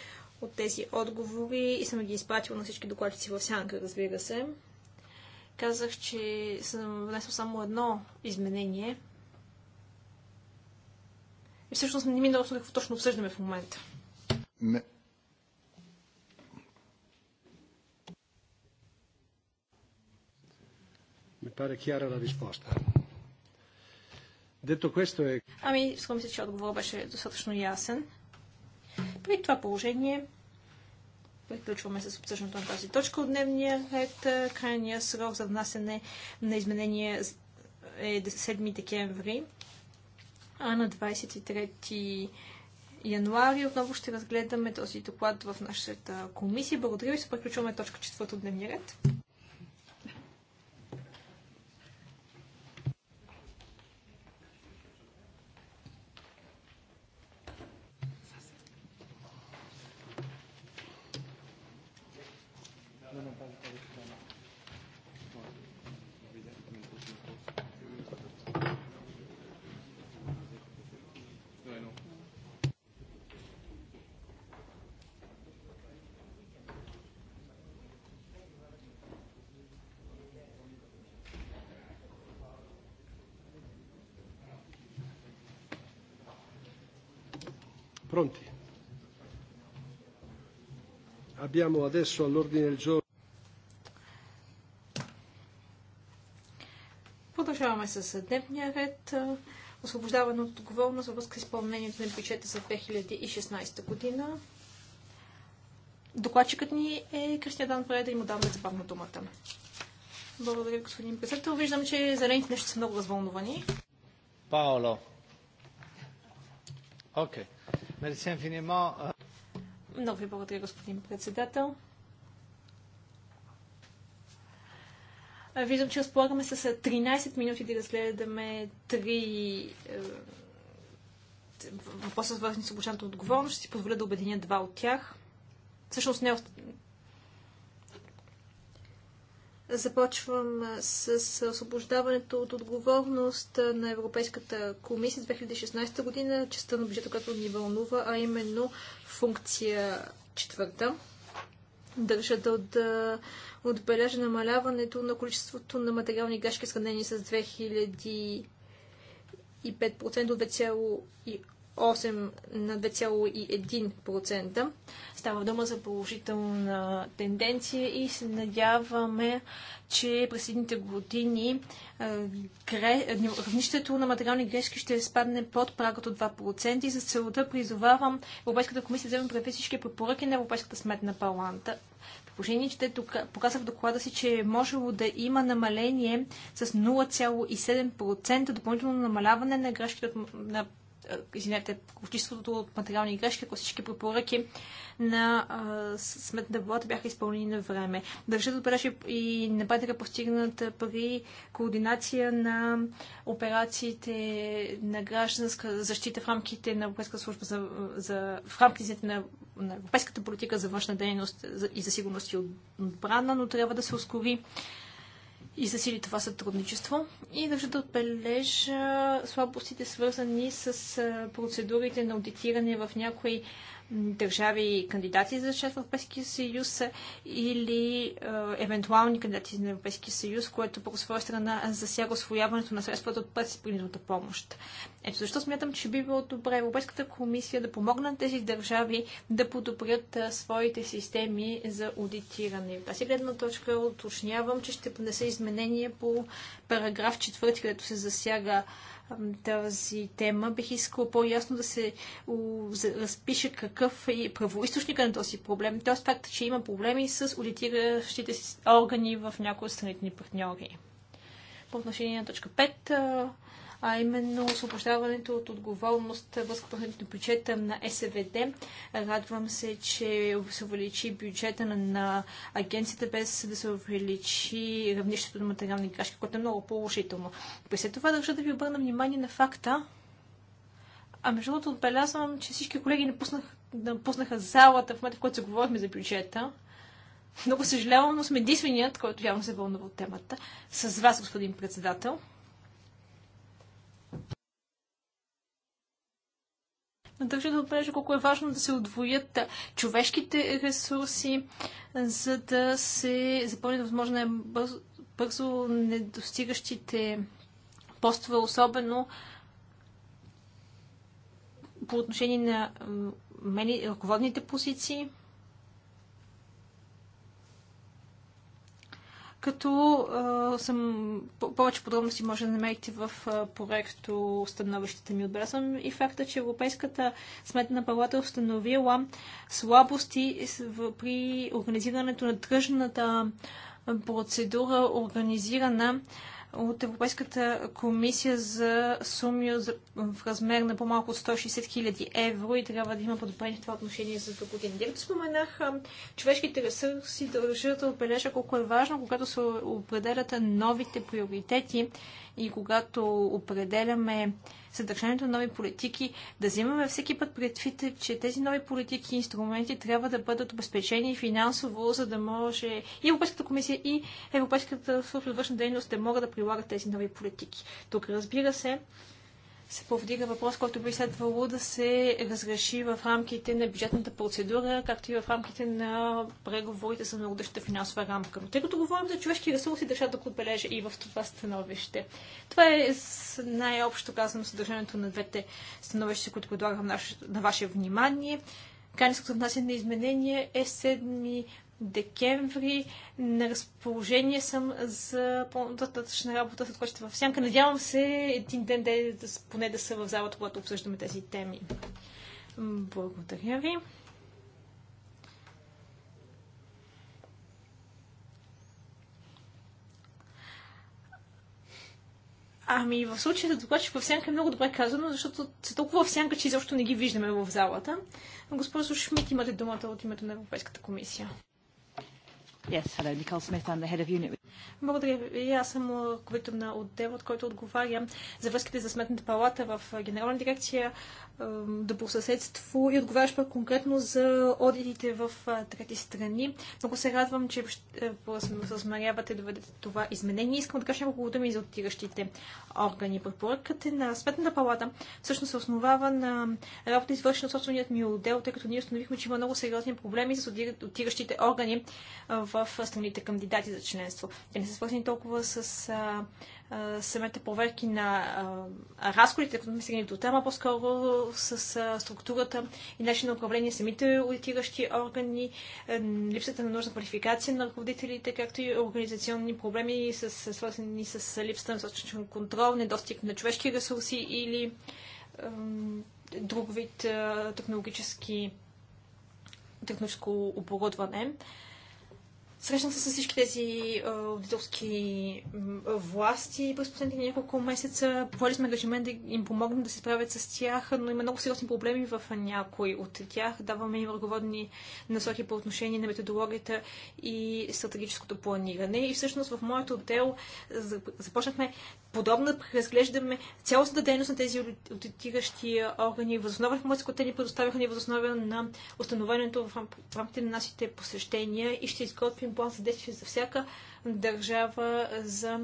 от тези отговори и съм ги изпратил на всички докладчици в сянка, разбира се. Казах, че съм внесъл само едно изменение, и всъщност не ми е доста какво точно обсъждаме в момента. Не. Mi pare chiara la risposta. Дето което е... Ами, струва се, че отговор беше достатъчно ясен. При това положение приключваме с обсъждането на тази точка от дневния ред. Крайният срок за внасене на изменение е 7 декември а на 23 януари отново ще разгледаме този доклад в нашата комисия. Благодаря ви, се приключваме точка четвърто дневния ред. Abbiamo adesso all'ordine del giorno. Продължаваме с дневния ред. Освобождаване от отговорност във връзка с изпълнението на бюджета за 2016 година. Докладчикът ни е Кристиан Дан Преда и му даваме забавно думата. Благодаря, господин председател. Виждам, че зелените неща са много развълнувани. Паоло. Окей. Okay. Merci много ви благодаря, господин председател. Виждам, че разполагаме с 13 минути да разгледаме три е, въпроса, свързани с обучаната отговорност. Ще си позволя да обединя два от тях. Всъщност не е Започвам с освобождаването от отговорност на Европейската комисия 2016 година, частта на бюджета, която ни вълнува, а именно функция четвърта. Държа да, да отбележа намаляването на количеството на материални грешки, сравнени с 2005% до 2,8%. 8 на 2,1%. Става дума за положителна тенденция и се надяваме, че през следните години е, е, равнището на материални грешки ще спадне под прагът от 2% и за целта призовавам Европейската комисия да вземе предвид всички препоръки на Европейската сметна паланта. Положение, че те показах в доклада си, че е можело да има намаление с 0,7% допълнително намаляване на грешките на извинете, количеството от материални грешки, ако всички препоръки на сметната палата бяха изпълнени на време. Държа да отбележа и напредъка постигната при координация на операциите на гражданска защита в рамките на Европейска служба за, за в рамките на, на Европейската политика за външна дейност и за сигурност и отбрана, но трябва да се ускори и засили това сътрудничество. И държа да отбележа слабостите, свързани с процедурите на аудитиране в някои държави кандидати за шеф в Европейския съюз или е, евентуални кандидати на Европейския съюз, което по своя страна засяга освояването на средствата от предсипринутата помощ. Ето защо смятам, че би било добре Европейската комисия да помогне на тези държави да подобрят е, своите системи за аудитиране. В тази гледна точка уточнявам, че ще понеса изменения по параграф 4, където се засяга тази тема, бих искала по-ясно да се разпише какъв е правоисточника на този проблем. т.е. факта, че има проблеми с аудитиращите органи в някои от страните ни партньори. По отношение на точка 5, а именно освобождаването от отговорност възкъпването на бюджета на СВД. Радвам се, че се увеличи бюджета на агенцията без да се увеличи равнището на материални грешки, което е много положително. При след това държа да ви обърна внимание на факта, а между другото отбелязвам, че всички колеги напуснах, напуснаха залата в момента, в който се говорихме за бюджета. Много съжалявам, но сме единственият, който явно се вълнува от темата. С вас, господин председател. но държа да отбележа колко е важно да се отвоят човешките ресурси, за да се запълнят възможно бързо бързо недостигащите постове, особено по отношение на ръководните позиции. като съм, повече подробности може да намерите в проекто становищата ми. Отбелязвам и факта, че Европейската сметна палата е установила слабости при организирането на тръжната процедура, организирана от Европейската комисия за суми в размер на по-малко от 160 хиляди евро и трябва да има подобрение в това отношение за до години. Директно споменах, човешките ресурси държа да отбележа колко е важно, когато се определят новите приоритети и когато определяме съдържанието на нови политики, да взимаме всеки път предвид, че тези нови политики и инструменти трябва да бъдат обезпечени финансово, за да може и Европейската комисия, и Европейската служба външна дейност да могат да прилагат тези нови политики. Тук, разбира се, се повдига въпрос, който би следвало да се разреши в рамките на бюджетната процедура, както и в рамките на преговорите за многодишната финансова рамка. Но тъй като говорим за човешки ресурси, държа да го отбележа и в това становище. Това е най-общо казано съдържанието на двете становища, които предлагам на, ваше внимание. Крайниското внасяне на изменения е 7 декември. На разположение съм за по-нататъчна работа, след което е в сянка. Надявам се един ден да, е, поне да са в залата, когато обсъждаме тези теми. Благодаря ви. Ами в случая за докладчик в сянка е много добре казано, защото са толкова в сянка, че изобщо не ги виждаме в залата. Госпожо Шмидт, имате думата от името на Европейската комисия. Yes, hello, Nicole Smith, I'm the head of unit. Благодаря ви. Аз съм ръководител на отдел, от който отговарям за връзките за сметната палата в Генерална дирекция добросъседство и отговаряш пък конкретно за одитите в трети страни. Много се радвам, че възмарявате да доведете това изменение. Искам да кажа няколко думи за отиращите органи. Препоръката на Сметната палата всъщност се основава на работа, извършена от собственият ми отдел, тъй като ние установихме, че има много сериозни проблеми с отиращите органи в в страните кандидати за членство. Те не са свързани толкова с а, а, самите проверки на а, разходите, като сме се до там, а по-скоро с а, структурата и начин на управление самите аудитиращи органи, а, е, липсата на нужна квалификация на ръководителите, както и организационни проблеми, с, свързани с липсата на достатъчен контрол, недостиг на човешки ресурси или а, друг вид а, е, технологически техническо оборудване. Срещна се с всички тези аудиторски власти през последните няколко месеца. Поели сме ангажимент да им помогнем да се справят с тях, но има много сериозни проблеми в някои от тях. Даваме им ръководни насоки по отношение на методологията и стратегическото планиране. И всъщност в моето отдел започнахме подобно да разглеждаме цялостната дейност на тези аудитиращи органи, възоснова в мозъка, те ни предоставяха ни възоснова на установеното в рамките на нашите посещения и ще изготвим национален план за за всяка държава за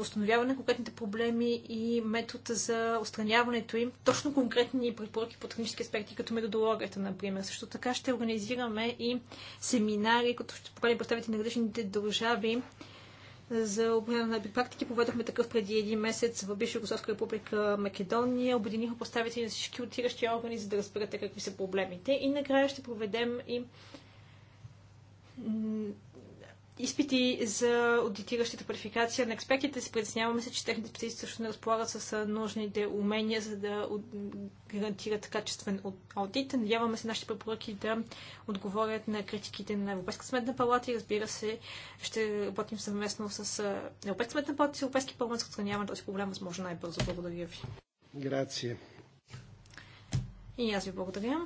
установяване на конкретните проблеми и метод за устраняването им, точно конкретни препоръки по технически аспекти, като методологията, например. Също така ще организираме и семинари, като ще поканим представите на различните държави за обмяна на практики. Поведохме такъв преди един месец в бивша Госовска република Македония. Обединиха представители на всички отиращи органи, за да разберете какви са проблемите. И накрая ще проведем и изпити за аудитиращата квалификация на експертите, се притесняваме се, че техните специалисти също не разполагат с нужните умения, за да гарантират качествен аудит. Надяваме се нашите препоръки да отговорят на критиките на Европейска сметна палата и разбира се, ще работим съвместно с Европейска сметна палата и Европейски парламент, като отстраняване този проблем възможно най-бързо. Благодаря ви. Грация. И аз ви благодаря.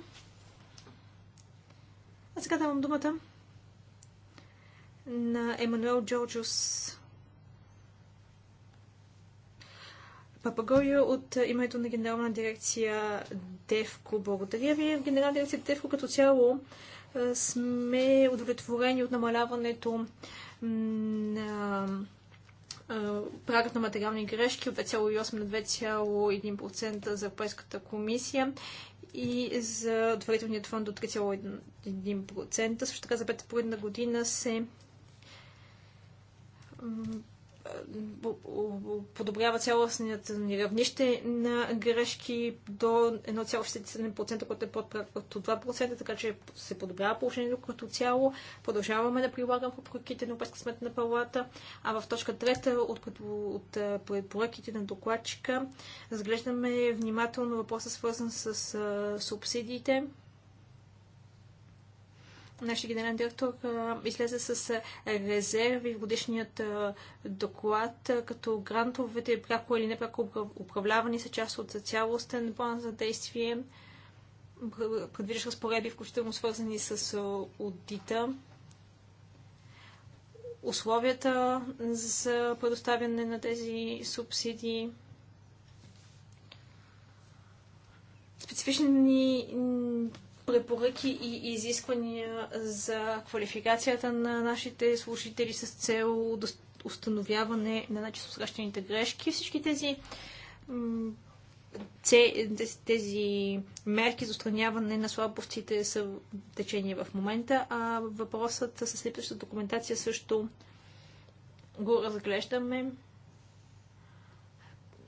А сега давам думата на Емануел Джорджус Папагойо от името на генерална дирекция ДЕВКО. Благодаря ви. генерална дирекция ДЕВКО като цяло сме удовлетворени от намаляването на прагът на материални грешки от 2,8 на 2,1% за Европейската комисия и за отварителният фонд до 3,1%. Също така за пета поредна година се подобрява цялостният ни равнище на грешки до 1,67%, което е под от 2%, така че се подобрява положението като цяло. Продължаваме да прилагам проектите на Европейска сметна палата, а в точка 3 от, от проектите на докладчика разглеждаме внимателно въпроса свързан с субсидиите. Нашия генерален директор излезе с резерви в годишният доклад, като грантовете, пряко или непряко управлявани, са част от цялостен план за действие. Предвиждаш разпореди, включително свързани с аудита условията за предоставяне на тези субсидии, специфични препоръки и изисквания за квалификацията на нашите служители с цел установяване на начисто грешки. Всички тези тези мерки за устраняване на слабостите са в течение в момента, а въпросът с липсващата документация също го разглеждаме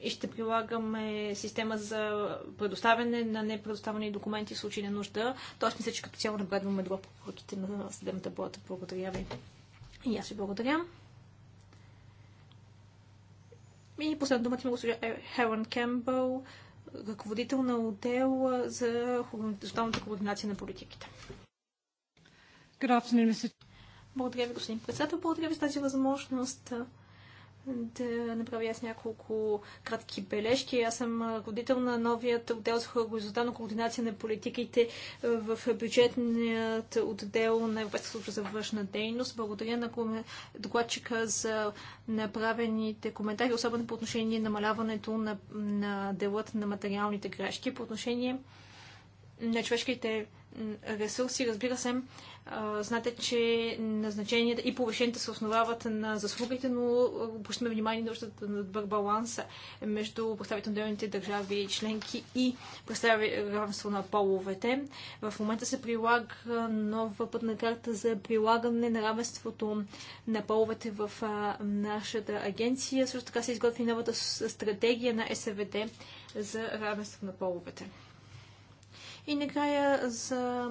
и ще прилагаме система за предоставяне на непредоставени документи в случай на нужда. Тоест, мисля, че като цяло набредваме добро по поръките на съдебната плата. Благодаря ви. И аз ви благодаря. И последна думата има госпожа е- Хелен Кембъл, ръководител на отдел за хоризонталната координация на политиките. Благодаря ви, господин председател. Благодаря ви за тази възможност да направя аз няколко кратки бележки. Аз съм родител на новият отдел за хоризонтална координация на политиките е, в бюджетният отдел на Европейска служба за външна дейност. Благодаря на докладчика за направените коментари, особено по отношение намаляването на, на делът на материалните грешки. По отношение на човешките ресурси, разбира се, знаете, че назначенията и повишенията се основават на заслугите, но обръщаме внимание на нуждата на добър баланс между представителните на отделните държави членки и представителство на половете. В момента се прилага нова пътна карта за прилагане на равенството на половете в нашата агенция. Също така се изготви новата стратегия на СВД за равенство на половете. И накрая за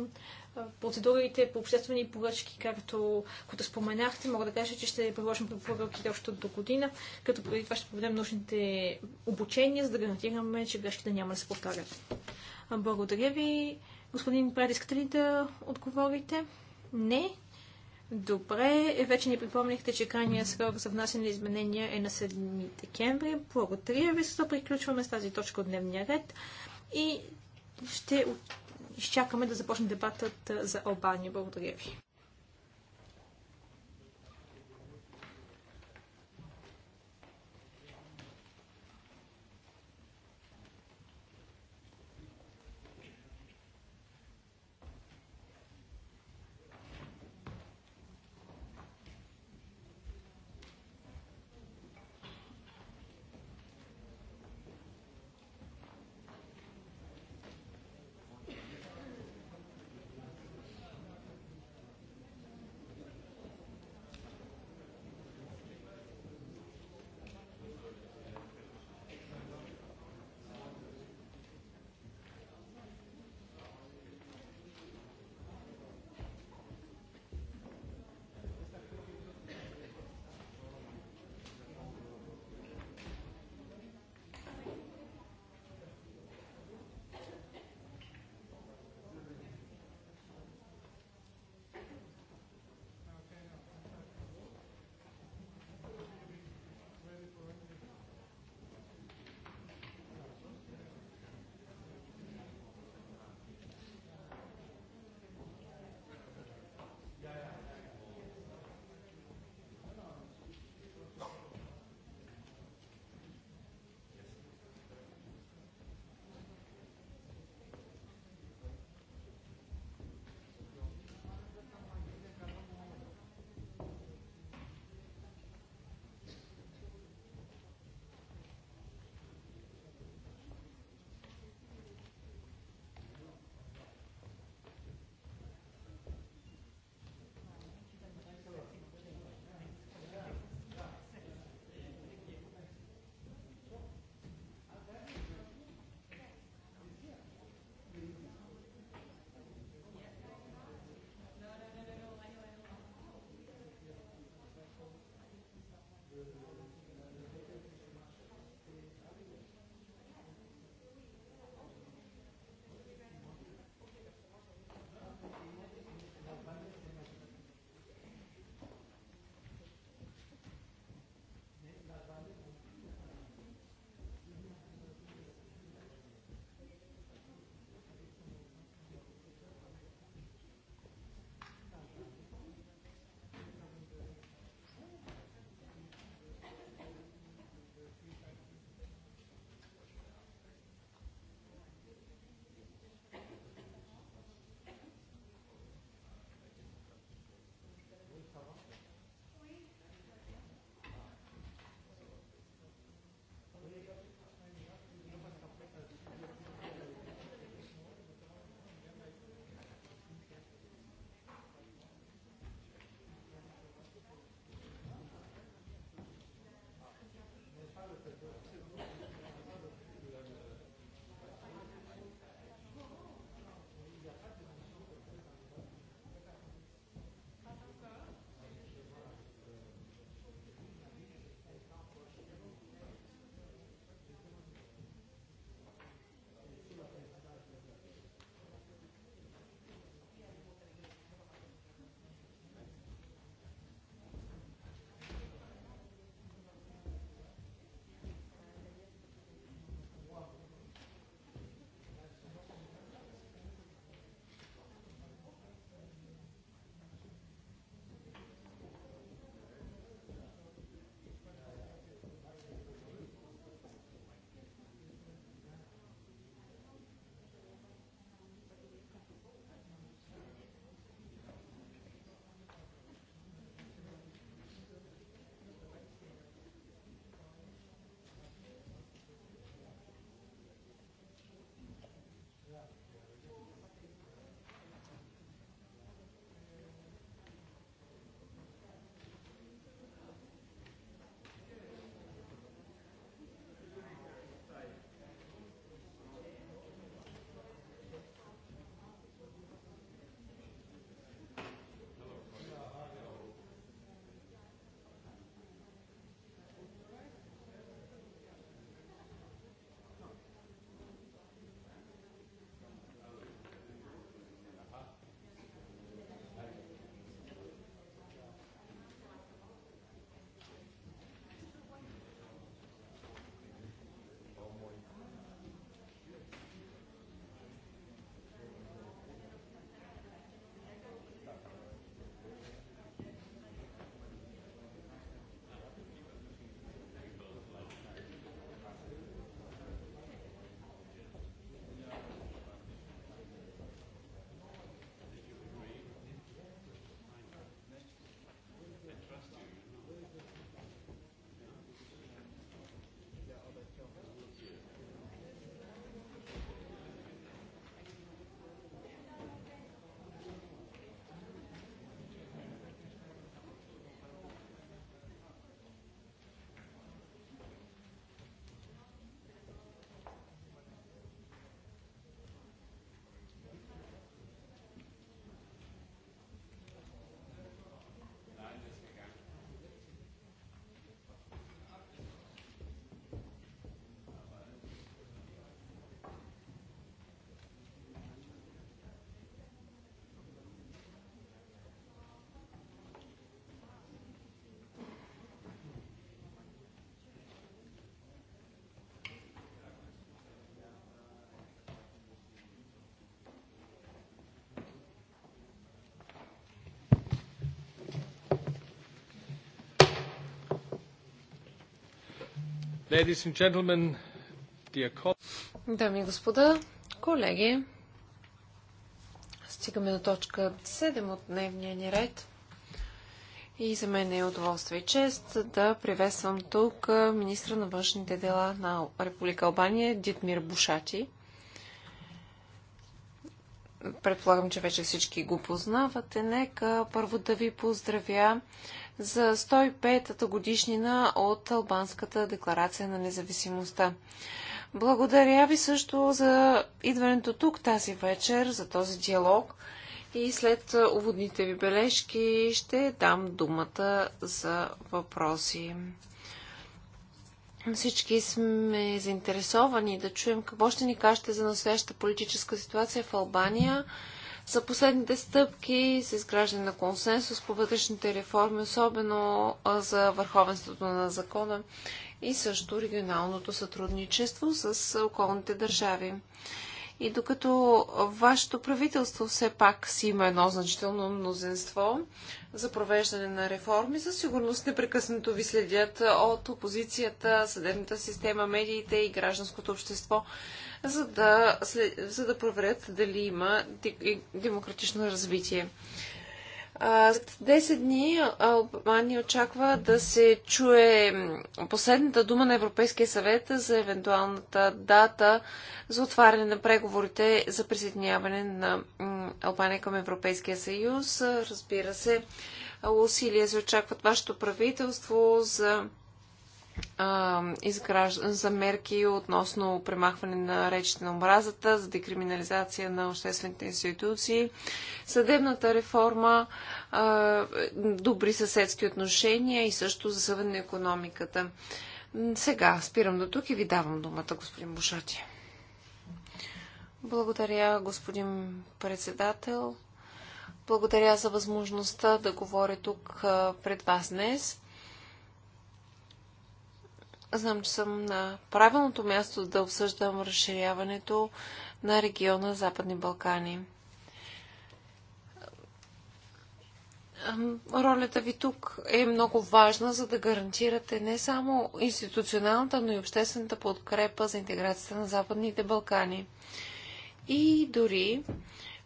процедурите по обществени поръчки, както които споменахте, мога да кажа, че ще приложим препоръките още до година, като преди това ще проведем нужните обучения, за да гарантираме, че грешките няма да се повтарят. Благодаря ви. Господин Пред, искате ли да отговорите? Не. Добре, вече ни припомнихте, че крайния срок за внасяне на изменения е на 7 декември. Благодаря ви, за приключваме с тази точка от дневния ред. И ще изчакаме да започне дебатът за Албания. Благодаря ви. Дами и господа, колеги, стигаме до точка 7 от дневния ни ред. И за мен е удоволствие и чест да приветствам тук министра на външните дела на Република Албания Дитмир Бушати. Предполагам, че вече всички го познавате. Нека първо да ви поздравя за 105-та годишнина от Албанската декларация на независимостта. Благодаря ви също за идването тук тази вечер, за този диалог и след уводните ви бележки ще дам думата за въпроси. Всички сме заинтересовани да чуем какво ще ни кажете за настоящата политическа ситуация в Албания – са последните стъпки за изграждане на консенсус по вътрешните реформи, особено за върховенството на закона и също регионалното сътрудничество с околните държави. И докато вашето правителство все пак си има едно значително мнозинство за провеждане на реформи, със сигурност непрекъснато ви следят от опозицията, съдебната система, медиите и гражданското общество, за да, за да проверят дали има демократично развитие. След 10 дни Албания очаква да се чуе последната дума на Европейския съвет за евентуалната дата за отваряне на преговорите за присъединяване на Албания към Европейския съюз. Разбира се, усилия се очакват вашето правителство за изграж... за мерки относно премахване на речите на омразата, за декриминализация на обществените институции, съдебната реформа, добри съседски отношения и също за съвен на економиката. Сега спирам до тук и ви давам думата, господин Бушати. Благодаря, господин председател. Благодаря за възможността да говоря тук пред вас днес. Знам, че съм на правилното място да обсъждам разширяването на региона Западни Балкани. Ролята ви тук е много важна, за да гарантирате не само институционалната, но и обществената подкрепа за интеграцията на Западните Балкани. И дори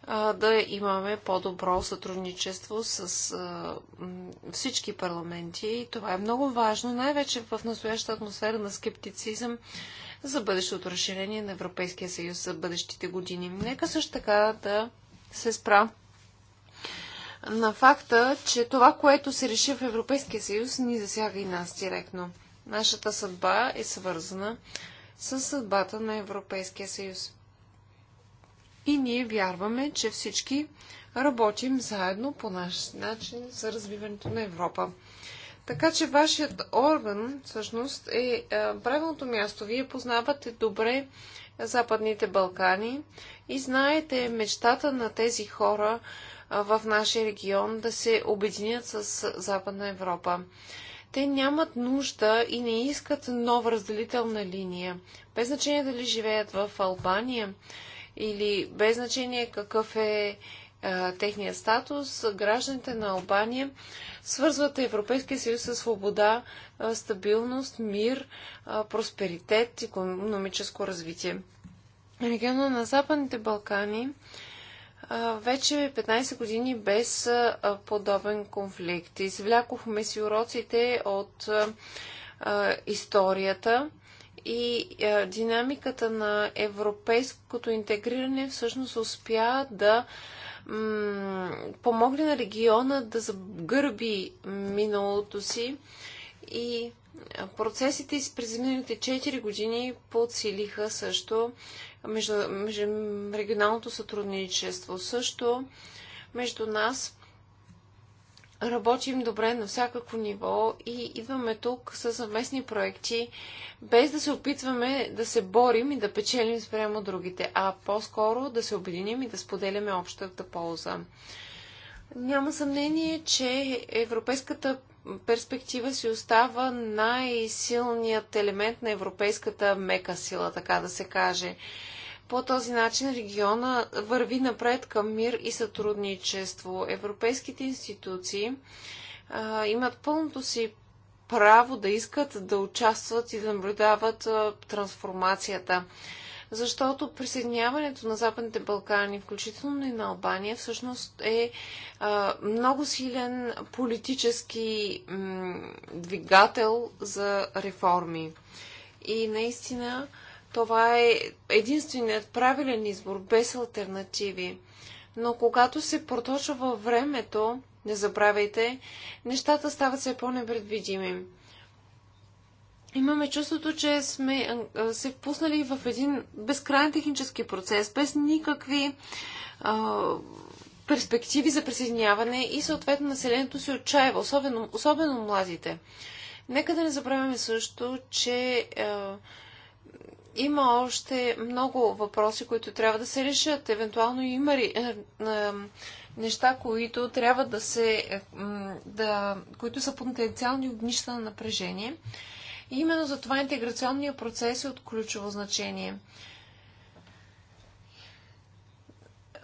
да имаме по-добро сътрудничество с всички парламенти. И това е много важно, най-вече в настоящата атмосфера на скептицизъм за бъдещото разширение на Европейския съюз за бъдещите години. Нека също така да се спра на факта, че това, което се реши в Европейския съюз, ни засяга и нас директно. Нашата съдба е свързана с съдбата на Европейския съюз. И ние вярваме, че всички работим заедно по наш начин за развиването на Европа. Така че вашият орган всъщност е, е правилното място. Вие познавате добре Западните Балкани и знаете мечтата на тези хора е, в нашия регион да се обединят с Западна Европа. Те нямат нужда и не искат нова разделителна линия. Без значение дали живеят в Албания или без значение какъв е а, техният статус, гражданите на Албания свързват Европейския съюз със свобода, а, стабилност, мир, а, просперитет, економическо развитие. Региона на Западните Балкани вече 15 години без подобен конфликт. Извлякохме си уроците от историята и е, динамиката на европейското интегриране всъщност успя да помогне на региона да загърби миналото си и е, процесите с през миналите 4 години подсилиха също между, между регионалното сътрудничество. Също между нас работим добре на всякакво ниво и идваме тук с съвместни проекти, без да се опитваме да се борим и да печелим спрямо другите, а по-скоро да се обединим и да споделяме общата полза. Няма съмнение, че европейската перспектива си остава най-силният елемент на европейската мека сила, така да се каже. По този начин региона върви напред към мир и сътрудничество. Европейските институции а, имат пълното си право да искат да участват и да наблюдават а, трансформацията. Защото присъединяването на Западните Балкани, включително и на Албания, всъщност е а, много силен политически м, двигател за реформи. И наистина. Това е единственият правилен избор, без альтернативи. Но когато се проточва във времето, не забравяйте, нещата стават все по-непредвидими. Имаме чувството, че сме се впуснали в един безкрайен технически процес, без никакви а, перспективи за присъединяване и съответно населението се отчаява, особено, особено младите. Нека да не забравяме също, че а, има още много въпроси, които трябва да се решат. Евентуално има е, е, неща, които трябва да се. Е, да, които са потенциални огнища на напрежение. И именно за това интеграционния процес е от ключово значение.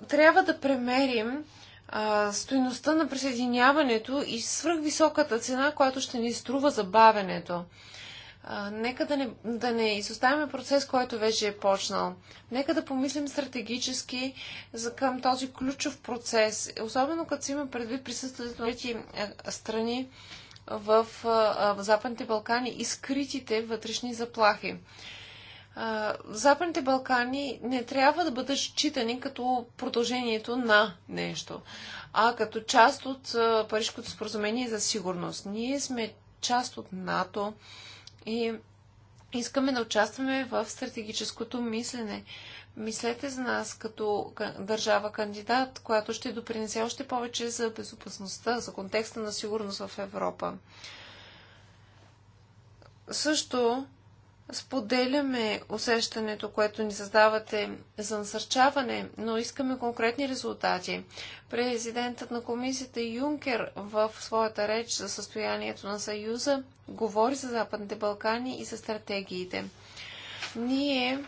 Трябва да премерим а, стоиността на присъединяването и свръхвисоката цена, която ще ни струва забавенето нека да не, да не изоставяме процес, който вече е почнал. Нека да помислим стратегически за към този ключов процес, особено като си има предвид присъствието на тези страни в, в Западните Балкани и скритите вътрешни заплахи. Западните Балкани не трябва да бъдат считани като продължението на нещо, а като част от Парижското споразумение за сигурност. Ние сме част от НАТО. И искаме да участваме в стратегическото мислене. Мислете за нас като държава кандидат, която ще допринесе още повече за безопасността, за контекста на сигурност в Европа. Също Споделяме усещането, което ни създавате за насърчаване, но искаме конкретни резултати. Президентът на комисията Юнкер в своята реч за състоянието на Съюза говори за Западните Балкани и за стратегиите. Ние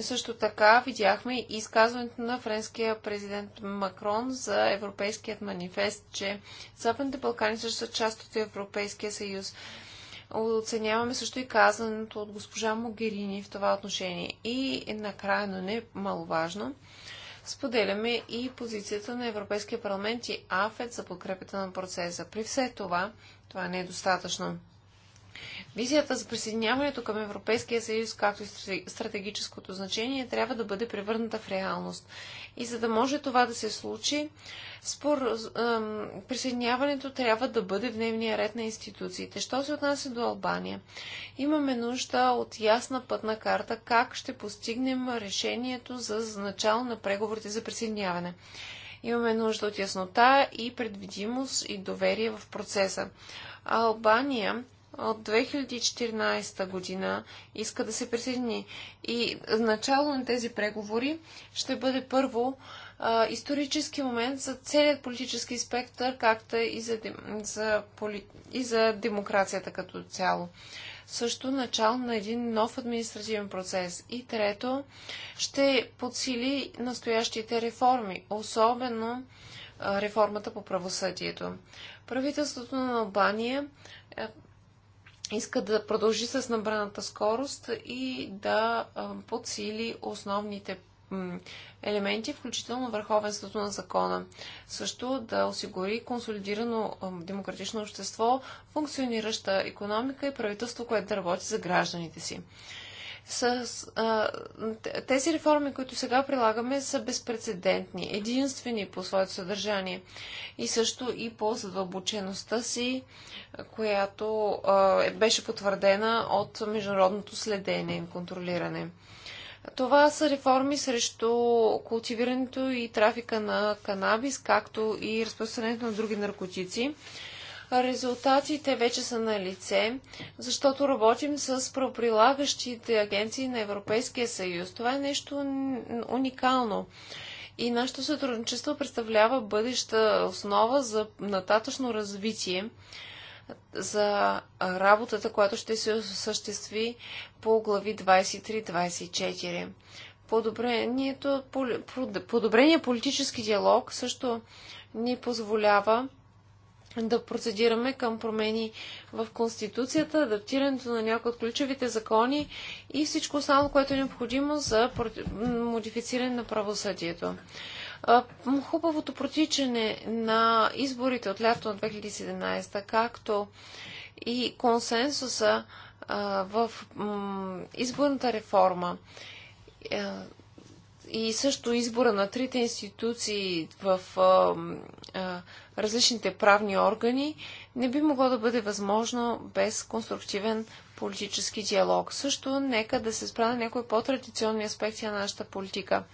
също така видяхме и изказването на френския президент Макрон за Европейският манифест, че Западните Балкани също са част от Европейския съюз. Оценяваме също и казаното от госпожа Могерини в това отношение. И накрая, но не маловажно, споделяме и позицията на Европейския парламент и АФЕД за подкрепата на процеса. При все това, това не е достатъчно. Визията за присъединяването към Европейския съюз, както и стратегическото значение, трябва да бъде превърната в реалност. И за да може това да се случи, спор, присъединяването трябва да бъде в дневния ред на институциите. Що се отнася до Албания? Имаме нужда от ясна пътна карта как ще постигнем решението за начало на преговорите за присъединяване. Имаме нужда от яснота и предвидимост и доверие в процеса. Албания от 2014 година иска да се присъедини. И начало на тези преговори ще бъде първо а, исторически момент за целият политически спектър, както и за, за, поли, и за демокрацията като цяло. Също начало на един нов административен процес. И трето, ще подсили настоящите реформи, особено а, реформата по правосъдието. Правителството на Албания иска да продължи с набраната скорост и да подсили основните елементи, включително върховенството на закона. Също да осигури консолидирано демократично общество, функционираща економика и правителство, което да работи за гражданите си с, а, тези реформи, които сега прилагаме, са безпредседентни, единствени по своето съдържание и също и по задълбочеността си, която а, е, беше потвърдена от международното следение и контролиране. Това са реформи срещу култивирането и трафика на канабис, както и разпространението на други наркотици. Резултатите вече са на лице, защото работим с правоприлагащите агенции на Европейския съюз. Това е нещо уникално. И нашето сътрудничество представлява бъдеща основа за нататъчно развитие за работата, която ще се осъществи по глави 23-24. Подобрението, подобрение политически диалог също ни позволява да процедираме към промени в Конституцията, адаптирането на някои от ключовите закони и всичко останало, което е необходимо за модифициране на правосъдието. Хубавото протичане на изборите от лято на 2017, както и консенсуса в изборната реформа е, и също избора на трите институции в а, а, различните правни органи не би могло да бъде възможно без конструктивен политически диалог. Също нека да се спра на някои по-традиционни аспекти на нашата политика.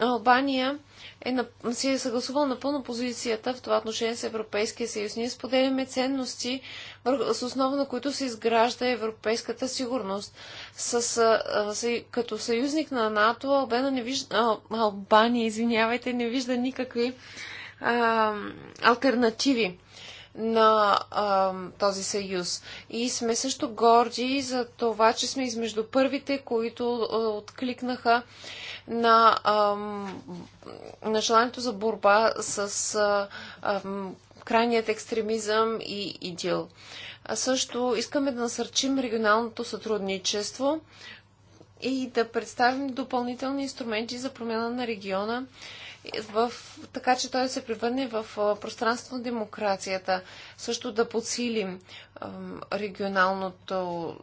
Албания е на... си е съгласувала напълно позицията в това отношение с Европейския съюз. Ние споделяме ценности, с основа на които се изгражда европейската сигурност. С, а, с, като съюзник на НАТО Албена не вижда, а, Албания извинявайте, не вижда никакви а, альтернативи на а, този съюз. И сме също горди за това, че сме измежду първите, които откликнаха на, а, на желанието за борба с а, а, крайният екстремизъм и идил. А също искаме да насърчим регионалното сътрудничество и да представим допълнителни инструменти за промяна на региона в, така че той да се превърне в пространство на демокрацията. Също да подсилим регионалното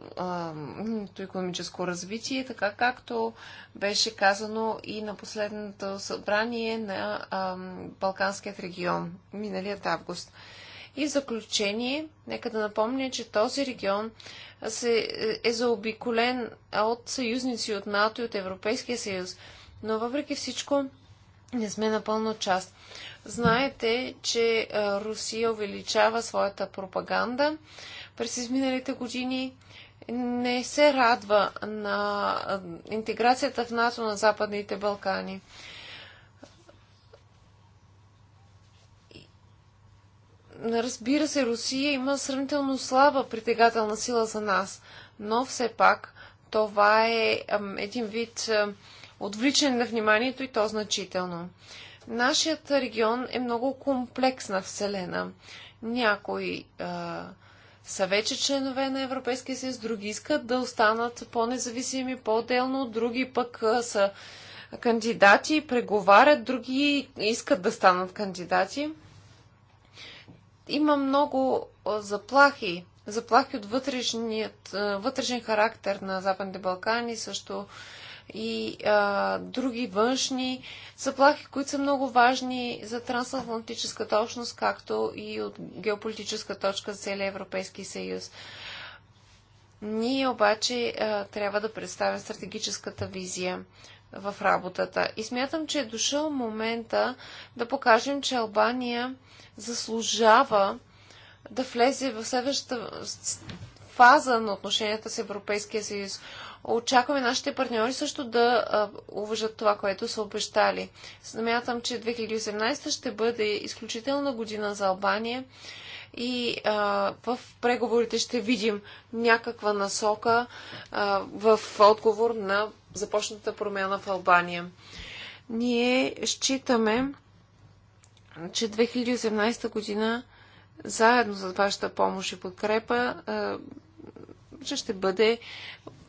економическо развитие, така както беше казано и на последното събрание на Балканският регион миналият август. И в заключение, нека да напомня, че този регион се, е заобиколен от съюзници от НАТО и от Европейския съюз. Но въпреки всичко, не сме напълно част. Знаете, че Русия увеличава своята пропаганда. През изминалите години не се радва на интеграцията в НАТО на Западните Балкани. Разбира се, Русия има сравнително слаба притегателна сила за нас, но все пак това е един вид отвличане на вниманието и то значително. Нашият регион е много комплексна вселена. Някои а, са вече членове на Европейския съюз, други искат да останат по-независими, по-отделно, други пък а, са кандидати, преговарят, други искат да станат кандидати. Има много а, заплахи. Заплахи от вътрешният, а, вътрешен характер на Западните Балкани, също и а, други външни заплахи, които са много важни за трансатлантическата общност, както и от геополитическа точка за целия Европейски съюз. Ние обаче а, трябва да представим стратегическата визия в работата. И смятам, че е дошъл момента да покажем, че Албания заслужава да влезе в следващата фаза на отношенията с Европейския съюз очакваме нашите партньори също да уважат това, което са обещали. Смятам, че 2018 ще бъде изключителна година за Албания и а, в преговорите ще видим някаква насока а, в отговор на започната промяна в Албания. Ние считаме, че 2018 година заедно с вашата помощ и подкрепа че ще бъде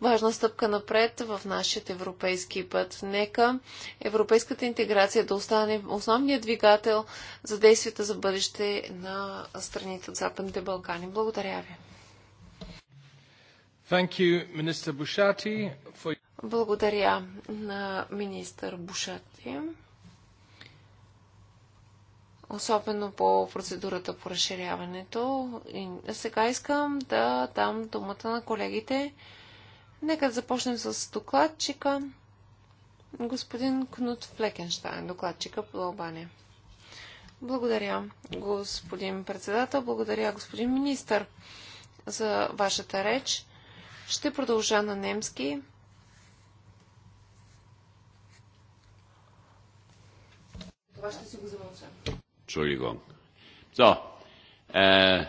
важна стъпка напред в нашия европейски път. Нека европейската интеграция да остане основният двигател за действията за бъдеще на страните от Западните Балкани. Благодаря ви. You, for... Благодаря на министър Бушати особено по процедурата по разширяването. И сега искам да дам думата на колегите. Нека да започнем с докладчика. Господин Кнут Флекенштайн, докладчика по Албания. Благодаря, господин председател. Благодаря, господин министър, за вашата реч. Ще продължа на немски. Това ще си го замълча. Entschuldigung. So, äh,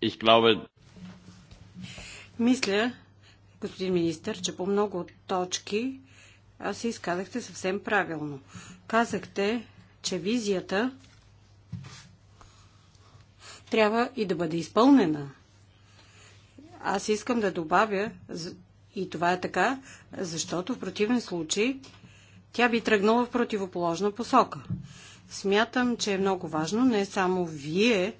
ich glaube... Мисля, господин министр, че по много точки аз се изказахте съвсем правилно. Казахте, че визията трябва и да бъде изпълнена. Аз искам да добавя, и това е така, защото в противен случай тя би тръгнала в противоположна посока. Смятам, че е много важно не само вие е,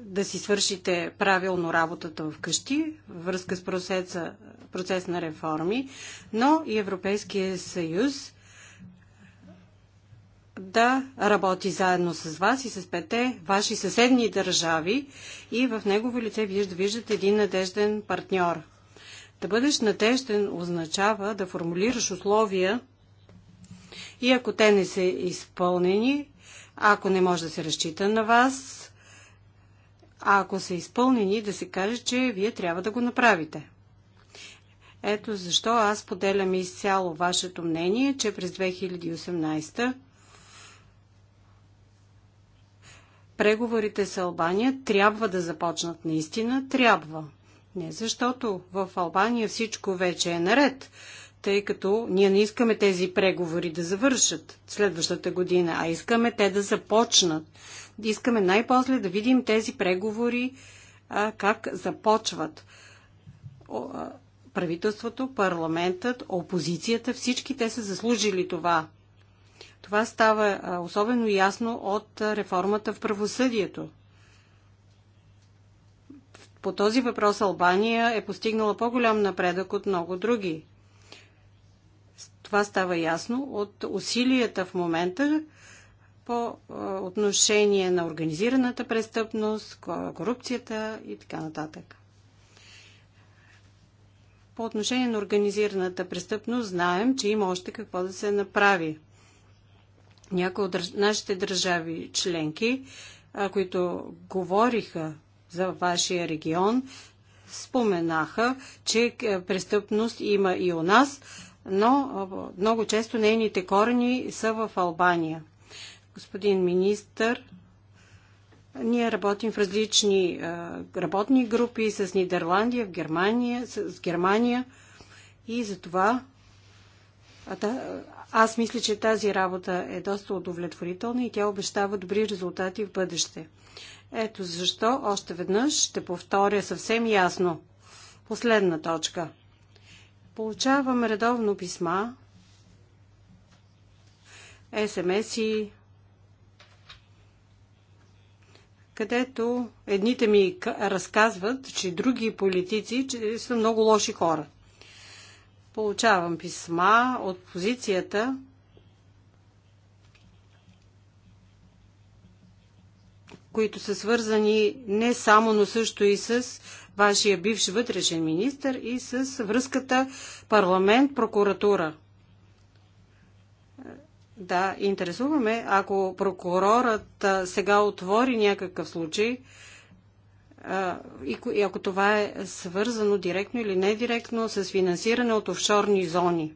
да си свършите правилно работата вкъщи, връзка с процеса, процес на реформи, но и Европейския съюз да работи заедно с вас и с пете ваши съседни държави и в негово лице вие да виждате един надежден партньор. Да бъдеш надежден означава да формулираш условия, и ако те не са изпълнени, ако не може да се разчита на вас, а ако са изпълнени, да се каже, че вие трябва да го направите. Ето защо аз поделям изцяло вашето мнение, че през 2018 преговорите с Албания трябва да започнат наистина, трябва. Не защото в Албания всичко вече е наред, тъй като ние не искаме тези преговори да завършат следващата година, а искаме те да започнат. Искаме най-после да видим тези преговори а, как започват. О, а, правителството, парламентът, опозицията, всички те са заслужили това. Това става а, особено ясно от а, реформата в правосъдието. По този въпрос Албания е постигнала по-голям напредък от много други. Това става ясно от усилията в момента по отношение на организираната престъпност, корупцията и така нататък. По отношение на организираната престъпност знаем, че има още какво да се направи. Някои от нашите държави членки, които говориха за вашия регион, споменаха, че е, престъпност има и у нас, но много често нейните корени са в Албания. Господин министър, ние работим в различни работни групи с Нидерландия, в Германия, с Германия и затова аз мисля, че тази работа е доста удовлетворителна и тя обещава добри резултати в бъдеще. Ето защо още веднъж ще повторя съвсем ясно. Последна точка – Получавам редовно писма, СМС-и, където едните ми разказват, че други политици че са много лоши хора. Получавам писма от позицията, които са свързани не само, но също и с вашия бивш вътрешен министр и с връзката парламент-прокуратура. Да, интересуваме, ако прокурорът сега отвори някакъв случай, и ако това е свързано директно или недиректно с финансиране от офшорни зони.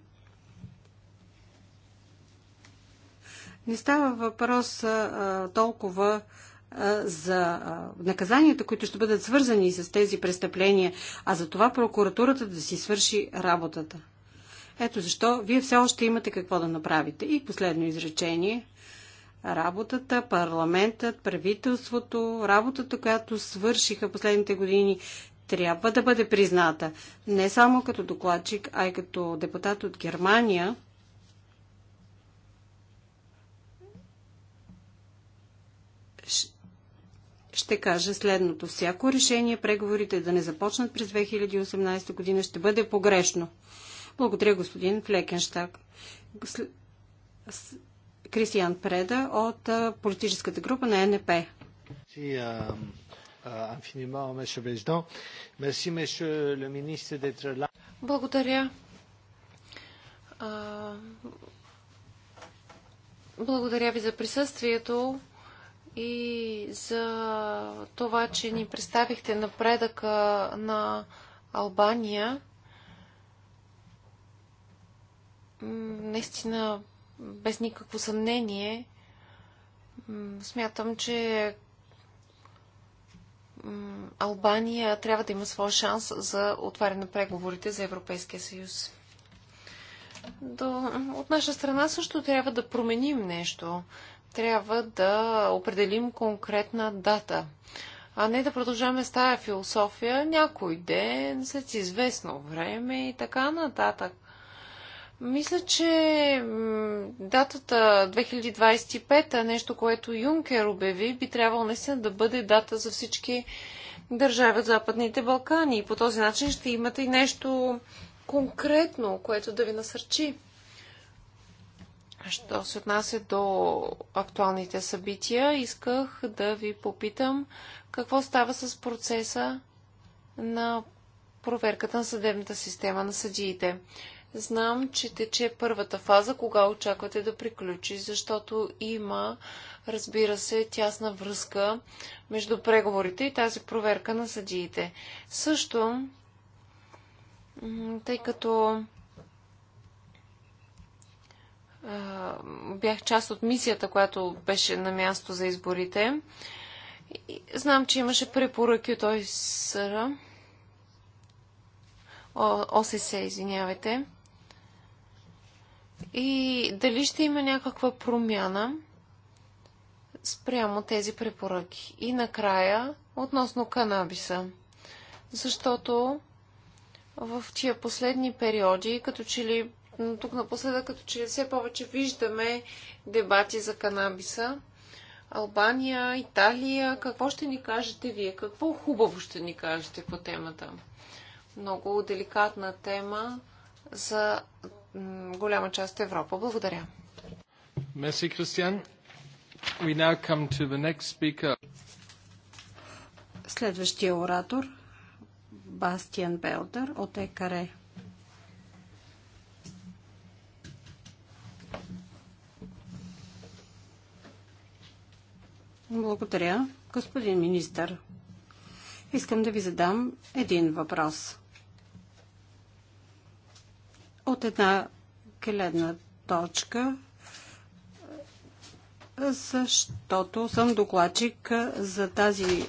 Не става въпрос а, толкова за наказанията, които ще бъдат свързани с тези престъпления, а за това прокуратурата да си свърши работата. Ето защо вие все още имате какво да направите. И последно изречение. Работата, парламентът, правителството, работата, която свършиха последните години, трябва да бъде призната не само като докладчик, а и като депутат от Германия. ще каже следното. Всяко решение преговорите да не започнат през 2018 година ще бъде погрешно. Благодаря, господин Флекенштаг. Кристиан Преда от политическата група на НП. Благодаря. Благодаря ви за присъствието и за това, че ни представихте напредъка на Албания. Наистина, без никакво съмнение, смятам, че Албания трябва да има своя шанс за отваряне на преговорите за Европейския съюз. До... От наша страна също трябва да променим нещо трябва да определим конкретна дата, а не да продължаваме с тая философия някой ден, след известно време и така нататък. Мисля, че датата 2025, та нещо, което Юнкер обяви, би трябвало наистина да бъде дата за всички държави от Западните Балкани. И по този начин ще имате и нещо конкретно, което да ви насърчи. Що се отнася до актуалните събития, исках да ви попитам какво става с процеса на проверката на съдебната система на съдиите. Знам, че тече първата фаза, кога очаквате да приключи, защото има, разбира се, тясна връзка между преговорите и тази проверка на съдиите. Също, тъй като бях част от мисията, която беше на място за изборите. И знам, че имаше препоръки от ОСР. ОСС, извинявайте. И дали ще има някаква промяна спрямо тези препоръки. И накрая, относно канабиса. Защото в тия последни периоди, като че ли но тук напоследък като че ли все повече виждаме дебати за канабиса. Албания, Италия, какво ще ни кажете вие? Какво хубаво ще ни кажете по темата? Много деликатна тема за голяма част от Европа. Благодаря. Меси, Кристиан. We now come to the next speaker. Следващия оратор Бастиан Белдер от ЕКАРЕ. Благодаря. Господин министър, искам да ви задам един въпрос. От една гледна точка, защото съм докладчик за тази е,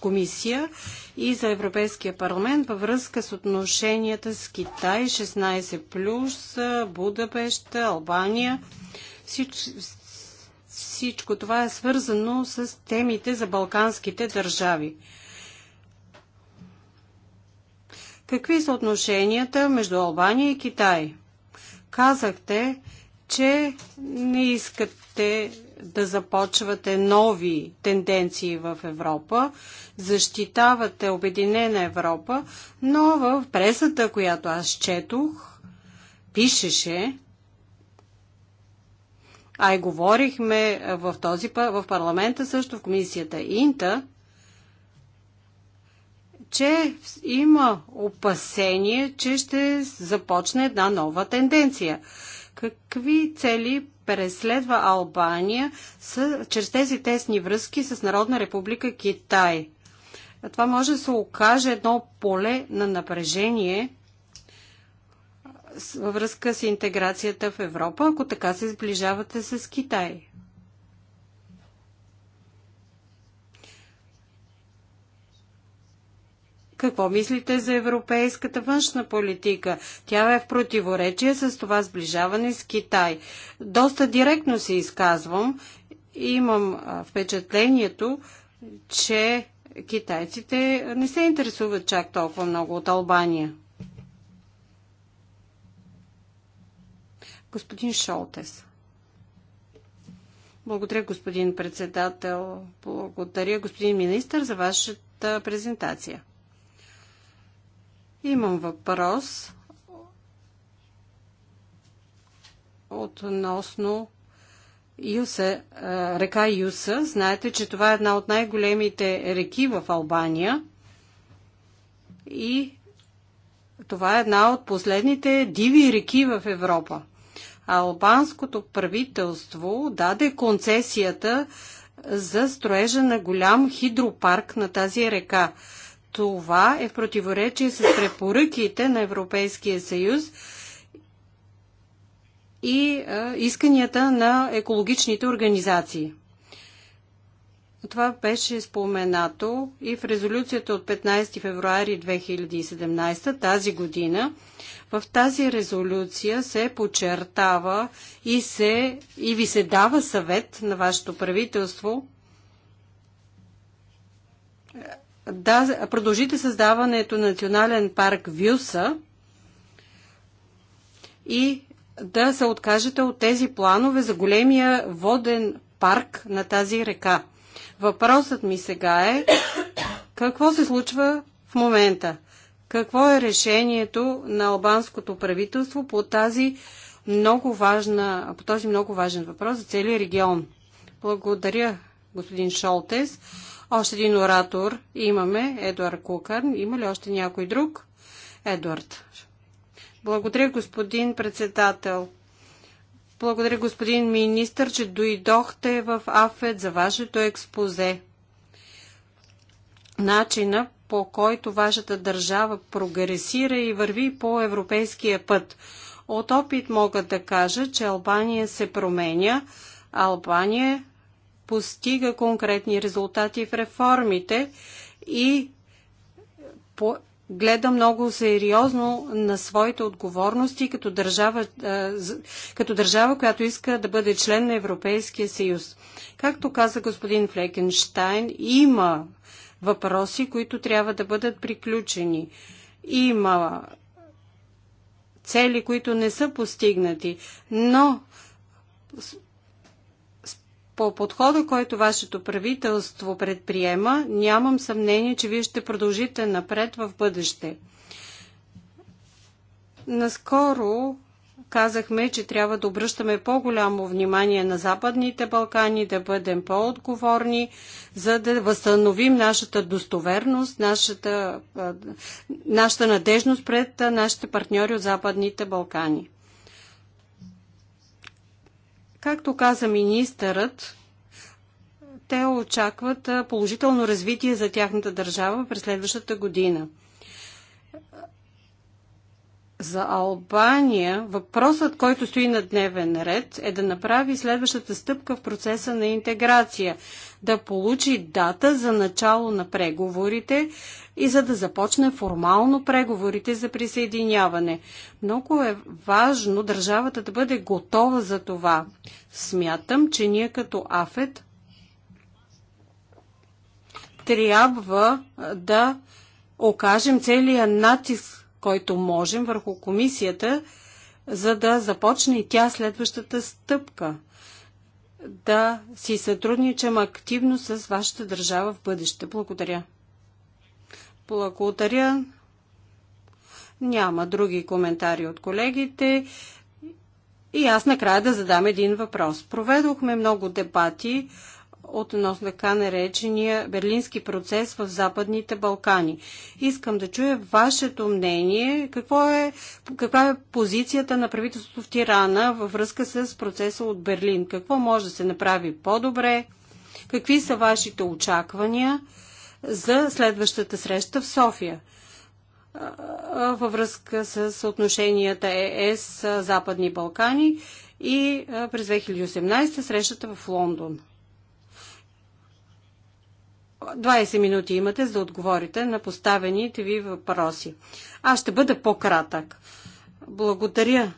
комисия и за Европейския парламент във връзка с отношенията с Китай 16+, Будапешта, Албания. Всичко това е свързано с темите за балканските държави. Какви са отношенията между Албания и Китай? Казахте, че не искате да започвате нови тенденции в Европа, защитавате Обединена Европа, но в пресата, която аз четох, пишеше, а и говорихме в, този, в парламента също, в комисията Инта, че има опасение, че ще започне една нова тенденция. Какви цели преследва Албания с, чрез тези тесни връзки с Народна република Китай? Това може да се окаже едно поле на напрежение – във връзка с интеграцията в Европа, ако така се сближавате с Китай? Какво мислите за европейската външна политика? Тя е в противоречие с това сближаване с Китай. Доста директно се изказвам. Имам впечатлението, че китайците не се интересуват чак толкова много от Албания. Господин Шолтес. Благодаря, господин председател. Благодаря, господин министр, за вашата презентация. Имам въпрос относно Юса, река Юса. Знаете, че това е една от най-големите реки в Албания и това е една от последните диви реки в Европа албанското правителство даде концесията за строежа на голям хидропарк на тази река. Това е в противоречие с препоръките на Европейския съюз и исканията на екологичните организации. Това беше споменато и в резолюцията от 15 февруари 2017 тази година. В тази резолюция се подчертава и, се, и ви се дава съвет на вашето правителство да продължите създаването на национален парк Вюса и да се откажете от тези планове за големия воден парк на тази река. Въпросът ми сега е какво се случва в момента? Какво е решението на албанското правителство по тази много важна, по този много важен въпрос за целия регион? Благодаря, господин Шолтес. Още един оратор имаме, Едуард Кукърн. Има ли още някой друг? Едуард. Благодаря, господин председател. Благодаря, господин министр, че дойдохте в АФЕД за вашето експозе. Начина по който вашата държава прогресира и върви по европейския път. От опит мога да кажа, че Албания се променя. Албания постига конкретни резултати в реформите и гледа много сериозно на своите отговорности като държава, като държава, която иска да бъде член на Европейския съюз. Както каза господин Флекенштайн, има въпроси, които трябва да бъдат приключени. Има цели, които не са постигнати, но по подхода, който вашето правителство предприема, нямам съмнение, че вие ще продължите напред в бъдеще. Наскоро казахме, че трябва да обръщаме по-голямо внимание на Западните Балкани, да бъдем по-отговорни, за да възстановим нашата достоверност, нашата, нашата надежност пред нашите партньори от Западните Балкани. Както каза министърът, те очакват положително развитие за тяхната държава през следващата година за Албания въпросът, който стои на дневен ред, е да направи следващата стъпка в процеса на интеграция, да получи дата за начало на преговорите и за да започне формално преговорите за присъединяване. Много е важно държавата да бъде готова за това. Смятам, че ние като АФЕТ трябва да окажем целият натиск който можем върху комисията, за да започне и тя следващата стъпка да си сътрудничам активно с вашата държава в бъдеще. Благодаря. Благодаря. Няма други коментари от колегите. И аз накрая да задам един въпрос. Проведохме много дебати относно така наречения Берлински процес в Западните Балкани. Искам да чуя вашето мнение, какво е, каква е позицията на правителството в Тирана във връзка с процеса от Берлин. Какво може да се направи по-добре? Какви са вашите очаквания за следващата среща в София? във връзка с отношенията ЕС-Западни Балкани и през 2018 срещата в Лондон. 20 минути имате, за да отговорите на поставените ви въпроси. Аз ще бъда по-кратък. Благодаря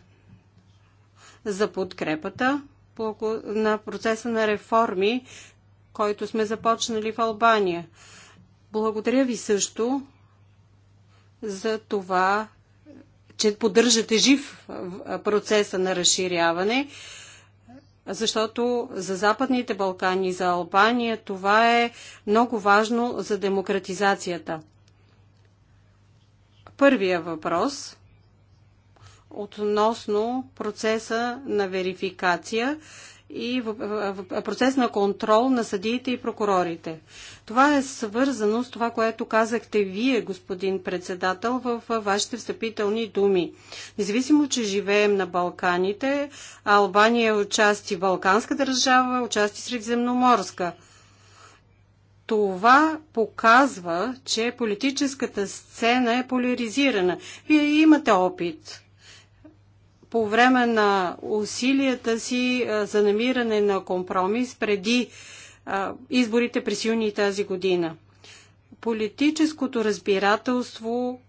за подкрепата на процеса на реформи, който сме започнали в Албания. Благодаря ви също за това, че поддържате жив процеса на разширяване защото за Западните Балкани, за Албания това е много важно за демократизацията. Първия въпрос относно процеса на верификация и в процес на контрол на съдиите и прокурорите. Това е свързано с това, което казахте вие, господин председател, в вашите встъпителни думи. Независимо, че живеем на Балканите, Албания е отчасти балканска държава, отчасти средиземноморска. Това показва, че политическата сцена е поляризирана. Вие имате опит по време на усилията си за намиране на компромис преди изборите през юни тази година. Политическото разбирателство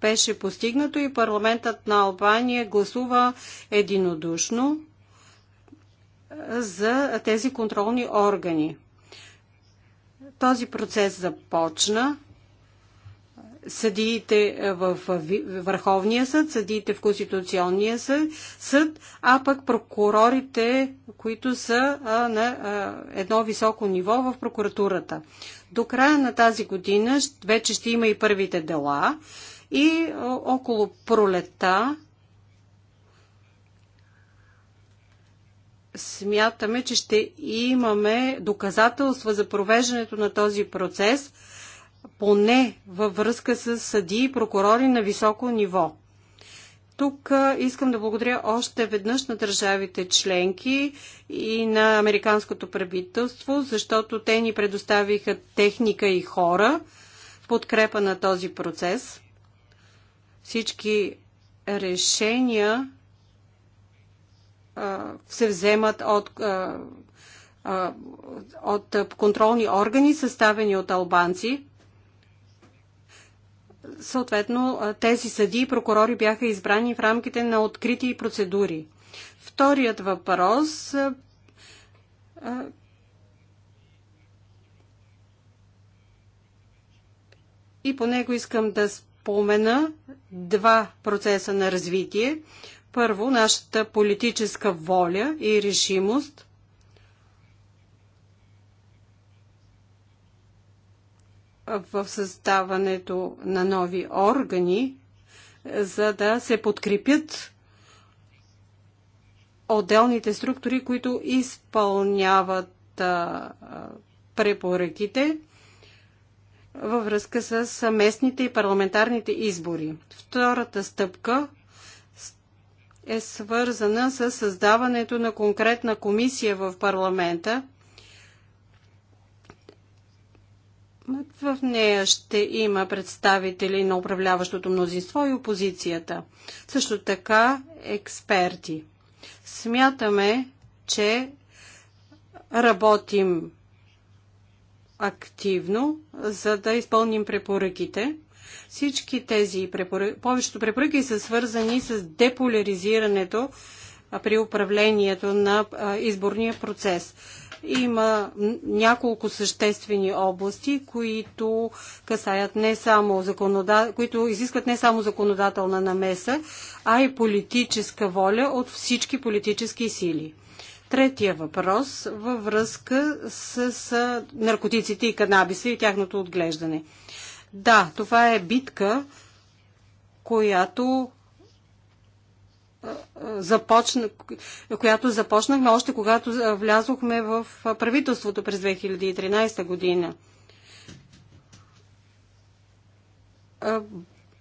беше постигнато и парламентът на Албания гласува единодушно за тези контролни органи. Този процес започна съдиите е, в Върховния съд, съдиите в Конституционния съд, съд а пък прокурорите, които са на едно високо ниво в прокуратурата. До края на тази година вече ще има и първите дела и около пролета смятаме, че ще имаме доказателства за провеждането на този процес – поне във връзка с съди и прокурори на високо ниво. Тук искам да благодаря още веднъж на държавите членки и на американското правителство, защото те ни предоставиха техника и хора в подкрепа на този процес. Всички решения а, се вземат от, а, а, от контролни органи, съставени от албанци. Съответно, тези съди и прокурори бяха избрани в рамките на открити процедури. Вторият въпрос и по него искам да спомена два процеса на развитие. Първо, нашата политическа воля и решимост в създаването на нови органи, за да се подкрепят отделните структури, които изпълняват препоръките във връзка с местните и парламентарните избори. Втората стъпка е свързана с създаването на конкретна комисия в парламента, В нея ще има представители на управляващото мнозинство и опозицията. Също така експерти. Смятаме, че работим активно, за да изпълним препоръките. Всички тези препоръки, повечето препоръки са свързани с деполяризирането при управлението на изборния процес. Има няколко съществени области, които касаят не само законода... които изискват не само законодателна намеса, а и политическа воля от всички политически сили. Третия въпрос във връзка с, с наркотиците и канабиса и тяхното отглеждане. Да, това е битка, която започна, която започнахме още когато влязохме в правителството през 2013 година.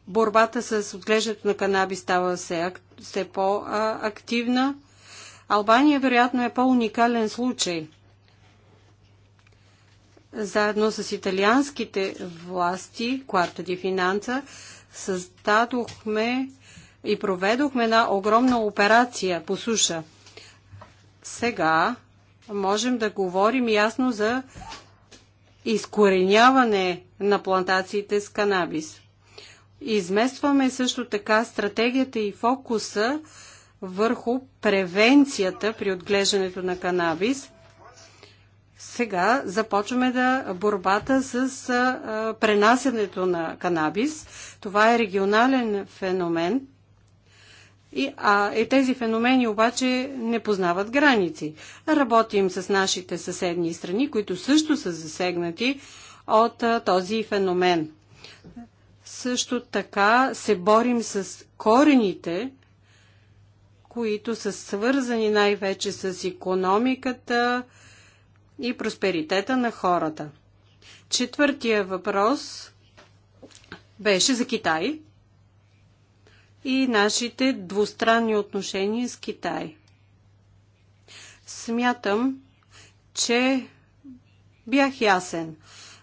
Борбата с отглеждането на канаби става все, все по-активна. Албания, вероятно, е по-уникален случай. Заедно с италианските власти, Кварта ди Финанца, създадохме и проведохме една огромна операция по суша. Сега можем да говорим ясно за изкореняване на плантациите с канабис. Изместваме също така стратегията и фокуса върху превенцията при отглеждането на канабис. Сега започваме да борбата с а, пренасенето на канабис. Това е регионален феномен. И, а и тези феномени обаче не познават граници. Работим с нашите съседни страни, които също са засегнати от а, този феномен. Също така се борим с корените, които са свързани най-вече с економиката и просперитета на хората. Четвъртия въпрос беше за Китай – и нашите двустранни отношения с Китай. Смятам, че бях ясен.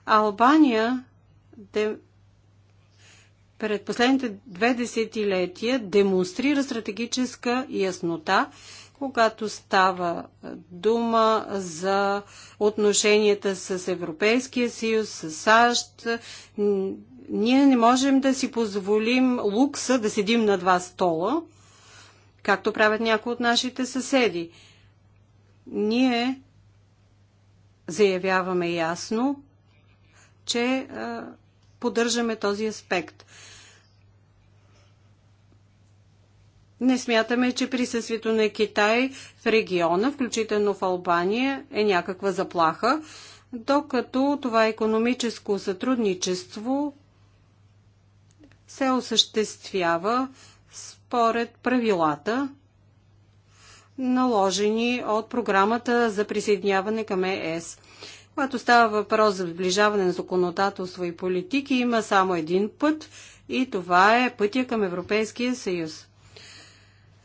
Албания де... пред последните две десетилетия демонстрира стратегическа яснота, когато става дума за отношенията с Европейския съюз, с САЩ, ние не можем да си позволим лукса да седим на два стола, както правят някои от нашите съседи. Ние заявяваме ясно, че а, поддържаме този аспект. Не смятаме, че присъствието на Китай в региона, включително в Албания, е някаква заплаха, докато това економическо сътрудничество се осъществява според правилата, наложени от програмата за присъединяване към ЕС. Когато става въпрос за сближаване на законодателство и политики, има само един път и това е пътя към Европейския съюз.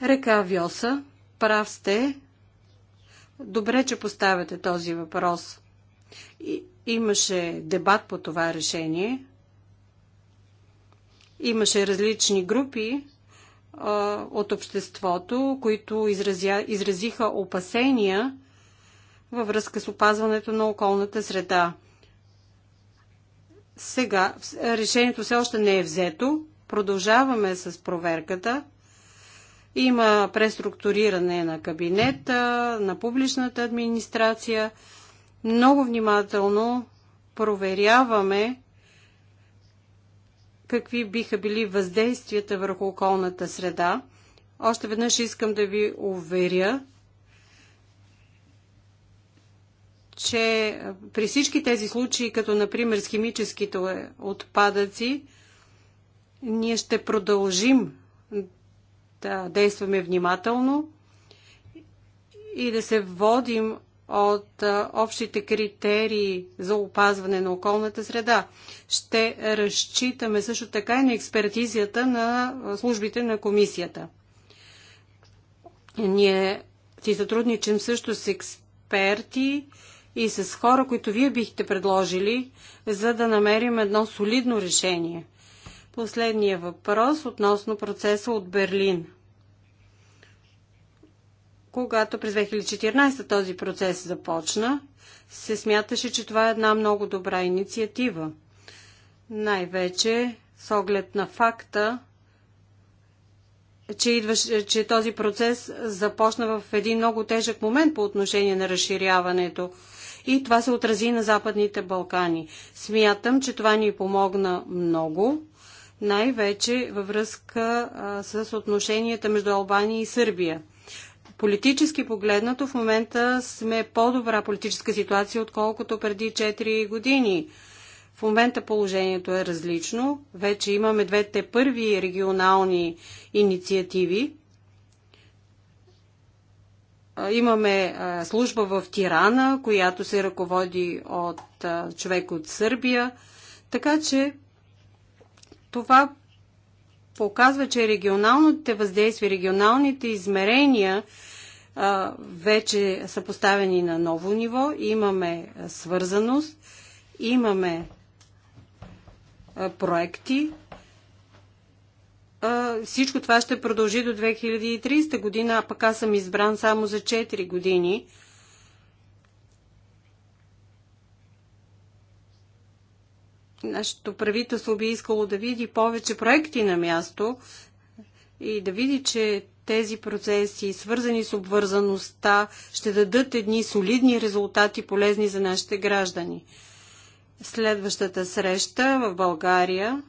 Река Вьоса, прав сте. Добре, че поставяте този въпрос. И, имаше дебат по това решение – Имаше различни групи а, от обществото, които изразя, изразиха опасения във връзка с опазването на околната среда. Сега решението все още не е взето. Продължаваме с проверката. Има преструктуриране на кабинета, на публичната администрация. Много внимателно проверяваме какви биха били въздействията върху околната среда. Още веднъж искам да ви уверя, че при всички тези случаи, като например с химическите отпадъци, ние ще продължим да действаме внимателно и да се водим от общите критерии за опазване на околната среда. Ще разчитаме също така и на експертизията на службите на комисията. Ние си сътрудничим също с експерти и с хора, които вие бихте предложили, за да намерим едно солидно решение. Последния въпрос относно процеса от Берлин – когато през 2014 този процес започна, се смяташе, че това е една много добра инициатива. Най-вече с оглед на факта, че, идваш, че този процес започна в един много тежък момент по отношение на разширяването. И това се отрази на Западните Балкани. Смятам, че това ни помогна много, най-вече във връзка а, с отношенията между Албания и Сърбия. Политически погледнато в момента сме по-добра политическа ситуация, отколкото преди 4 години. В момента положението е различно. Вече имаме двете първи регионални инициативи. Имаме служба в Тирана, която се ръководи от човек от Сърбия. Така че това показва, че регионалните въздействия, регионалните измерения а, вече са поставени на ново ниво. Имаме свързаност, имаме а, проекти. А, всичко това ще продължи до 2030 година, а пък аз съм избран само за 4 години – нашето правителство би искало да види повече проекти на място и да види, че тези процеси, свързани с обвързаността, ще дадат едни солидни резултати, полезни за нашите граждани. Следващата среща в България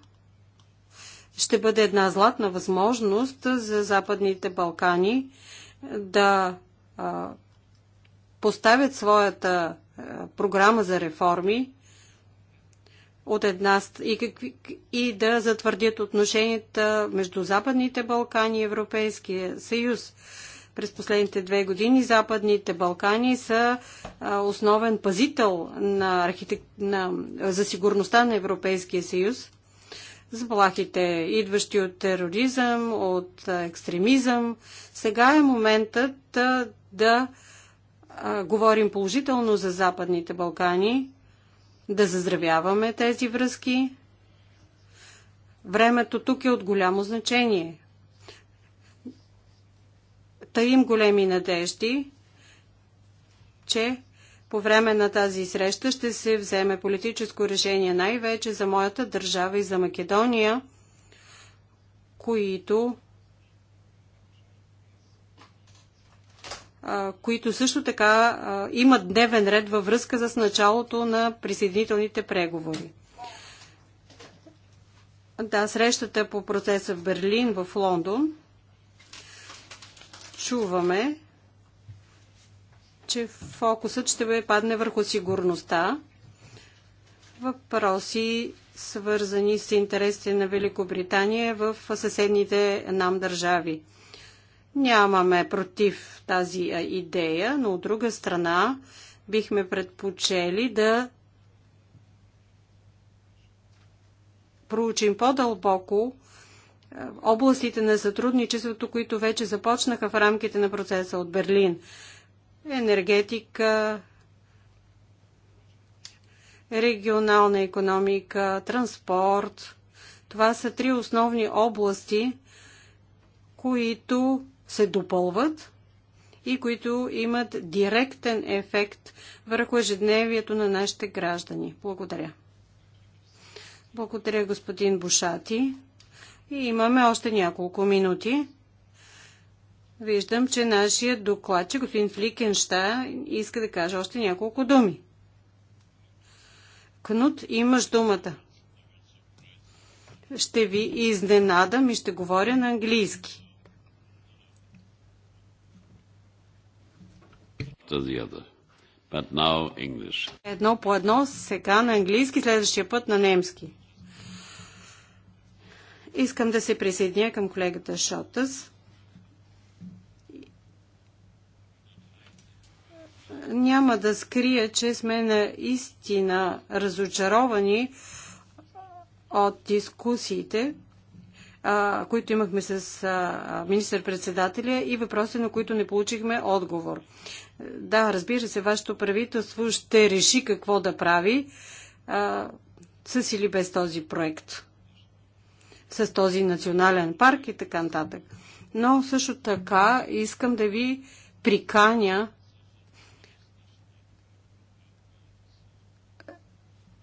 ще бъде една златна възможност за Западните Балкани да поставят своята програма за реформи от една и, какви, и да затвърдят отношенията между Западните Балкани и Европейския съюз. През последните две години Западните Балкани са основен пазител на, архитек... на... за сигурността на Европейския съюз. Заплахите, идващи от тероризъм, от екстремизъм. Сега е моментът да, да говорим положително за Западните Балкани да заздравяваме тези връзки. Времето тук е от голямо значение. Та им големи надежди, че по време на тази среща ще се вземе политическо решение най-вече за моята държава и за Македония, които които също така имат дневен ред във връзка с началото на присъединителните преговори. Да, срещата по процеса в Берлин, в Лондон. Чуваме, че фокусът ще падне върху сигурността. Въпроси свързани с интересите на Великобритания в съседните нам държави. Нямаме против тази идея, но от друга страна бихме предпочели да проучим по-дълбоко областите на сътрудничеството, които вече започнаха в рамките на процеса от Берлин. Енергетика, регионална економика, транспорт. Това са три основни области, които се допълват и които имат директен ефект върху ежедневието на нашите граждани. Благодаря. Благодаря, господин Бушати. И имаме още няколко минути. Виждам, че нашия докладчик, господин Фликенштайн, иска да каже още няколко думи. Кнут, имаш думата. Ще ви изненадам и ще говоря на английски. But now English. Едно по едно, сега на английски, следващия път на немски. Искам да се присъединя към колегата Шотас. Няма да скрия, че сме наистина разочаровани от дискусиите, които имахме с министър-председателя и въпроси, на които не получихме отговор. Да, разбира се, вашето правителство ще реши какво да прави а, с или без този проект, с този национален парк и така нататък. Но също така искам да ви приканя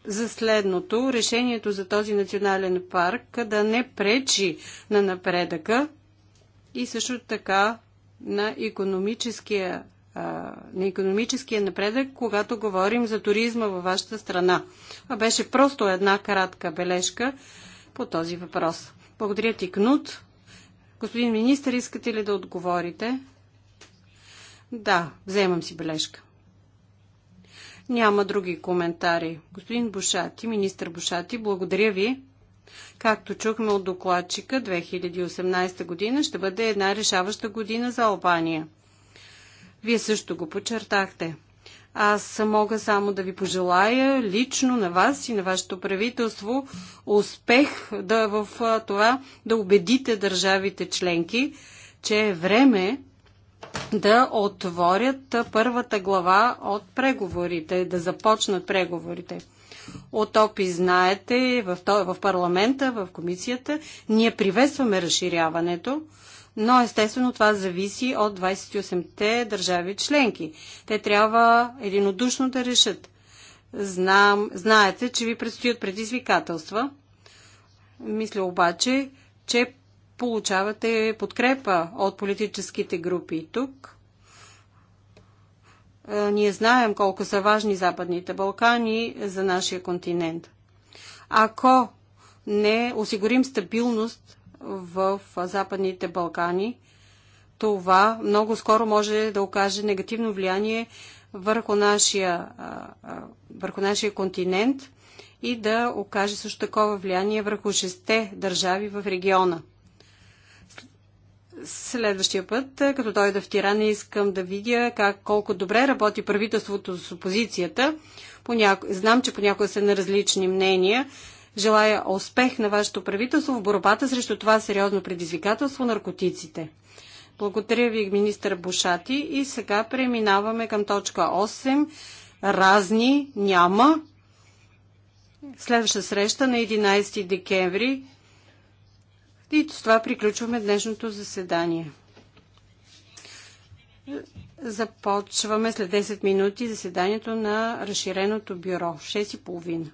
за следното. Решението за този национален парк да не пречи на напредъка и също така на економическия, на економическия напредък, когато говорим за туризма във вашата страна. Това беше просто една кратка бележка по този въпрос. Благодаря ти, Кнут. Господин министр, искате ли да отговорите? Да, вземам си бележка. Няма други коментари. Господин Бушати, министр Бушати, благодаря ви. Както чухме от докладчика, 2018 година ще бъде една решаваща година за Албания. Вие също го подчертахте. Аз мога само да ви пожелая лично на вас и на вашето правителство успех да, в това да убедите държавите членки, че е време да отворят първата глава от преговорите, да започнат преговорите. От ОПИ знаете в, в парламента, в комисията, ние приветстваме разширяването, но естествено това зависи от 28-те държави членки. Те трябва единодушно да решат. Знам, знаете, че ви предстоят предизвикателства. Мисля обаче, че получавате подкрепа от политическите групи тук. Ние знаем колко са важни Западните Балкани за нашия континент. Ако не осигурим стабилност в Западните Балкани, това много скоро може да окаже негативно влияние върху нашия, върху нашия континент и да окаже също такова влияние върху шесте държави в региона – следващия път, е, като дойда в Тирана, искам да видя как, колко добре работи правителството с опозицията. Поняко... Знам, че понякога са на различни мнения. Желая успех на вашето правителство в борбата срещу това сериозно предизвикателство наркотиците. Благодаря ви, министър Бушати. И сега преминаваме към точка 8. Разни няма. Следваща среща на 11 декември и с това приключваме днешното заседание. Започваме след 10 минути заседанието на разширеното бюро в 6.30.